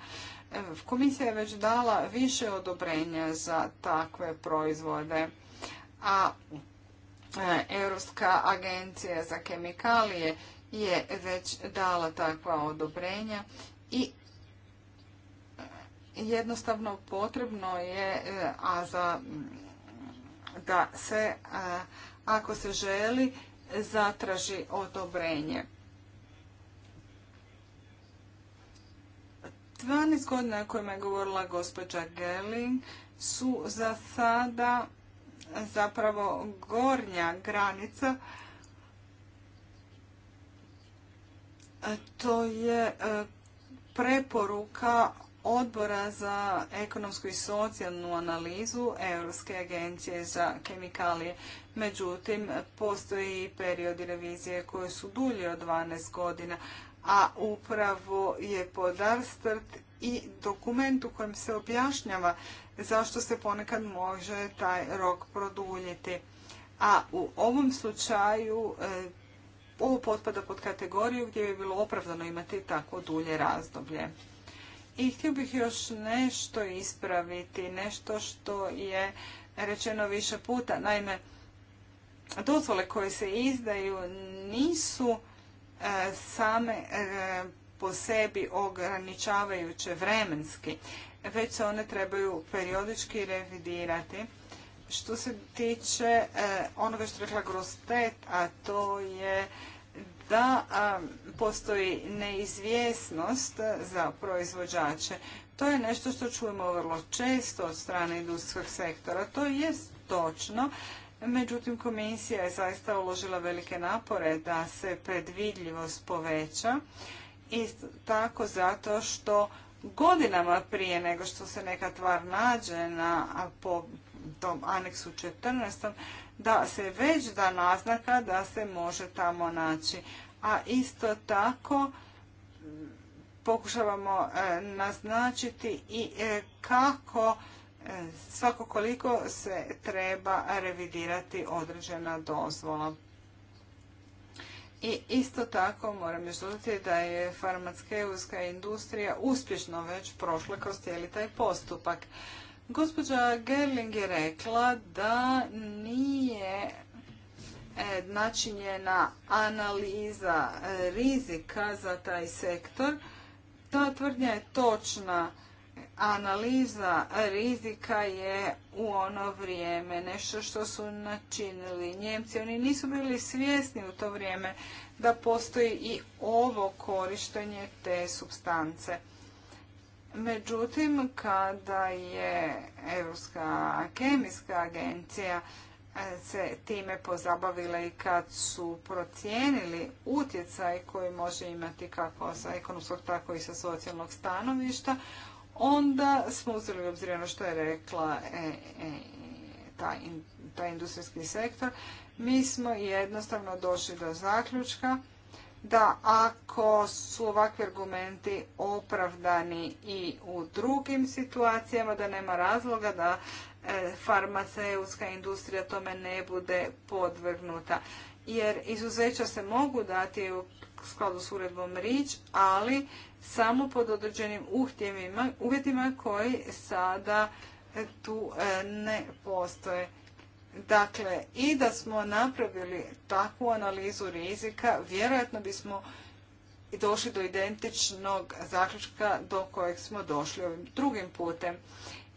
E, komisija je već dala više odobrenja za takve proizvode a e, Europska agencija za kemikalije je već dala takva odobrenja i e, jednostavno potrebno je e, a za da se ako se želi zatraži odobrenje. 12 godina o kojima je govorila gospođa Gelling su za sada zapravo gornja granica. To je e, preporuka odbora za ekonomsku i socijalnu analizu Europske agencije za kemikalije. Međutim, postoji i periodi revizije koje su dulje od 12 godina, a upravo je podarstrt i dokument u kojem se objašnjava zašto se ponekad može taj rok produljiti. A u ovom slučaju e, ovo potpada pod kategoriju gdje bi bilo opravdano imati tako dulje razdoblje. I htio bih još nešto ispraviti, nešto što je rečeno više puta. Naime, dozvole koje se izdaju nisu e, same e, po sebi ograničavajuće vremenski, već se one trebaju periodički revidirati. Što se tiče eh, onoga što je rekla Grostet, a to je da eh, postoji neizvjesnost eh, za proizvođače. To je nešto što čujemo vrlo često od strane industrijskog sektora. To je točno. Međutim, komisija je zaista uložila velike napore da se predvidljivost poveća Isto tako zato što godinama prije nego što se neka tvar nađe na po tom aneksu 14. da se već da naznaka da se može tamo naći. A isto tako pokušavamo e, naznačiti i e, kako e, svako koliko se treba revidirati određena dozvola. I isto tako moram još da je farmaceutska industrija uspješno već prošla kroz cijeli taj postupak. Gospođa Gerling je rekla da nije e, načinjena analiza rizika za taj sektor. Ta tvrdnja je točna analiza rizika je u ono vrijeme nešto što su načinili Njemci. Oni nisu bili svjesni u to vrijeme da postoji i ovo korištenje te substance. Međutim, kada je Europska kemijska agencija e, se time pozabavila i kad su procijenili utjecaj koji može imati kako sa ekonomskog, tako i sa socijalnog stanovišta, onda smo uzeli obzir ono što je rekla e, e ta, ta industrijski sektor. Mi smo jednostavno došli do zaključka da ako su ovakvi argumenti opravdani i u drugim situacijama, da nema razloga da e, farmaceutska industrija tome ne bude podvrgnuta. Jer izuzeća se mogu dati u skladu s uredbom RIČ, ali samo pod određenim uvjetima koji sada tu e, ne postoje. Dakle, i da smo napravili takvu analizu rizika, vjerojatno bismo došli do identičnog zaključka do kojeg smo došli ovim drugim putem.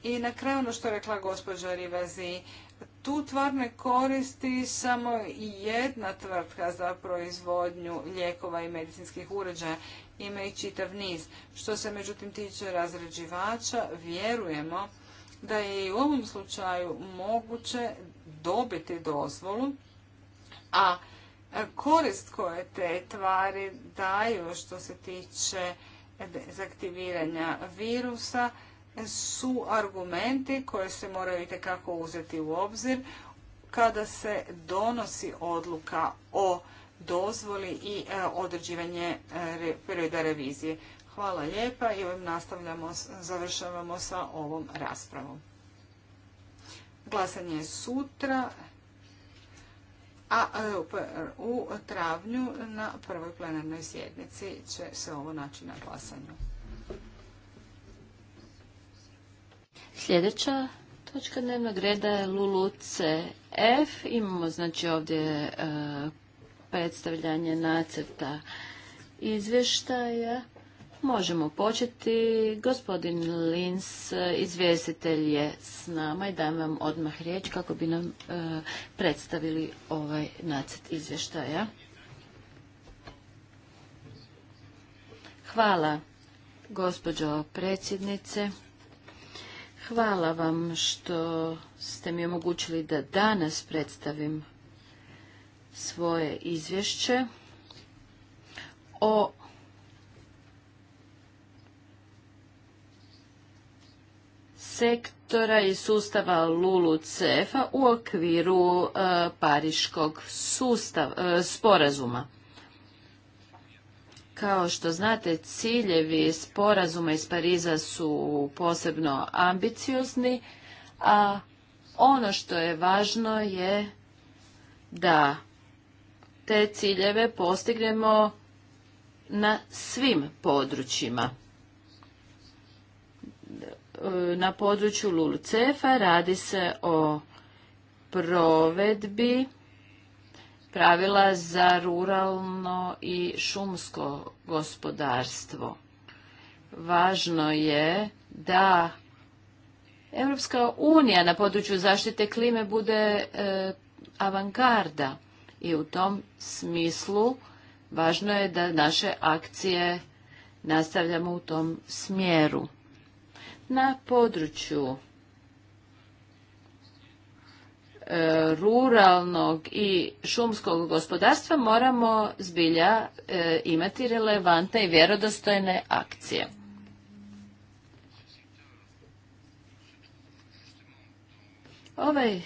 I na kraju ono što je rekla gospođa Rivazi, tu tvar ne koristi samo jedna tvrtka za proizvodnju lijekova i medicinskih uređaja, ima ih čitav niz. Što se međutim tiče razređivača, vjerujemo da je i u ovom slučaju moguće dobiti dozvolu, a korist koje te tvari daju što se tiče dezaktiviranja virusa su argumenti koje se moraju itekako uzeti u obzir kada se donosi odluka o dozvoli i e, određivanje e, perioda revizije. Hvala lijepa i ovim nastavljamo, završavamo sa ovom raspravom. Glasanje je sutra, a e, u travnju na prvoj plenarnoj sjednici će se ovo naći na glasanju. Sljedeća točka dnevnog reda je lulu F. Imamo znači ovdje e, predstavljanje nacrta izvještaja. Možemo početi. Gospodin Lins, izvjestitelj je s nama i dajem vam odmah riječ kako bi nam e, predstavili ovaj nacrt izvještaja. Hvala, gospođo predsjednice. Hvala vam što ste mi omogućili da danas predstavim svoje izvješće o sektora i sustava lulu a u okviru e, Pariškog e, sporazuma. Kao što znate, ciljevi sporazuma iz Pariza su posebno ambiciozni, a ono što je važno je da te ciljeve postignemo na svim područjima. E, na području lulcefa radi se o provedbi pravila za ruralno i šumsko gospodarstvo. Važno je da Europska unija na području zaštite klime bude avankarda e, avangarda i u tom smislu važno je da naše akcije nastavljamo u tom smjeru na području e, ruralnog i šumskog gospodarstva moramo zbilja e, imati relevantne i vjerodostojne akcije. Ovaj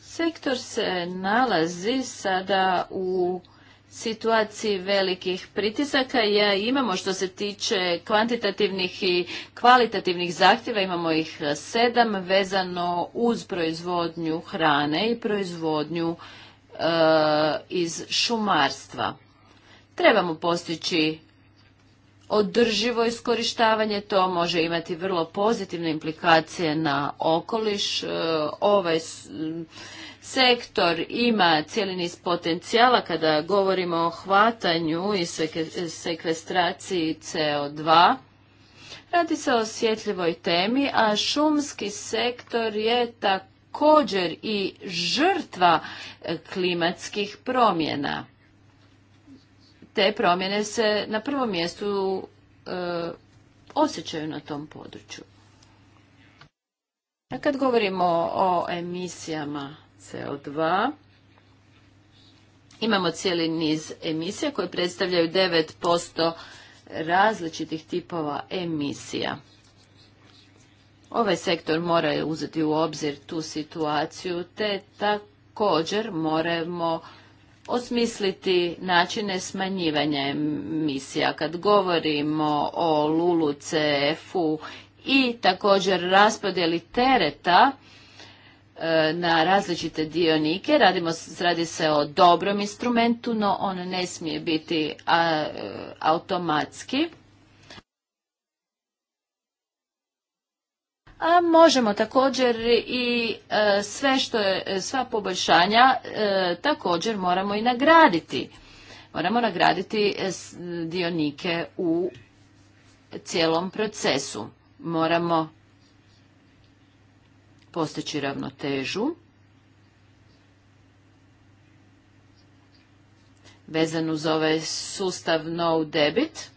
sektor se nalazi sada u situaciji velikih pritisaka ja imamo što se tiče kvantitativnih i kvalitativnih zahtjeva, imamo ih sedam vezano uz proizvodnju hrane i proizvodnju e, iz šumarstva. Trebamo postići održivo iskorištavanje, to može imati vrlo pozitivne implikacije na okoliš. E, ovaj sektor ima cijeli niz potencijala kada govorimo o hvatanju i sekvestraciji CO2. Radi se o osjetljivoj temi, a šumski sektor je također i žrtva klimatskih promjena te promjene se na prvom mjestu e, osjećaju na tom području. A kad govorimo o emisijama CO2, imamo cijeli niz emisija koje predstavljaju 9% različitih tipova emisija. Ovaj sektor mora uzeti u obzir tu situaciju, te također moramo osmisliti načine smanjivanja emisija. Kad govorimo o Lulu, CF-u i također raspodjeli tereta e, na različite dionike, Radimo, radi se o dobrom instrumentu, no on ne smije biti e, automatski a možemo također i e, sve što je, e, sva poboljšanja e, također moramo i nagraditi. Moramo nagraditi dionike u cijelom procesu. Moramo postići ravnotežu vezanu uz ovaj sustav no debit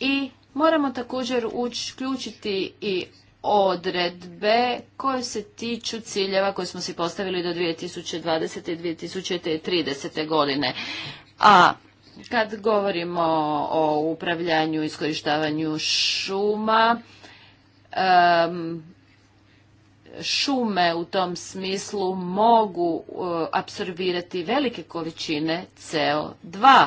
i Moramo također uključiti i odredbe koje se tiču ciljeva koje smo si postavili do 2020. i 2030. godine. A kad govorimo o upravljanju i iskorištavanju šuma, šume u tom smislu mogu e, apsorbirati velike količine CO2.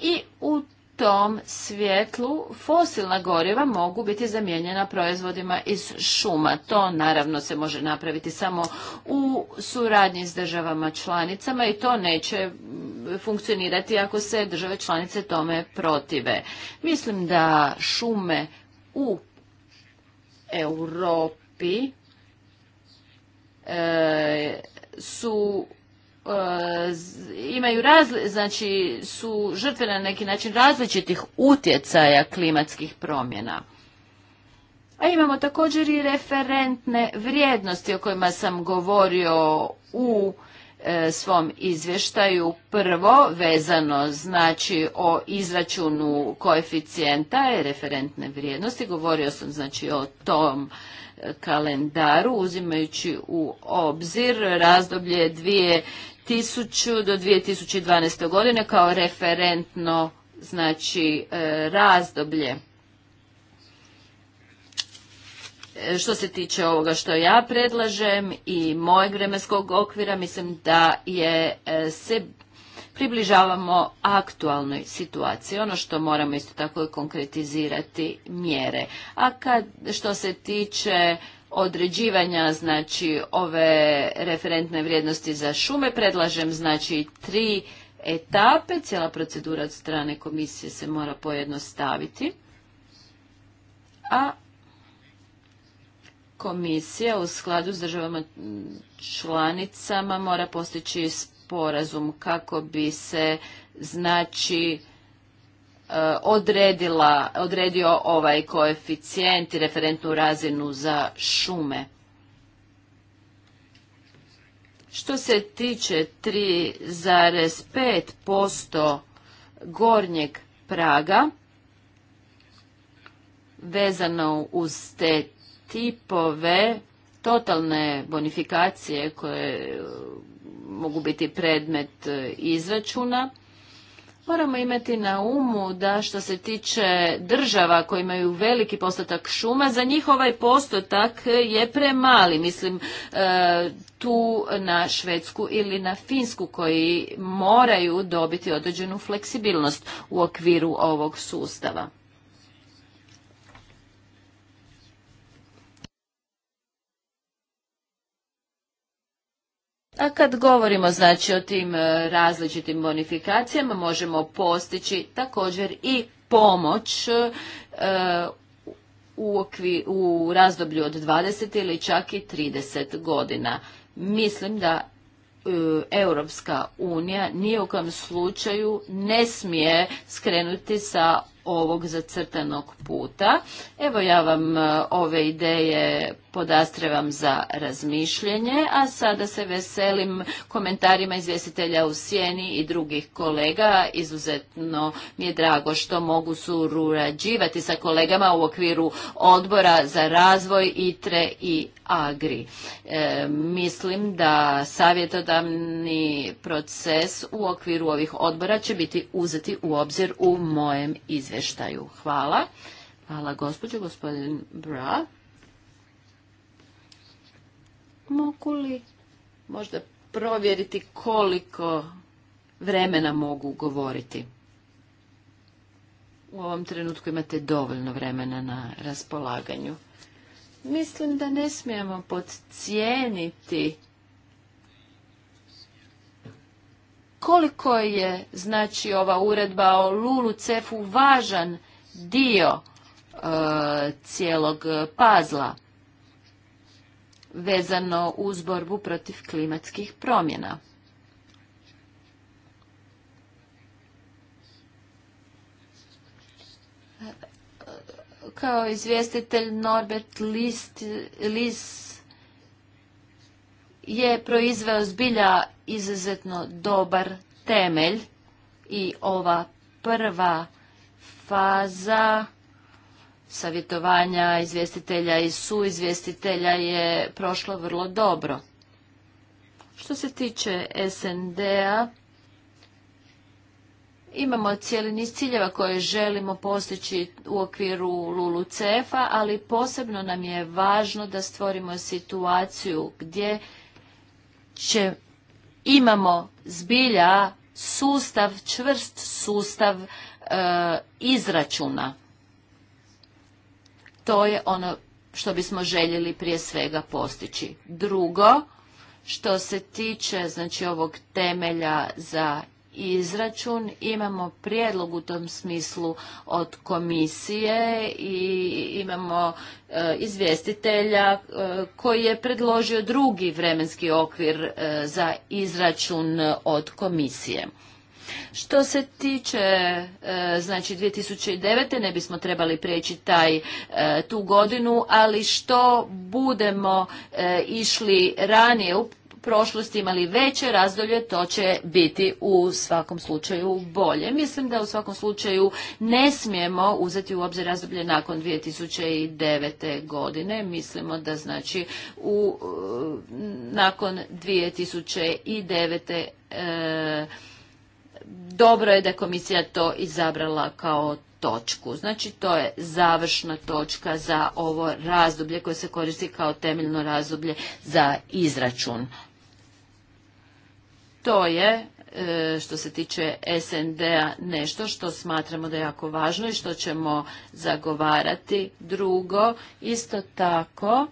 I u tom svjetlu fosilna goriva mogu biti zamijenjena proizvodima iz šuma. To naravno se može napraviti samo u suradnji s državama članicama i to neće funkcionirati ako se države članice tome protive. Mislim da šume u Europi e, su E, imaju razli, znači su žrtve na neki način različitih utjecaja klimatskih promjena. A imamo također i referentne vrijednosti o kojima sam govorio u e, svom izvještaju. Prvo, vezano znači o izračunu koeficijenta i referentne vrijednosti. Govorio sam znači o tom e, kalendaru uzimajući u obzir razdoblje dvije... 1000 do 2012. godine kao referentno znači e, razdoblje. E, što se tiče ovoga što ja predlažem i mojeg vremenskog okvira, mislim da je e, se približavamo aktualnoj situaciji. Ono što moramo isto tako konkretizirati mjere. A kad, što se tiče određivanja znači ove referentne vrijednosti za šume predlažem znači tri etape, cijela procedura od strane komisije se mora pojednostaviti. A komisija u skladu s državama članicama mora postići sporazum kako bi se znači Eh, odredila, odredio ovaj koeficijent i referentnu razinu za šume. Što se tiče 3,5% gornjeg praga vezano uz te tipove totalne bonifikacije koje eh, mogu biti predmet eh, izračuna, Moramo imati na umu da što se tiče država koje imaju veliki postotak šuma, za njih ovaj postotak je premali, mislim e, tu na Švedsku ili na Finsku koji moraju dobiti određenu fleksibilnost u okviru ovog sustava. A kad govorimo znači o tim e, različitim bonifikacijama možemo postići također i pomoć e, u, okvi, u razdoblju od 20 ili čak i 30 godina. Mislim da e, Europska unija nije u kojem slučaju ne smije skrenuti sa ovog zacrtanog puta. Evo ja vam e, ove ideje podastrevam za razmišljenje, a sada se veselim komentarima izvjestitelja u sjeni i drugih kolega. Izuzetno mi je drago što mogu surađivati sa kolegama u okviru odbora za razvoj ITRE i Agri. E, mislim da savjetodavni proces u okviru ovih odbora će biti uzeti u obzir u mojem izvješću izveštaju. Hvala. Hvala gospođo, gospodin Bra. Mogu li možda provjeriti koliko vremena mogu govoriti? U ovom trenutku imate dovoljno vremena na raspolaganju. Mislim da ne smijemo podcijeniti koliko je znači ova uredba o Lulu Cefu važan dio e, cijelog pazla vezano uz borbu protiv klimatskih promjena. Kao izvjestitelj Norbert List je proizveo zbilja izuzetno dobar temelj i ova prva faza savjetovanja izvjestitelja i suizvjestitelja je prošlo vrlo dobro. Što se tiče SND-a, imamo cijeli niz ciljeva koje želimo postići u okviru Lulu Cefa, ali posebno nam je važno da stvorimo situaciju gdje će, imamo zbilja sustav, čvrst sustav e, izračuna. To je ono što bismo željeli prije svega postići. Drugo, što se tiče znači ovog temelja za izračun. Imamo prijedlog u tom smislu od komisije i imamo e, izvjestitelja e, koji je predložio drugi vremenski okvir e, za izračun od komisije. Što se tiče znači 2009. ne bismo trebali prijeći taj tu godinu, ali što budemo išli ranije u prošlosti imali veće razdoblje, to će biti u svakom slučaju bolje. Mislim da u svakom slučaju ne smijemo uzeti u obzir razdoblje nakon 2009. godine. Mislimo da znači u, eh, nakon 2009. E, eh, dobro je da je komisija to izabrala kao točku. Znači to je završna točka za ovo razdoblje koje se koristi kao temeljno razdoblje za izračun to je e, što se tiče SND-a nešto što smatramo da je jako važno i što ćemo zagovarati. Drugo, isto tako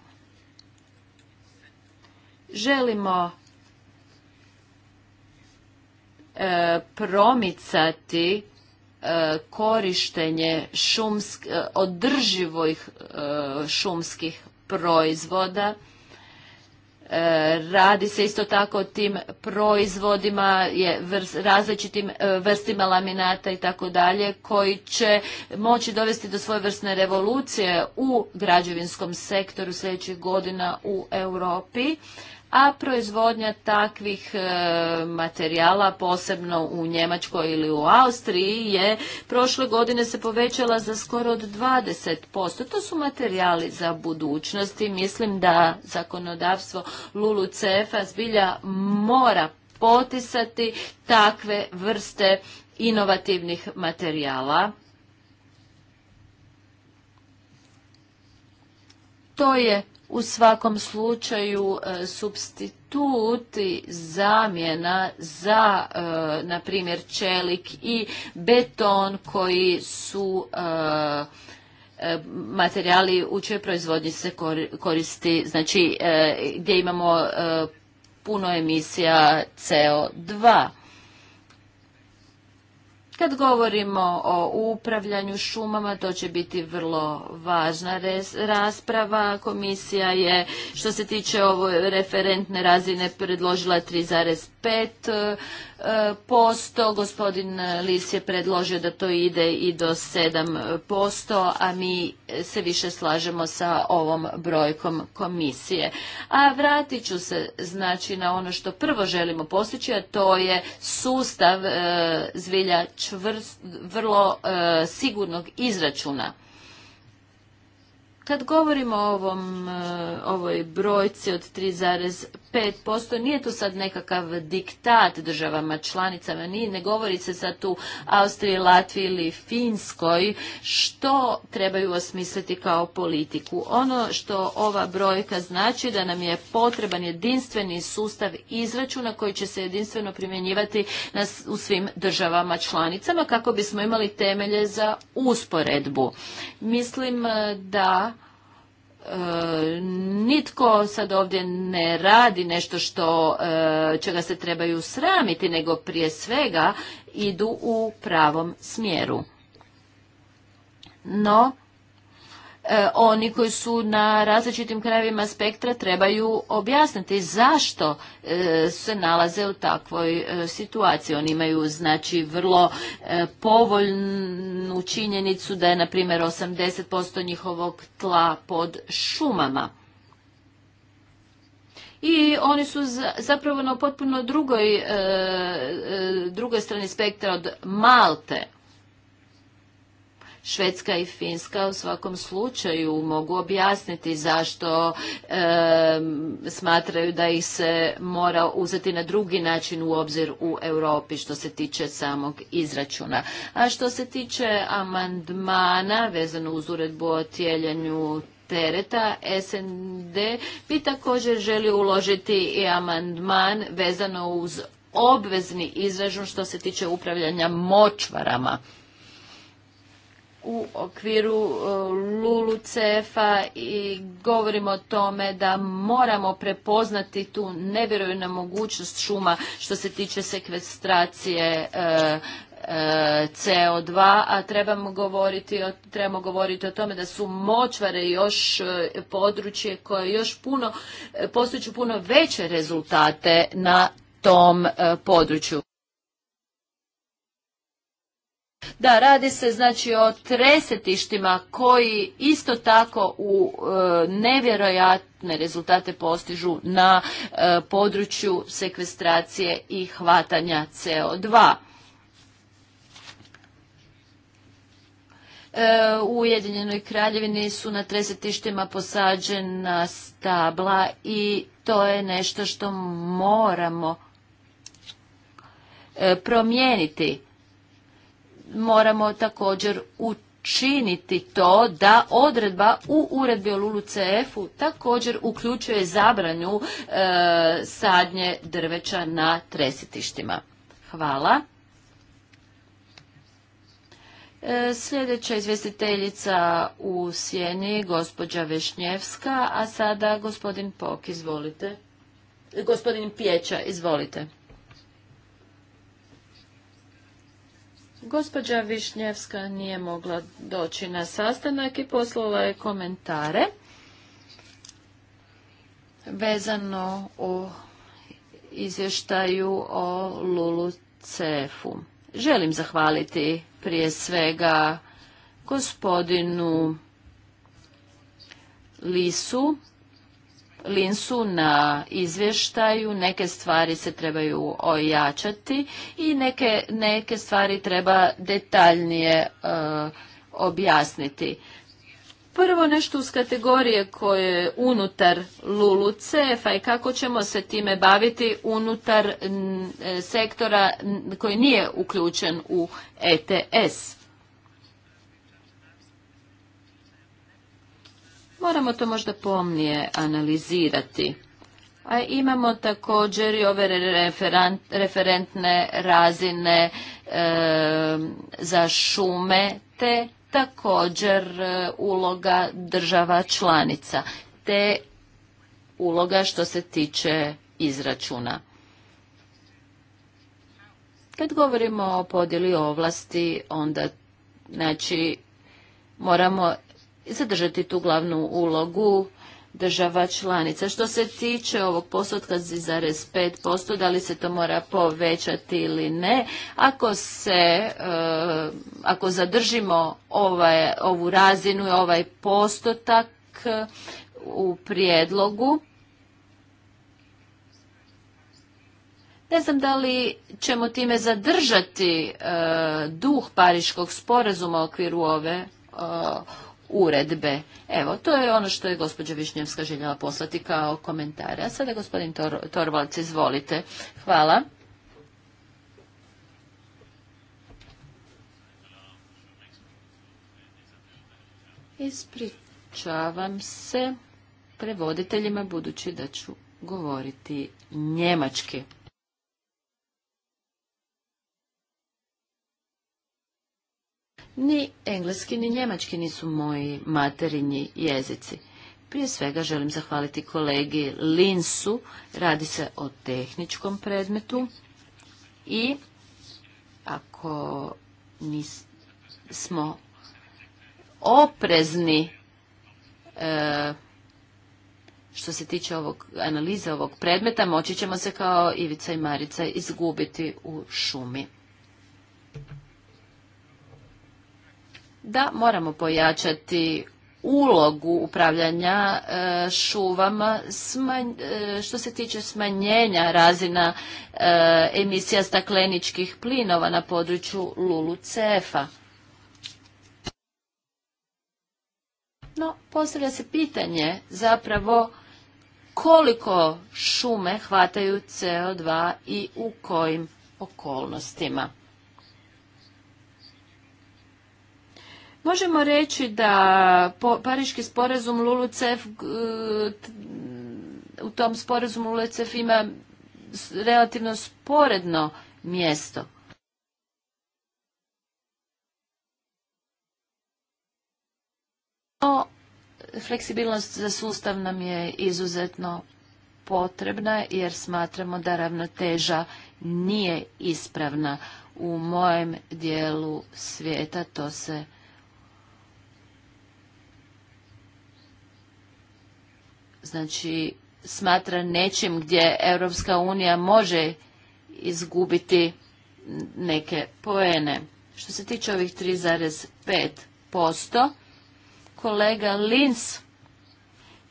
želimo e, promicati e, korištenje održivojih šumskih proizvoda E, radi se isto tako o tim proizvodima, je različitim e, vrstima laminata i tako dalje koji će moći dovesti do svoje vrsne revolucije u građevinskom sektoru sljedećih godina u Europi a proizvodnja takvih e, materijala, posebno u Njemačkoj ili u Austriji, je prošle godine se povećala za skoro od 20%. To su materijali za budućnost i mislim da zakonodavstvo Lulu Cefa zbilja mora potisati takve vrste inovativnih materijala. To je u svakom slučaju e, substitut i zamjena za e, na primjer čelik i beton koji su e, materijali u čoj proizvodnji se koristi znači gdje imamo puno emisija CO2 kad govorimo o upravljanju šumama, to će biti vrlo važna rasprava. Komisija je, što se tiče ove referentne razine, predložila 3,5 posto. Gospodin Lis je predložio da to ide i do 7 posto, a mi se više slažemo sa ovom brojkom komisije. A vratit ću se znači na ono što prvo želimo postići, a to je sustav e, zvilja vrlo e, sigurnog izračuna. Kad govorimo o e, ovoj brojci od 3,5 5%. Nije tu sad nekakav diktat državama članicama, nije, ne govori se sad tu Austriji, Latviji ili Finskoj što trebaju osmisliti kao politiku. Ono što ova brojka znači da nam je potreban jedinstveni sustav izračuna koji će se jedinstveno primjenjivati u svim državama članicama kako bismo imali temelje za usporedbu. Mislim eh, da nitko sad ovdje ne radi nešto što e, čega se trebaju sramiti, nego prije svega idu u pravom smjeru. No, E, oni koji su na različitim krajevima spektra trebaju objasniti zašto e, se nalaze u takvoj e, situaciji. Oni imaju znači vrlo povoljnu činjenicu da je na primjer 80% njihovog tla pod šumama. I oni su zapravo na potpuno drugoj, drugoj strani spektra od Malte. Švedska i Finska u svakom slučaju mogu objasniti zašto smatraju da ih se mora uzeti na drugi način u obzir u Europi što se tiče samog izračuna. A što se tiče amandmana vezano uz uredbu o tijeljenju tereta SND bi također želi uložiti i amandman vezano uz obvezni izražun što se tiče upravljanja močvarama u okviru e, Lulu Cefa i govorimo o tome da moramo prepoznati tu nevjerojna mogućnost šuma što se tiče sekvestracije e, e, CO2, a trebamo govoriti, o, trebamo govoriti o tome da su močvare još područje koje još puno, postojeću puno veće rezultate na tom području. Da, radi se znači o tresetištima koji isto tako u e, nevjerojatne rezultate postižu na e, području sekvestracije i hvatanja CO2. E, u Ujedinjenoj kraljevini su na tresetištima posađena stabla i to je nešto što moramo promijeniti moramo također učiniti to da odredba u uredbi o cf u također uključuje zabranju e, sadnje drveća na tresitištima. Hvala. E, sljedeća izvjestiteljica u sjeni, gospođa Vešnjevska, a sada gospodin Pok, izvolite. Gospodin izvolite. Gospođa Višnjevska nije mogla doći na sastanak i poslala je komentare vezano o izvještaju o Lulucefu. Želim zahvaliti prije svega gospodinu Lisu Linsu na izvještaju, neke stvari se trebaju ojačati i neke, neke stvari treba detaljnije e, objasniti. Prvo nešto uz kategorije koje je unutar LULUCEF-a i kako ćemo se time baviti unutar e, sektora koji nije uključen u ETS. Moramo to možda pomnije analizirati. A imamo također i ove referentne razine e, za šume, te također e, uloga država članica, te uloga što se tiče izračuna. Kad govorimo o podjeli ovlasti, onda znači moramo zadržati tu glavnu ulogu država članica. Što se tiče ovog postotka posto, da li se to mora povećati ili ne, ako se, e, ako zadržimo ovaj, ovu razinu i ovaj postotak u prijedlogu, Ne znam da li ćemo time zadržati e, duh Pariškog sporazuma u okviru ove e, uredbe. Evo, to je ono što je gospođa Višnjevska željela poslati kao komentar. A sada gospodin Torvalc, izvolite. Hvala. Ispričavam se prevoditeljima budući da ću govoriti njemački. Ni engleski, ni njemački nisu moji materinji jezici. Prije svega želim zahvaliti kolegi Linsu, radi se o tehničkom predmetu i ako nismo oprezni e, što se tiče ovog analize ovog predmeta, moći ćemo se kao Ivica i Marica izgubiti u šumi. da moramo pojačati ulogu upravljanja e, šuvama e, što se tiče smanjenja razina e, emisija stakleničkih plinova na području lulucefa a No, postavlja se pitanje zapravo koliko šume hvataju CO2 i u kojim okolnostima. Možemo reći da po, Pariški sporazum LULUCEF u tom sporazumu LULUCEF ima relativno sporedno mjesto. No, fleksibilnost za sustav nam je izuzetno potrebna jer smatramo da ravnoteža nije ispravna u mojem dijelu svijeta to se znači smatra nečim gdje Europska unija može izgubiti neke poene. Što se tiče ovih 3,5%, kolega Lins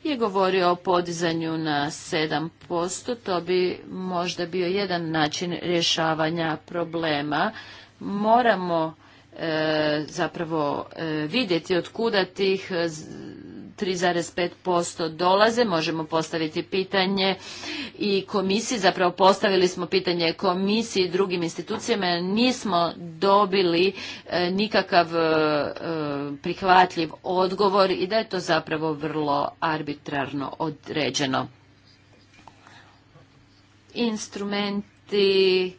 je govorio o podizanju na 7%, to bi možda bio jedan način rješavanja problema. Moramo e, zapravo e, vidjeti od kuda tih 3,5% dolaze. Možemo postaviti pitanje i komisiji, zapravo postavili smo pitanje komisiji i drugim institucijama, nismo dobili e, nikakav e, prihvatljiv odgovor i da je to zapravo vrlo arbitrarno određeno. Instrumenti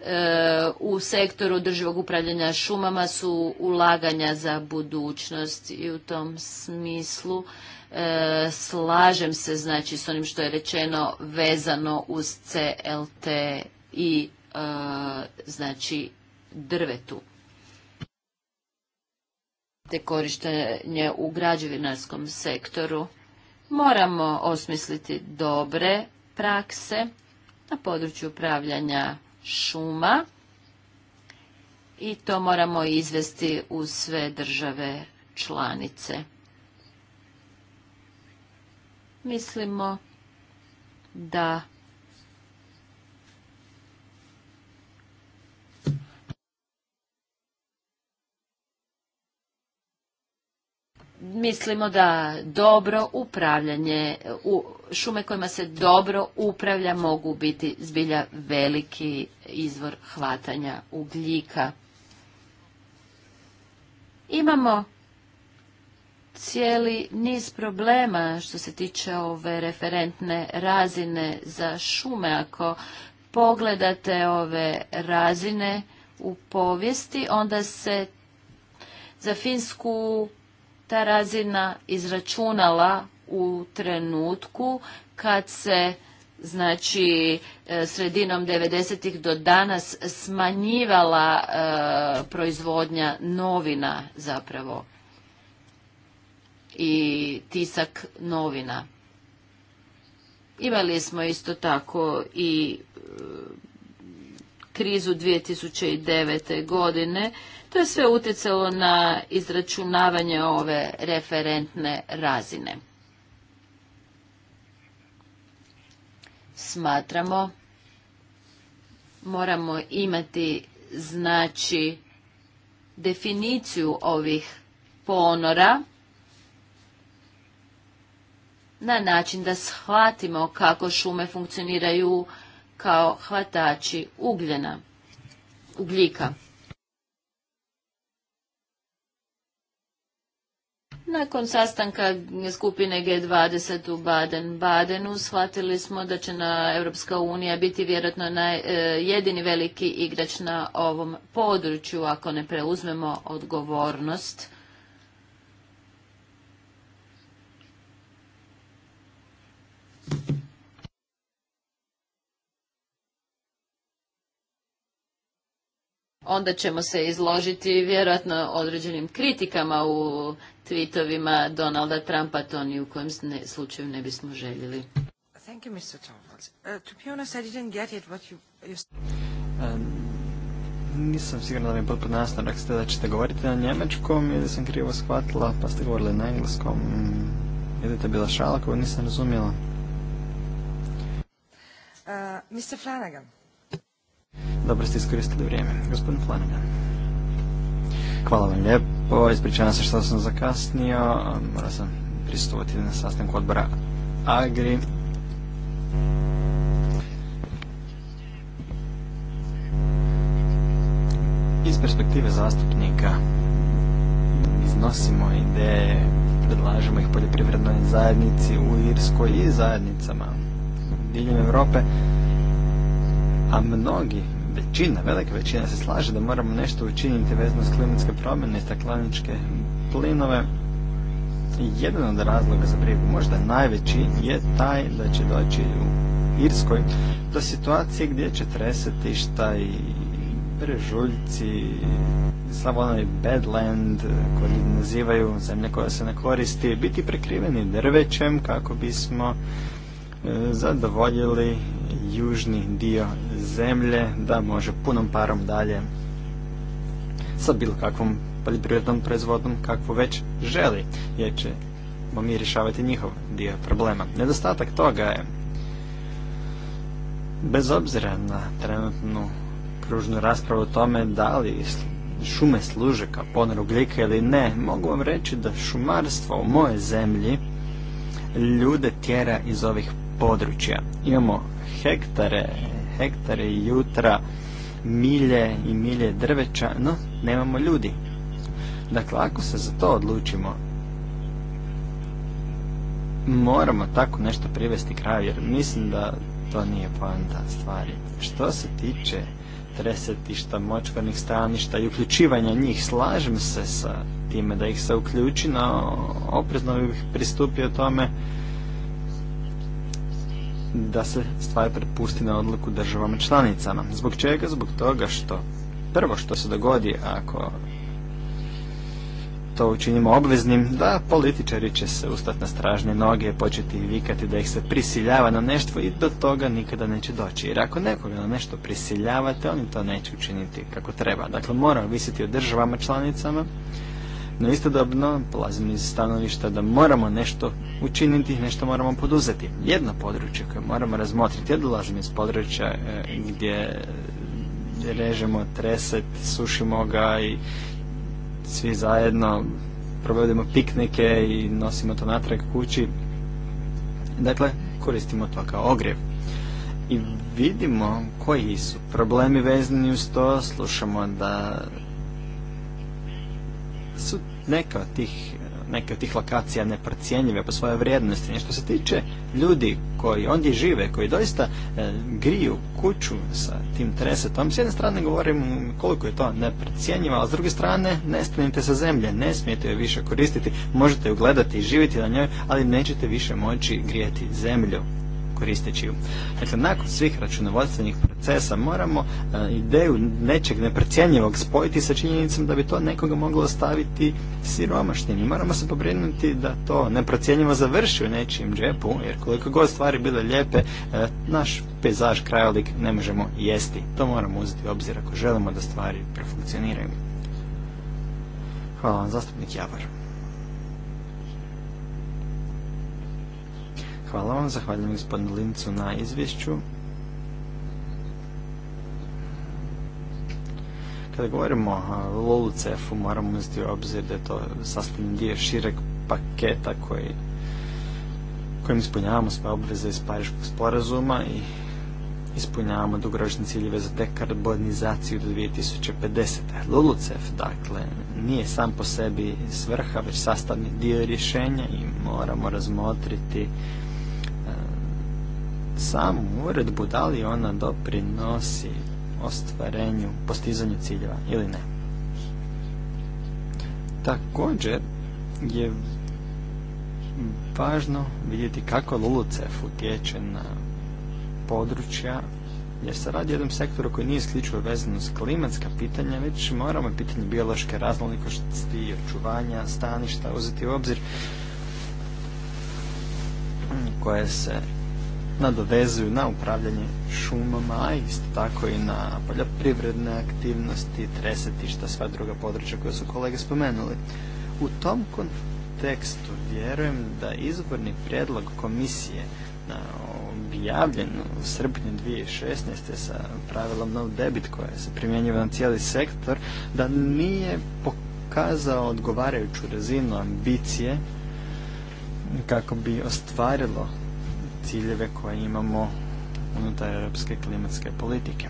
E, u sektoru održivog upravljanja šumama su ulaganja za budućnost i u tom smislu e, slažem se znači s onim što je rečeno vezano uz CLT i e, znači drvetu te korištenje u građevinarskom sektoru. Moramo osmisliti dobre prakse na području upravljanja šuma i to moramo izvesti u sve države članice. Mislimo da mislimo da dobro upravljanje u šume kojima se dobro upravlja mogu biti zbilja veliki izvor hvatanja ugljika. Imamo cijeli niz problema što se tiče ove referentne razine za šume. Ako pogledate ove razine u povijesti, onda se za Finsku ta razina izračunala u trenutku kad se znači e, sredinom 90-ih do danas smanjivala e, proizvodnja novina zapravo i tisak novina. Imali smo isto tako i e, krizu 2009. godine to je sve utjecalo na izračunavanje ove referentne razine. Smatramo moramo imati znači definiciju ovih ponora na način da shvatimo kako šume funkcioniraju kao hvatači ugljena, ugljika. Nakon sastanka skupine G20 u Baden-Badenu shvatili smo da će na Europska unija biti vjerojatno e, jedini veliki igrač na ovom području ako ne preuzmemo odgovornost. onda ćemo se izložiti vjerojatno određenim kritikama u tweetovima Donalda Trumpa, to ni u kojem slučaju ne bismo željeli. Thank you, Mr. Uh, to didn't get it what you... Um nisam sigurna da mi je potpuno nasno, rekli ste da ćete govoriti na njemačkom ili sam krivo shvatila, pa ste govorili na engleskom. Ili mm, to bila šala koju nisam razumjela? Uh, Mr. Flanagan. Dobro ste iskoristili vrijeme. Gospodin Flanagan. Hvala vam lijepo. Ispričavam se što sam zakasnio. mora sam pristupiti na sastanku odbora Agri. Iz perspektive zastupnika iznosimo ideje, predlažemo ih poljoprivrednoj zajednici u Irskoj i zajednicama diljem Europe a mnogi, većina, velika većina se slaže da moramo nešto učiniti vezano s klimatske promjene i stakleničke plinove. Jedan od razloga za brigu, možda najveći, je taj da će doći u Irskoj do situacije gdje će tresetišta i brežuljci, sav onaj badland koji nazivaju zemlje koja se ne koristi, biti prekriveni drvećem kako bismo E, zadovoljili južni dio zemlje da može punom parom dalje sa bilo kakvom poljoprivrednom proizvodnom kakvu već želi, jer ćemo mi rješavati njihov dio problema. Nedostatak toga je, bez obzira na trenutnu kružnu raspravu o tome da li šume služe kao ponor ugljika ili ne, mogu vam reći da šumarstvo u moje zemlji ljude tjera iz ovih područja. Imamo hektare, hektare jutra, milje i milje drveća, no nemamo ljudi. Dakle, ako se za to odlučimo, moramo tako nešto privesti kraju, jer mislim da to nije poanta stvari. Što se tiče tresetišta, močvarnih staništa i uključivanja njih, slažem se sa time da ih se uključi, no oprezno bih pristupio tome da se stvari prepusti na odluku državama članicama. Zbog čega? Zbog toga što prvo što se dogodi ako to učinimo obveznim, da političari će se ustati na stražne noge, početi vikati da ih se prisiljava na nešto i do toga nikada neće doći. Jer ako nekoga na nešto prisiljavate, oni to neće učiniti kako treba. Dakle, mora visiti o državama članicama, no istodobno polazim iz stanovišta da moramo nešto učiniti, nešto moramo poduzeti. Jedno područje koje moramo razmotriti, ja dolazim iz područja e, gdje režemo treset, sušimo ga i svi zajedno provodimo piknike i nosimo to natrag kući. Dakle, koristimo to kao ogrijev. I vidimo koji su problemi vezani uz to, slušamo da su neka od tih neke od tih lokacija neprocjenjive po svojoj vrijednosti. Što se tiče ljudi koji ondje žive, koji doista e, griju kuću sa tim tresetom, s jedne strane govorim koliko je to neprocjenjivo, a s druge strane ne stanite sa zemlje, ne smijete je više koristiti, možete ju gledati i živjeti na njoj, ali nećete više moći grijati zemlju koristeći ju. Dakle, nakon svih računovodstvenih procesa moramo e, ideju nečeg neprocjenjivog spojiti sa činjenicom da bi to nekoga moglo ostaviti siromašnim. I moramo se pobrinuti da to neprocjenjivo završi u nečijem džepu, jer koliko god stvari bile lijepe, e, naš pezaž, krajolik ne možemo jesti. To moramo uzeti u obzir ako želimo da stvari profunkcioniraju. Hvala vam, zastupnik Javar. Hvala vam, zahvaljujem gospodinu Lincu na izvješću. Kada govorimo o lulucf moramo uzeti u obzir da je to sastavni dio šireg paketa koji, kojim ispunjavamo sve obveze iz Pariškog sporazuma i ispunjavamo dugoročne ciljeve za dekarbonizaciju do 2050. LULUCEF, dakle, nije sam po sebi svrha, već sastavni dio rješenja i moramo razmotriti samu uredbu da li ona doprinosi ostvarenju, postizanju ciljeva ili ne. Također je važno vidjeti kako LULUCEF utječe na područja jer se radi o jednom sektoru koji nije isključivo vezan uz klimatska pitanja, već moramo pitanje biološke raznolikosti i očuvanja staništa uzeti u obzir koje se nadovezuju na upravljanje šumama, a isto tako i na poljoprivredne aktivnosti, tresetišta, sva druga područja koja su kolege spomenuli. U tom kontekstu vjerujem da izborni prijedlog komisije objavljen u srpnju 2016. sa pravilom no debit koje se primjenjiva na cijeli sektor, da nije pokazao odgovarajuću razinu ambicije kako bi ostvarilo ciljeve koje imamo unutar europske klimatske politike.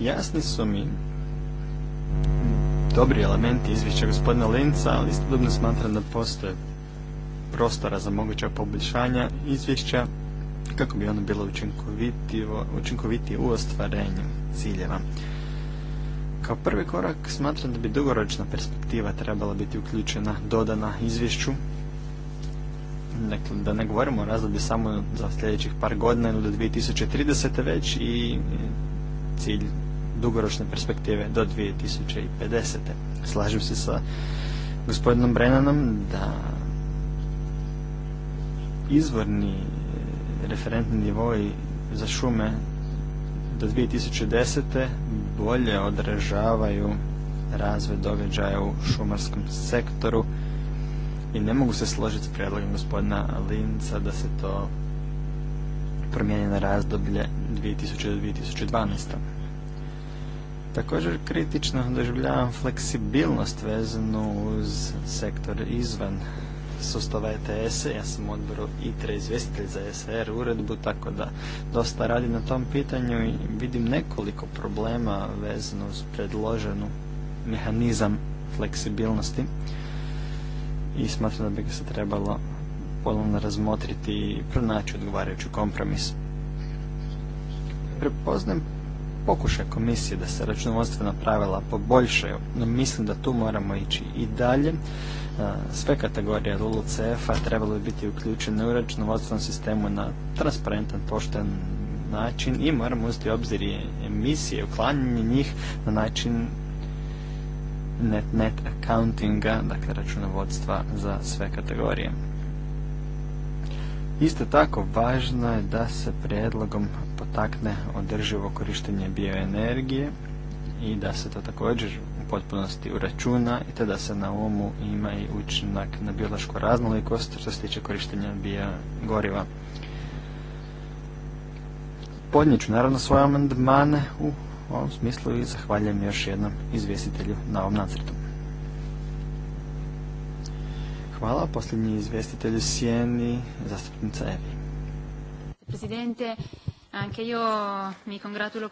Jasni su mi dobri elementi izvješća gospodina Linca, ali istodobno smatram da postoje prostora za moguća poboljšanja izvješća kako bi ono bilo učinkovitije u ostvarenju ciljeva. Kao prvi korak smatram da bi dugoročna perspektiva trebala biti uključena, dodana izvješću. Dakle, da ne govorimo o razdoblju samo za sljedećih par godina do 2030. već i cilj dugoročne perspektive do 2050. Slažem se sa gospodinom Brennanom da izvorni e, referentni nivoj za šume do 2010. bolje odražavaju razvoj događaja u šumarskom sektoru i ne mogu se složiti s predlogom gospodina Linca da se to promijeni na razdoblje 2000 do 2012. Također kritično doživljavam fleksibilnost vezanu uz sektor izvan sustava ets ja sam u odboru ITRE izvjestitelj za SR uredbu, tako da dosta radi na tom pitanju i vidim nekoliko problema vezano uz predloženu mehanizam fleksibilnosti i smatram da bi ga se trebalo ponovno razmotriti i pronaći odgovarajući kompromis. Prepoznam pokušaj komisije da se računovodstvena pravila poboljšaju, no mislim da tu moramo ići i dalje sve kategorije cf a bi biti uključene u računovodstvenom sistemu na transparentan, pošten način i moramo uzeti obzir i emisije, uklanjanje njih na način net net accountinga, dakle računovodstva za sve kategorije. Isto tako važno je da se prijedlogom potakne održivo korištenje bioenergije i da se to također potpunosti u računa i te da se na umu ima i učinak na biološku raznolikost što se tiče korištenja bio goriva. Podnijet naravno svoje amandmane u ovom smislu i zahvaljujem još jednom izvjestitelju na ovom nacrtu. Hvala, posljednji izvjestitelj u Sijeni, zastupnica Evi. Presidente, anche io mi congratulo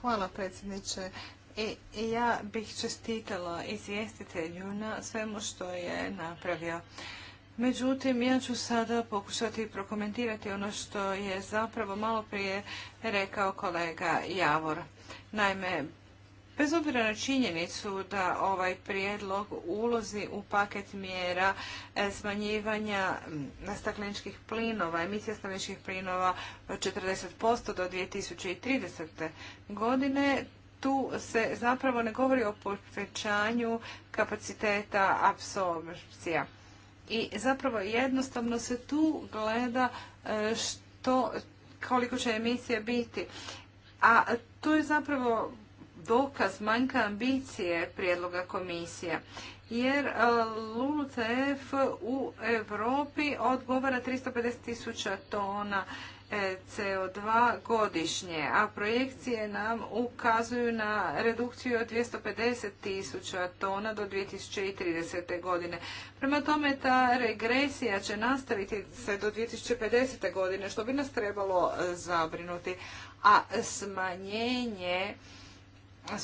Hvala predsjedniče. I ja bih čestitala izvjestitelju na svemu što je napravio. Međutim, ja ću sada pokušati prokomentirati ono što je zapravo malo prije rekao kolega Javor. Naime, bez obzira na činjenicu da ovaj prijedlog ulozi u paket mjera e, smanjivanja stakleničkih plinova, emisija stakleničkih plinova od 40% do 2030. godine, tu se zapravo ne govori o povećanju kapaciteta apsorpcija. I zapravo jednostavno se tu gleda e, što, koliko će emisija biti. A to je zapravo dokaz manjka ambicije prijedloga komisije. Jer e, LULUCF u Europi odgovara 350 tisuća tona CO2 godišnje, a projekcije nam ukazuju na redukciju od 250 tisuća tona do 2030. godine. Prema tome ta regresija će nastaviti se do 2050. godine, što bi nas trebalo zabrinuti, a smanjenje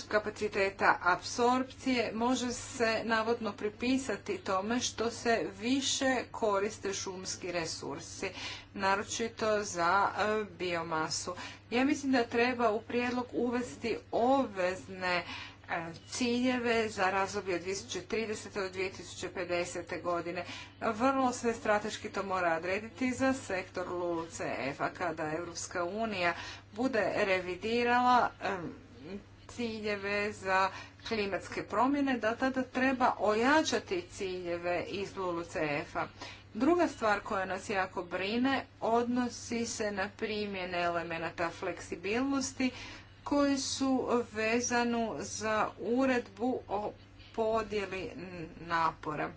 kapaciteta apsorpcije može se navodno pripisati tome što se više koriste šumski resursi, naročito za e, biomasu. Ja mislim da treba u prijedlog uvesti obvezne e, ciljeve za razdoblje od 2030. do 2050. godine. Vrlo se strateški to mora odrediti za sektor LULCF-a kada Europska unija bude revidirala e, ciljeve za klimatske promjene, da tada treba ojačati ciljeve iz LULUCF-a. Druga stvar koja nas jako brine odnosi se na primjene elemenata fleksibilnosti koji su vezanu za uredbu o podjeli napora.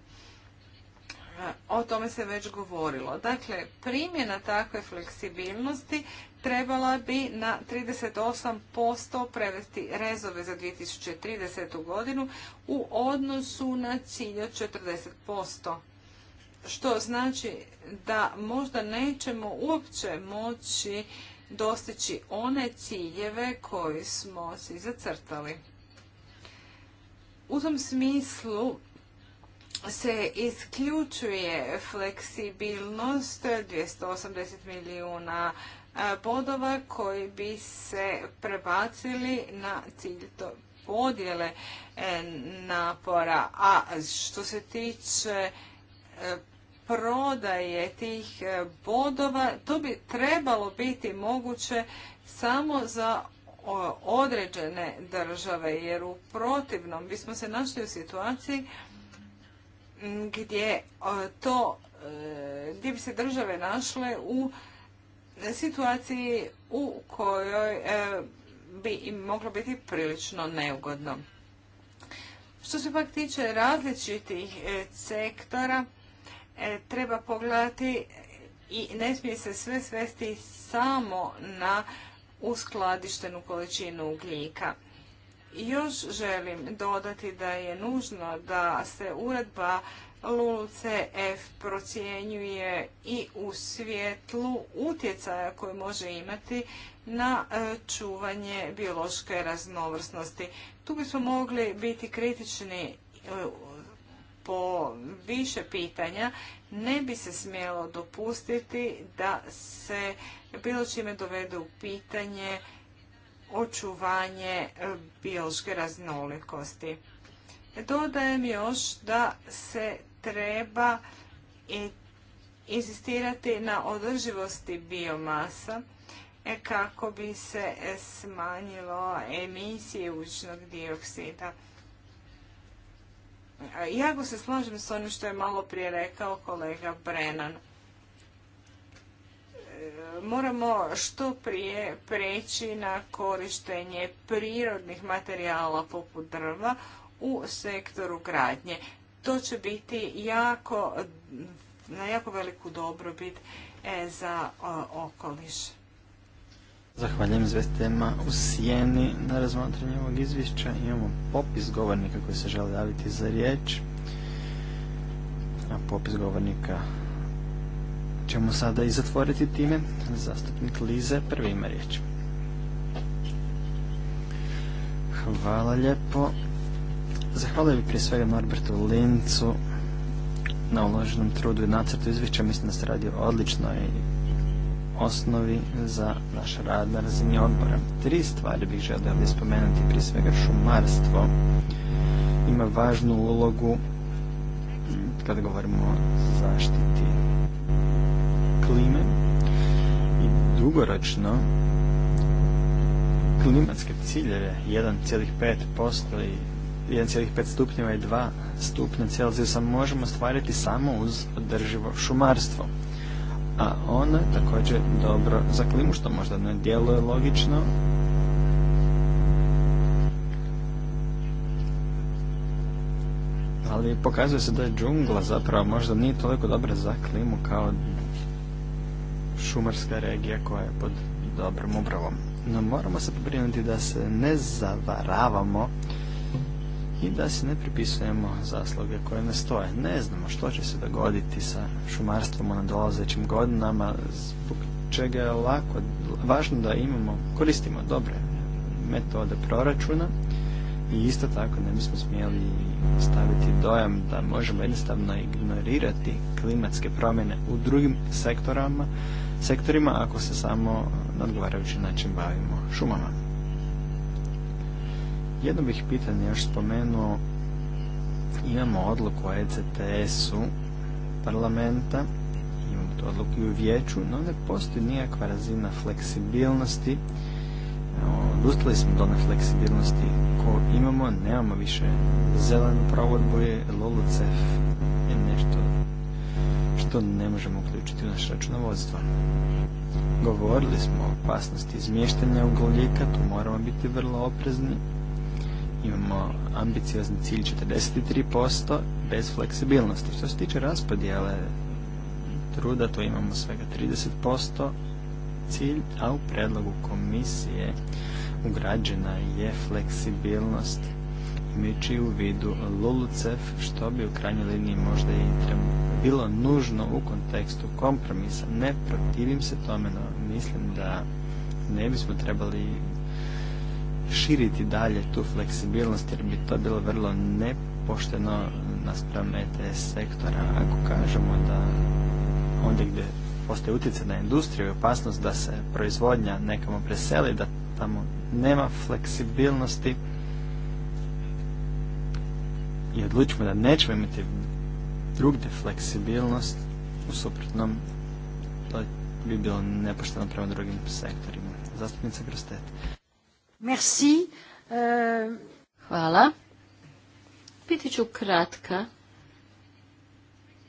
O tome se već govorilo. Dakle, primjena takve fleksibilnosti trebala bi na 38% prevesti rezove za 2030. godinu u odnosu na cilj od 40%. Što znači da možda nećemo uopće moći dostići one ciljeve koje smo si zacrtali. U tom smislu se isključuje fleksibilnost 280 milijuna E, bodova koji bi se prebacili na cilj podjele e, napora. A što se tiče e, prodaje tih bodova, to bi trebalo biti moguće samo za određene države, jer u protivnom bismo se našli u situaciji gdje to gdje bi se države našle u situaciji u kojoj e, bi moglo biti prilično neugodno. Što se pak tiče različitih e, sektora, e, treba pogledati i ne smije se sve svesti samo na uskladištenu količinu ugljika. Još želim dodati da je nužno da se uredba LULCF procjenjuje i u svijetlu utjecaja koje može imati na e, čuvanje biološke raznovrsnosti. Tu bismo mogli biti kritični e, po više pitanja. Ne bi se smjelo dopustiti da se bilo čime dovede u pitanje očuvanje e, biološke raznolikosti. Dodajem još da se treba insistirati na održivosti biomasa e, kako bi se smanjilo emisije učnog dioksida. E, jako se slažem s onim što je malo prije rekao kolega Brennan. E, moramo što prije preći na korištenje prirodnih materijala poput drva u sektoru gradnje. To će biti jako, na jako veliku dobrobit e za okoliš. Zahvaljujem tema u Sijeni na razmatranju ovog izvješća. Imamo popis govornika koji se žele javiti za riječ. A popis govornika ćemo sada i zatvoriti time. Zastupnik Lize prvi ima riječ. Hvala lijepo. Zahvaljujem prije svega Norbertu Lincu na uloženom trudu i nacrtu izvješća. Mislim da se radi o odličnoj osnovi za naš rad na razini odbora. Tri stvari bih želio ovdje spomenuti, prije svega šumarstvo ima važnu ulogu kada govorimo o zaštiti klime i dugoročno klimatske ciljeve 1,5% i 1,5 stupnjeva i 2 stupnja Celzijusa možemo stvariti samo uz održivo šumarstvo. A ono je također dobro za klimu, što možda ne djeluje logično, ali pokazuje se da je džungla zapravo možda nije toliko dobra za klimu kao šumarska regija koja je pod dobrom upravom. No moramo se pobrinuti da se ne zavaravamo i da se ne pripisujemo zasluge koje ne stoje. Ne znamo što će se dogoditi sa šumarstvom u nadolazećim godinama, zbog čega je lako, važno da imamo, koristimo dobre metode proračuna i isto tako ne bismo smjeli staviti dojam da možemo jednostavno ignorirati klimatske promjene u drugim sektorima ako se samo na odgovarajući način bavimo šumama. Jedno bih pitanje još spomenuo. Imamo odluku o ECTS-u parlamenta, imamo tu odluku i u vijeću, no ne postoji nijakva razina fleksibilnosti. Odustali smo do one fleksibilnosti koju imamo, nemamo više zelenu provodbu, je LOLUCEF je nešto što ne možemo uključiti u naše računovodstvo. Govorili smo o opasnosti izmještanja ugljika, tu moramo biti vrlo oprezni imamo ambiciozni cilj 43% bez fleksibilnosti. Što se tiče raspodjele truda, to imamo svega 30% cilj, a u predlogu komisije ugrađena je fleksibilnost imajući u vidu LULUCEF, što bi u krajnjoj liniji možda i bilo nužno u kontekstu kompromisa. Ne protivim se tome, no mislim da ne bismo trebali širiti dalje tu fleksibilnost jer bi to bilo vrlo nepošteno naspram ETS sektora ako kažemo da onda gdje postoje utjecaj na industriju i opasnost da se proizvodnja nekamo preseli, da tamo nema fleksibilnosti i odlučimo da nećemo imati drugdje fleksibilnost u suprotnom to bi bilo nepošteno prema drugim sektorima. Zastupnica Grostet. Merci. Uh, Hvala. Biti ću kratka,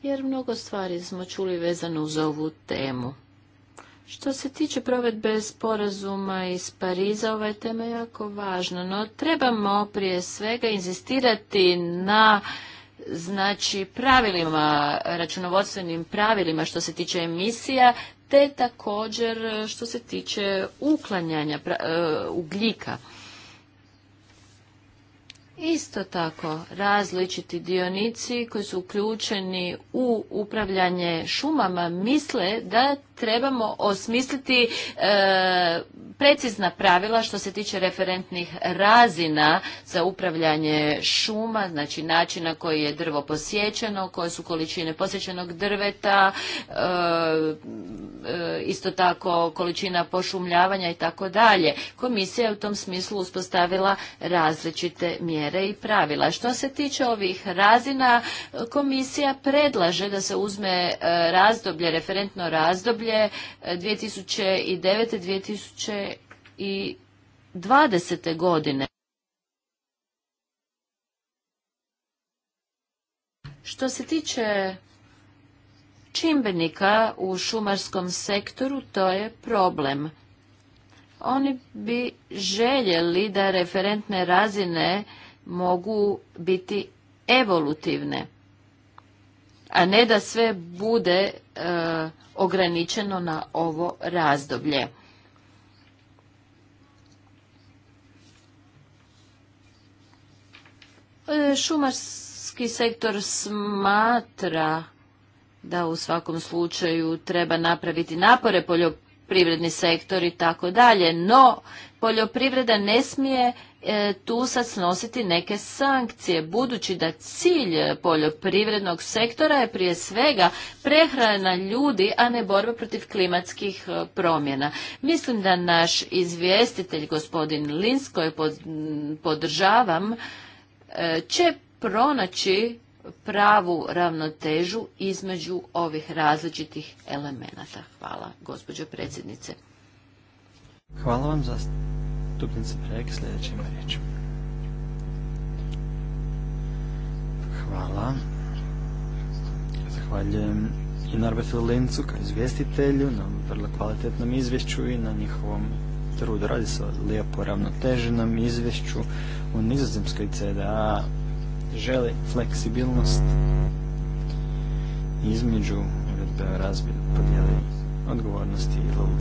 jer mnogo stvari smo čuli vezano uz ovu temu. Što se tiče provedbe sporazuma iz Pariza, ova je tema jako važna, no trebamo prije svega inzistirati na znači, pravilima, računovodstvenim pravilima što se tiče emisija, te također e, što se tiče uklanjanja e, ugljika Isto tako, različiti dionici koji su uključeni u upravljanje šumama misle da trebamo osmisliti e, precizna pravila što se tiče referentnih razina za upravljanje šuma, znači načina koji je drvo posjećeno, koje su količine posjećenog drveta, e, e, isto tako količina pošumljavanja i tako dalje. Komisija je u tom smislu uspostavila različite mjere mjere i pravila. Što se tiče ovih razina, komisija predlaže da se uzme e, razdoblje, referentno razdoblje 2009. E, 2020. godine. Što se tiče čimbenika u šumarskom sektoru, to je problem. Oni bi željeli da referentne razine mogu biti evolutivne, a ne da sve bude e, ograničeno na ovo razdoblje. E, šumarski sektor smatra da u svakom slučaju treba napraviti napore poljoprivredni sektor i tako dalje, no poljoprivreda ne smije E, tu sad snositi neke sankcije, budući da cilj poljoprivrednog sektora je prije svega prehrana ljudi, a ne borba protiv klimatskih e, promjena. Mislim da naš izvjestitelj, gospodin Lins, koji podržavam, e, će pronaći pravu ravnotežu između ovih različitih elemenata. Hvala, gospođo predsjednice. Hvala vam za zastupnica Prek Hvala. Zahvaljujem i Narbetu Lincu kao izvjestitelju na vrlo kvalitetnom izvješću i na njihovom trudu. Radi se o lijepo ravnoteženom izvješću u nizozemskoj CDA želi fleksibilnost između uredbe podijeli odgovornosti i lovu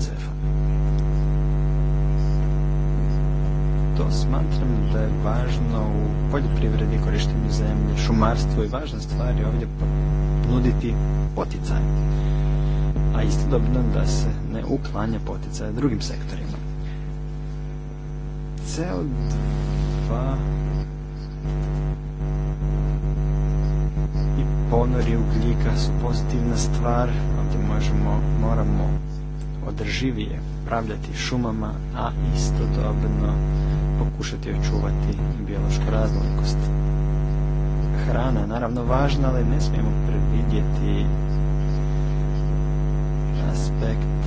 smatram da je važno u poljoprivredi korištenju zemlje, šumarstvo i važne stvari ovdje nuditi poticaj, a istodobno da se ne uklanja poticaj drugim sektorima. CO2 i ponori ugljika su pozitivna stvar, ovdje možemo, moramo održivije upravljati šumama, a istodobno pokušati očuvati biološku raznolikost. Hrana je naravno važna, ali ne smijemo predvidjeti aspekt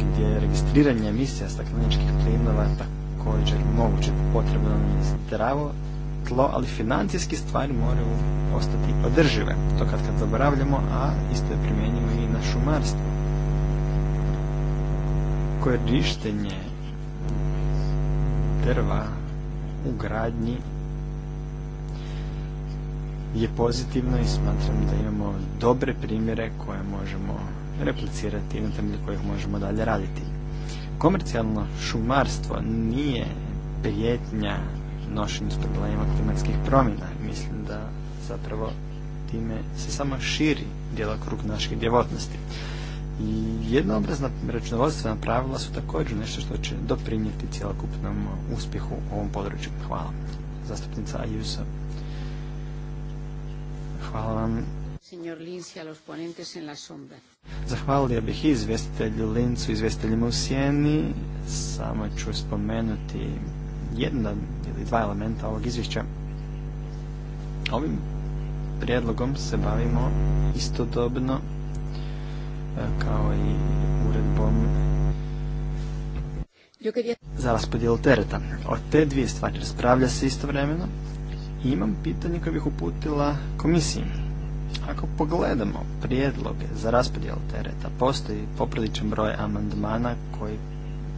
gdje je registriranje emisija stakleničkih plinova također moguće potrebno nam zdravo tlo, ali financijski stvari moraju ostati održive. To kad kad zaboravljamo, a isto je primjenjivo i na šumarstvo korištenje drva u gradnji je pozitivno i smatram da imamo dobre primjere koje možemo replicirati i na temelju kojih možemo dalje raditi. Komercijalno šumarstvo nije prijetnja nošenju s problemima klimatskih promjena. Mislim da zapravo time se samo širi djelokrug naših djevotnosti. I jednoobrazna računovodstvena pravila su također nešto što će doprinijeti cjelokupnom uspjehu u ovom području. Hvala. Zastupnica Ajusa. Hvala vam. Zahvalio bih izvjestitelju Lincu, izvjestiteljima u Sjeni. Samo ću spomenuti jedna ili dva elementa ovog izvješća. Ovim prijedlogom se bavimo istodobno E, kao i uredbom za raspodijelu tereta. O te dvije stvari raspravlja se istovremeno i imam pitanje koje bih uputila komisiji. Ako pogledamo prijedloge za raspodijelu tereta, postoji popriličan broj amandmana koji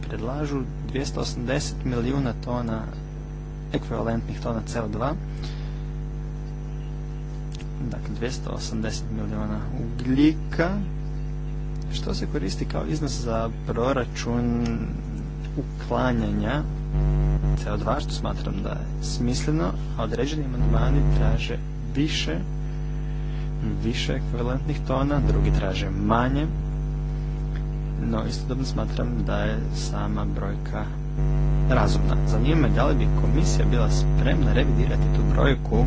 predlažu 280 milijuna tona ekvivalentnih tona CO2 dakle 280 milijuna ugljika što se koristi kao iznos za proračun uklanjanja CO2, što smatram da je smisleno, a određeni amandmani traže više, više ekvivalentnih tona, drugi traže manje, no istodobno smatram da je sama brojka razumna. Zanima me da li bi komisija bila spremna revidirati tu brojku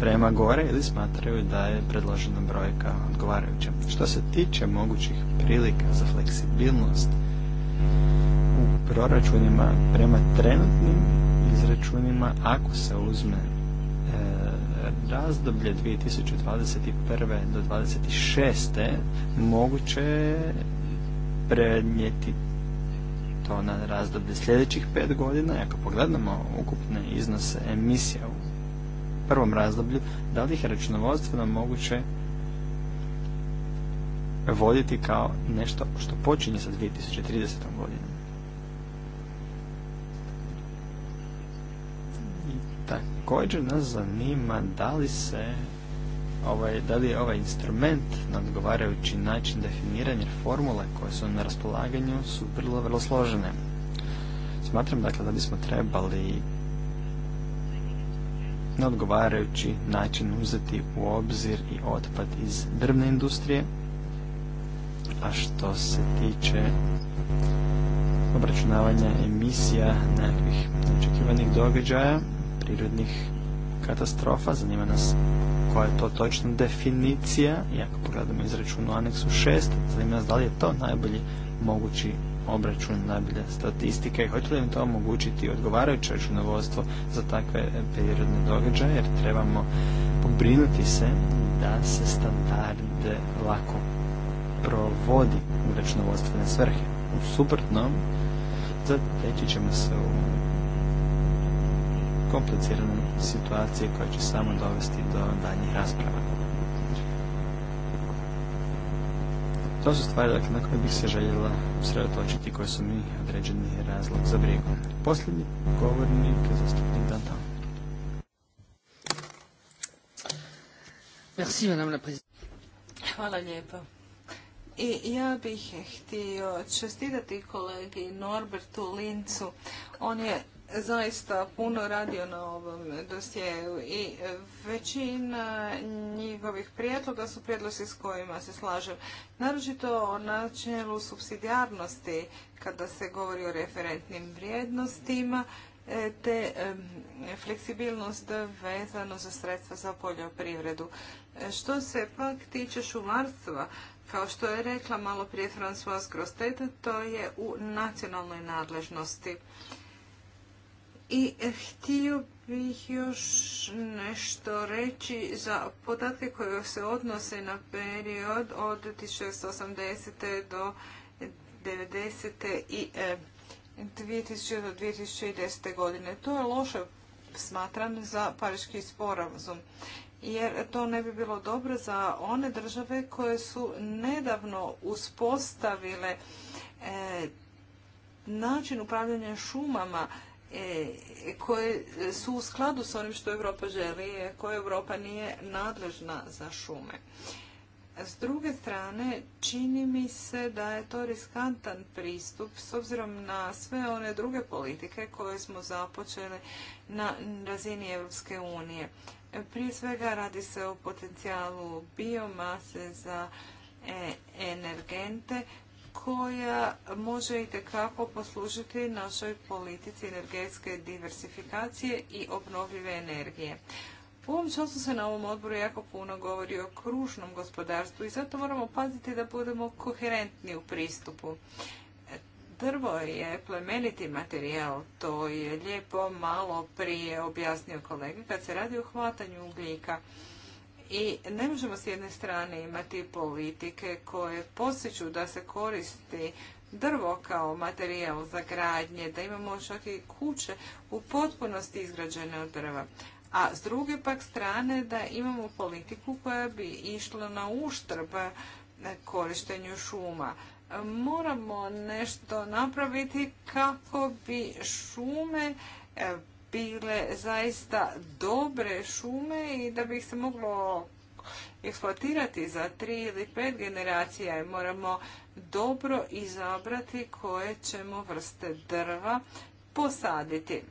prema gore ili smatraju da je predložena brojka odgovarajuća. Što se tiče mogućih prilika za fleksibilnost u proračunima prema trenutnim izračunima ako se uzme e, razdoblje 2021. do 2026. moguće je prenijeti to na razdoblje sljedećih pet godina. Ako pogledamo ukupne iznose emisija prvom razdoblju, da li ih je računovodstveno moguće voditi kao nešto što počinje sa 2030. godinom. također nas zanima da li se ovaj, da li je ovaj instrument na odgovarajući način definiranja formule koje su na raspolaganju su vrlo, vrlo složene. Smatram dakle da bismo trebali na odgovarajući način uzeti u obzir i otpad iz drvne industrije. A što se tiče obračunavanja emisija nekih očekivanih događaja, prirodnih katastrofa, zanima nas koja je to točna definicija, i ako pogledamo izračun u aneksu 6, zanima nas da li je to najbolji mogući obračun najbolje statistike i hoće li im to omogućiti odgovarajuće računovodstvo za takve prirodne događaje jer trebamo pobrinuti se da se standard lako provodi u računovodstvene svrhe. U suprotnom, zateći ćemo se u kompliciranu situacije koja će samo dovesti do danjih rasprava. To su stvari dakle, na koje bih se željela usredotočiti koje su mi određeni razlog za brigu. Posljednji govornik je zastupnik Dantan. Merci, madame la Hvala lijepo. I ja bih htio čestitati kolegi Norbertu Lincu. On je zaista puno radio na ovom dosjeu i većina njihovih prijedloga su prijedlozi s kojima se slažem. Naročito o načelu subsidijarnosti kada se govori o referentnim vrijednostima e, te fleksibilnost vezano za sredstva za poljoprivredu. E, što se pak tiče šumarstva, kao što je rekla malo prije Françoise to je u nacionalnoj nadležnosti. I e, htio bih još nešto reći za podatke koje se odnose na period od 1980. do 1990. i 2000. E, do 2010. godine. To je loše, smatram, za pariški sporazum. Jer to ne bi bilo dobro za one države koje su nedavno uspostavile e, način upravljanja šumama E, koje su u skladu s onim što Europa želi, e, koja Europa nije nadležna za šume. S druge strane, čini mi se da je to riskantan pristup s obzirom na sve one druge politike koje smo započeli na razini Europske unije. Prije svega radi se o potencijalu biomase za e, energente koja može i tekako poslužiti našoj politici energetske diversifikacije i obnovljive energije. U ovom času se na ovom odboru jako puno govori o kružnom gospodarstvu i zato moramo paziti da budemo koherentni u pristupu. Drvo je plemeniti materijal, to je lijepo malo prije objasnio kolega kad se radi o hvatanju ugljika. I ne možemo s jedne strane imati politike koje posjeću da se koristi drvo kao materijal za gradnje, da imamo čak i kuće u potpunosti izgrađene od drva. A s druge pak strane da imamo politiku koja bi išla na uštrb korištenju šuma. Moramo nešto napraviti kako bi šume bile zaista dobre šume i da bi ih se moglo eksploatirati za tri ili pet generacija i moramo dobro izabrati koje ćemo vrste drva posaditi.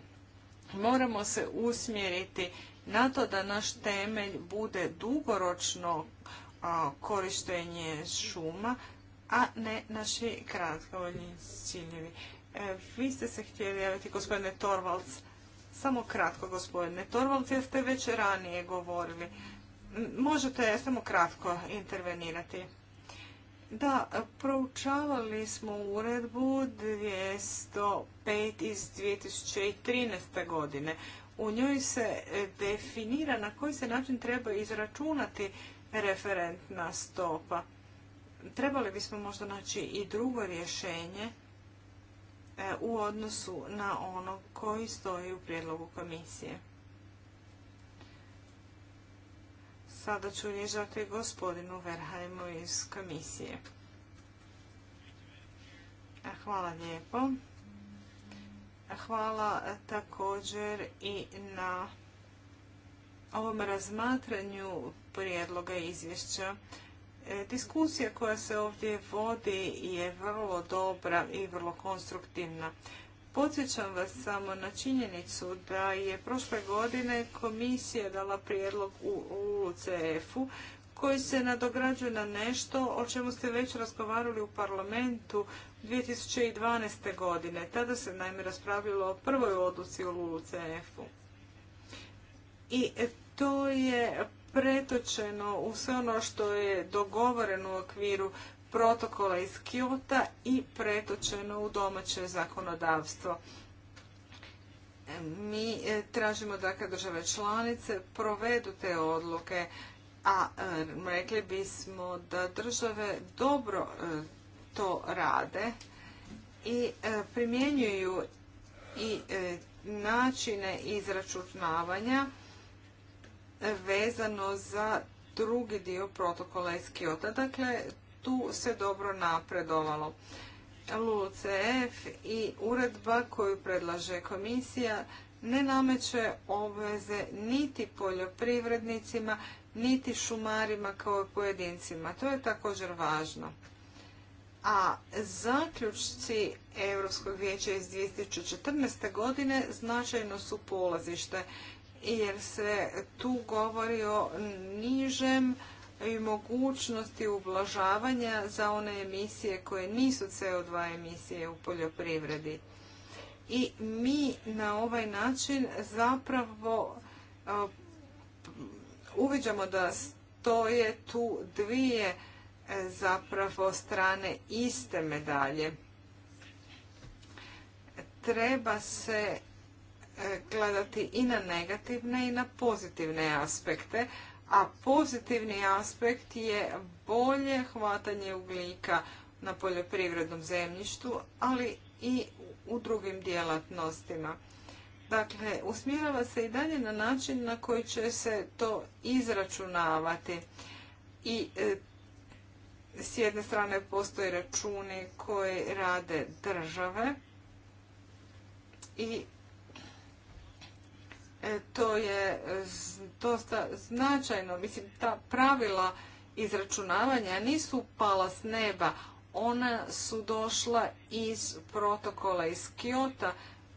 Moramo se usmjeriti na to da naš temelj bude dugoročno korištenje šuma, a ne naši kratkovoljni ciljevi. E, vi ste se htjeli javiti, gospodine Torvalds. Samo kratko, gospodine Torvald, jer ste već ranije govorili. Možete samo kratko intervenirati. Da, proučavali smo uredbu 205 iz 2013. godine. U njoj se e, definira na koji se način treba izračunati referentna stopa. Trebali bismo možda naći i drugo rješenje E, u odnosu na ono koji stoji u prijedlogu komisije. Sada ću rježati gospodinu Verhajmu iz komisije. E, hvala lijepo. E, hvala također i na ovom razmatranju prijedloga izvješća. E, diskusija koja se ovdje vodi je vrlo dobra i vrlo konstruktivna. Podsjećam vas samo na činjenicu da je prošle godine komisija dala prijedlog u UCF-u koji se nadograđuje na nešto o čemu ste već razgovarali u parlamentu 2012. godine. Tada se naime raspravilo o prvoj odluci o LULUCF-u. I to je pretočeno u sve ono što je dogovoreno u okviru protokola iz Kyoto i pretočeno u domaće zakonodavstvo. Mi e, tražimo da kad države članice provedu te odluke, a e, rekli bismo da države dobro e, to rade i primjenjuju i načine izračunavanja vezano za drugi dio protokola iz Kiota. Dakle, tu se dobro napredovalo. LULCF i uredba koju predlaže komisija ne nameće obveze niti poljoprivrednicima, niti šumarima kao pojedincima. To je također važno. A zaključci Europskog vijeća iz 2014. godine značajno su polazište jer se tu govori o nižem i mogućnosti ublažavanja za one emisije koje nisu CO2 emisije u poljoprivredi. I mi na ovaj način zapravo e, uviđamo da stoje tu dvije e, zapravo strane iste medalje. Treba se E, gledati i na negativne i na pozitivne aspekte, a pozitivni aspekt je bolje hvatanje ugljika na poljoprivrednom zemljištu, ali i u drugim djelatnostima. Dakle, usmjerava se i dalje na način na koji će se to izračunavati. I e, s jedne strane postoje računi koje rade države i E, to je dosta značajno. Mislim, ta pravila izračunavanja nisu pala s neba. Ona su došla iz protokola iz Kiota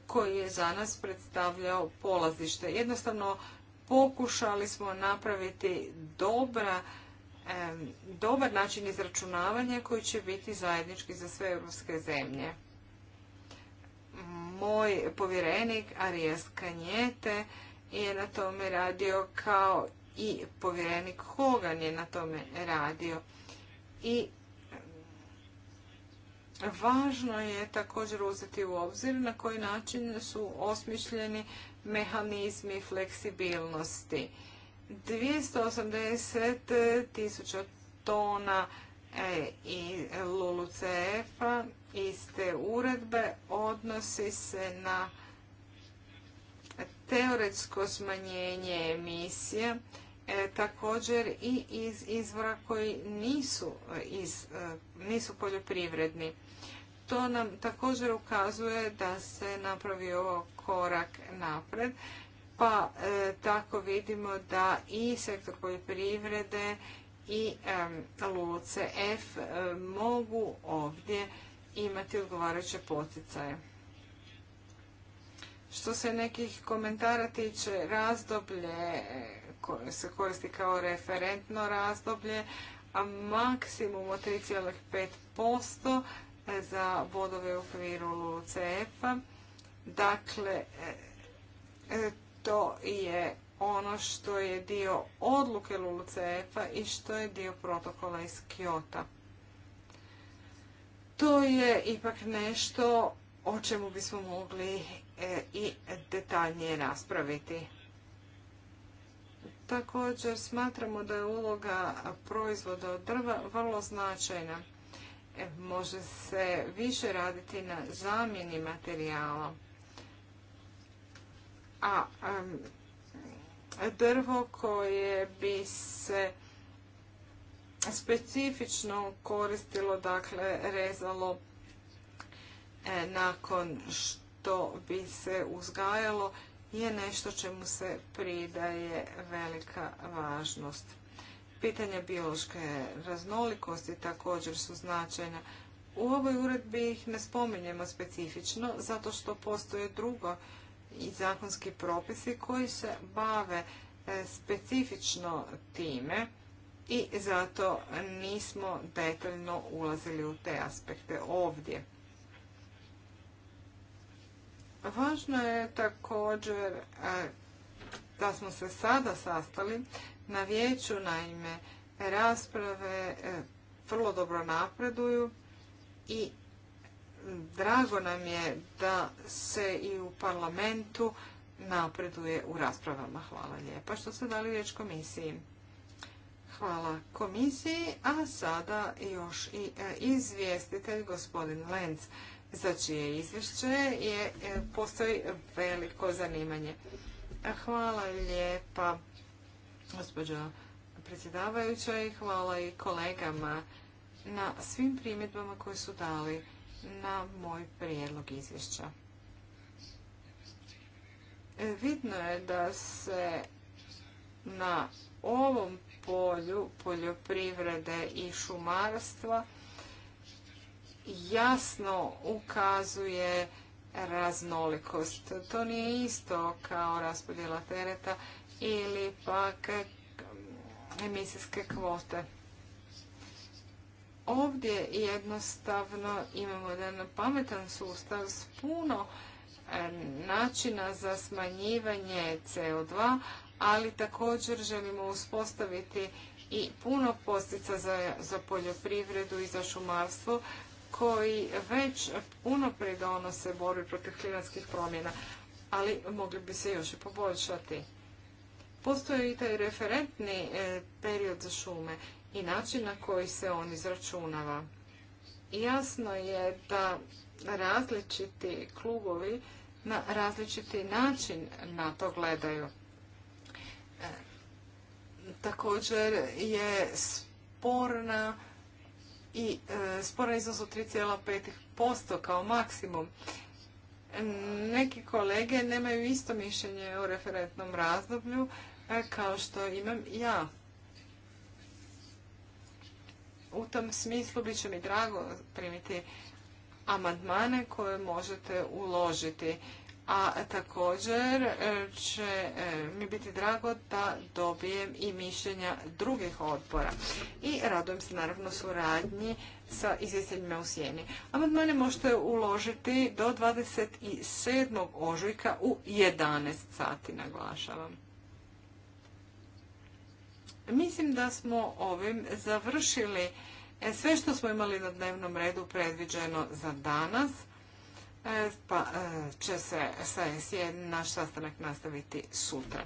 koji je za nas predstavljao polazište. Jednostavno pokušali smo napraviti dobra, dobar način izračunavanja koji će biti zajednički za sve europske zemlje moj povjerenik Arijes Kanjete je na tome radio kao i povjerenik Hogan je na tome radio. I mm, važno je također uzeti u obzir na koji način su osmišljeni mehanizmi fleksibilnosti. 280 tisuća tona e, i LULUCF-a iste uredbe odnosi se na teoretsko smanjenje emisije, e, također i iz izvora koji nisu, e, e, nisu poljoprivredni. To nam također ukazuje da se napravi ovo korak napred, pa tako vidimo da i sektor poljoprivrede i luce F mogu ovdje imati odgovarajuće poticaje. Što se nekih komentara tiče, razdoblje e, koje se koristi kao referentno razdoblje, a maksimum od 3,5% e, za bodove u okviru CF-a. E dakle, to je ono što je dio odluke LULUCF-a i što je dio protokola iz Kiota. To je ipak nešto o čemu bismo mogli e, i detaljnije raspraviti. Također smatramo da je uloga proizvoda od drva vrlo značajna. E, može se više raditi na zamjeni materijala. A drvo koje bi se specifično koristilo, dakle rezalo e, nakon što bi se uzgajalo je nešto čemu se pridaje velika važnost. Pitanje biološke raznolikosti također su značajna. U ovoj uredbi ih ne spominjemo specifično zato što postoje drugo i zakonski propisi koji se bave e, specifično time i zato nismo detaljno ulazili u te aspekte ovdje. Važno je također e, da smo se sada sastali na vijeću, naime, rasprave e, vrlo dobro napreduju i drago nam je da se i u parlamentu napreduje u raspravama. Hvala lijepa što ste dali riječ komisiji. Hvala komisiji, a sada još i e, izvjestitelj gospodin Lenz za čije izvješće je, e, postoji veliko zanimanje. Hvala lijepa gospođo predsjedavajuća i hvala i kolegama na svim primjedbama koje su dali na moj prijedlog izvješća. E, vidno je da se na ovom polju poljoprivrede i šumarstva jasno ukazuje raznolikost. To nije isto kao raspodjela tereta ili pak emisijske kvote. Ovdje jednostavno imamo jedan pametan sustav s puno e, načina za smanjivanje CO2, ali također želimo uspostaviti i puno postica za, za poljoprivredu i za šumarstvo koji već puno pridonose borbi protiv klimatskih promjena, ali mogli bi se još i poboljšati. Postoji i taj referentni e, period za šume i način na koji se on izračunava. Jasno je da različiti klubovi na različiti način na to gledaju također je sporna i e, sporan iznos od 3,5% kao maksimum. Neki kolege nemaju isto mišljenje o referentnom razdoblju e, kao što imam ja. U tom smislu bit će mi drago primiti amandmane koje možete uložiti a također e, će e, mi biti drago da dobijem i mišljenja drugih odbora. I radujem se naravno suradnji sa izvjestiteljima u Sjeni. Amandmane možete uložiti do 27. ožujka u 11 sati, naglašavam. Mislim da smo ovim završili e, sve što smo imali na dnevnom redu predviđeno za danas. E, pa e, će se sa S1 naš sastanak nastaviti sutra.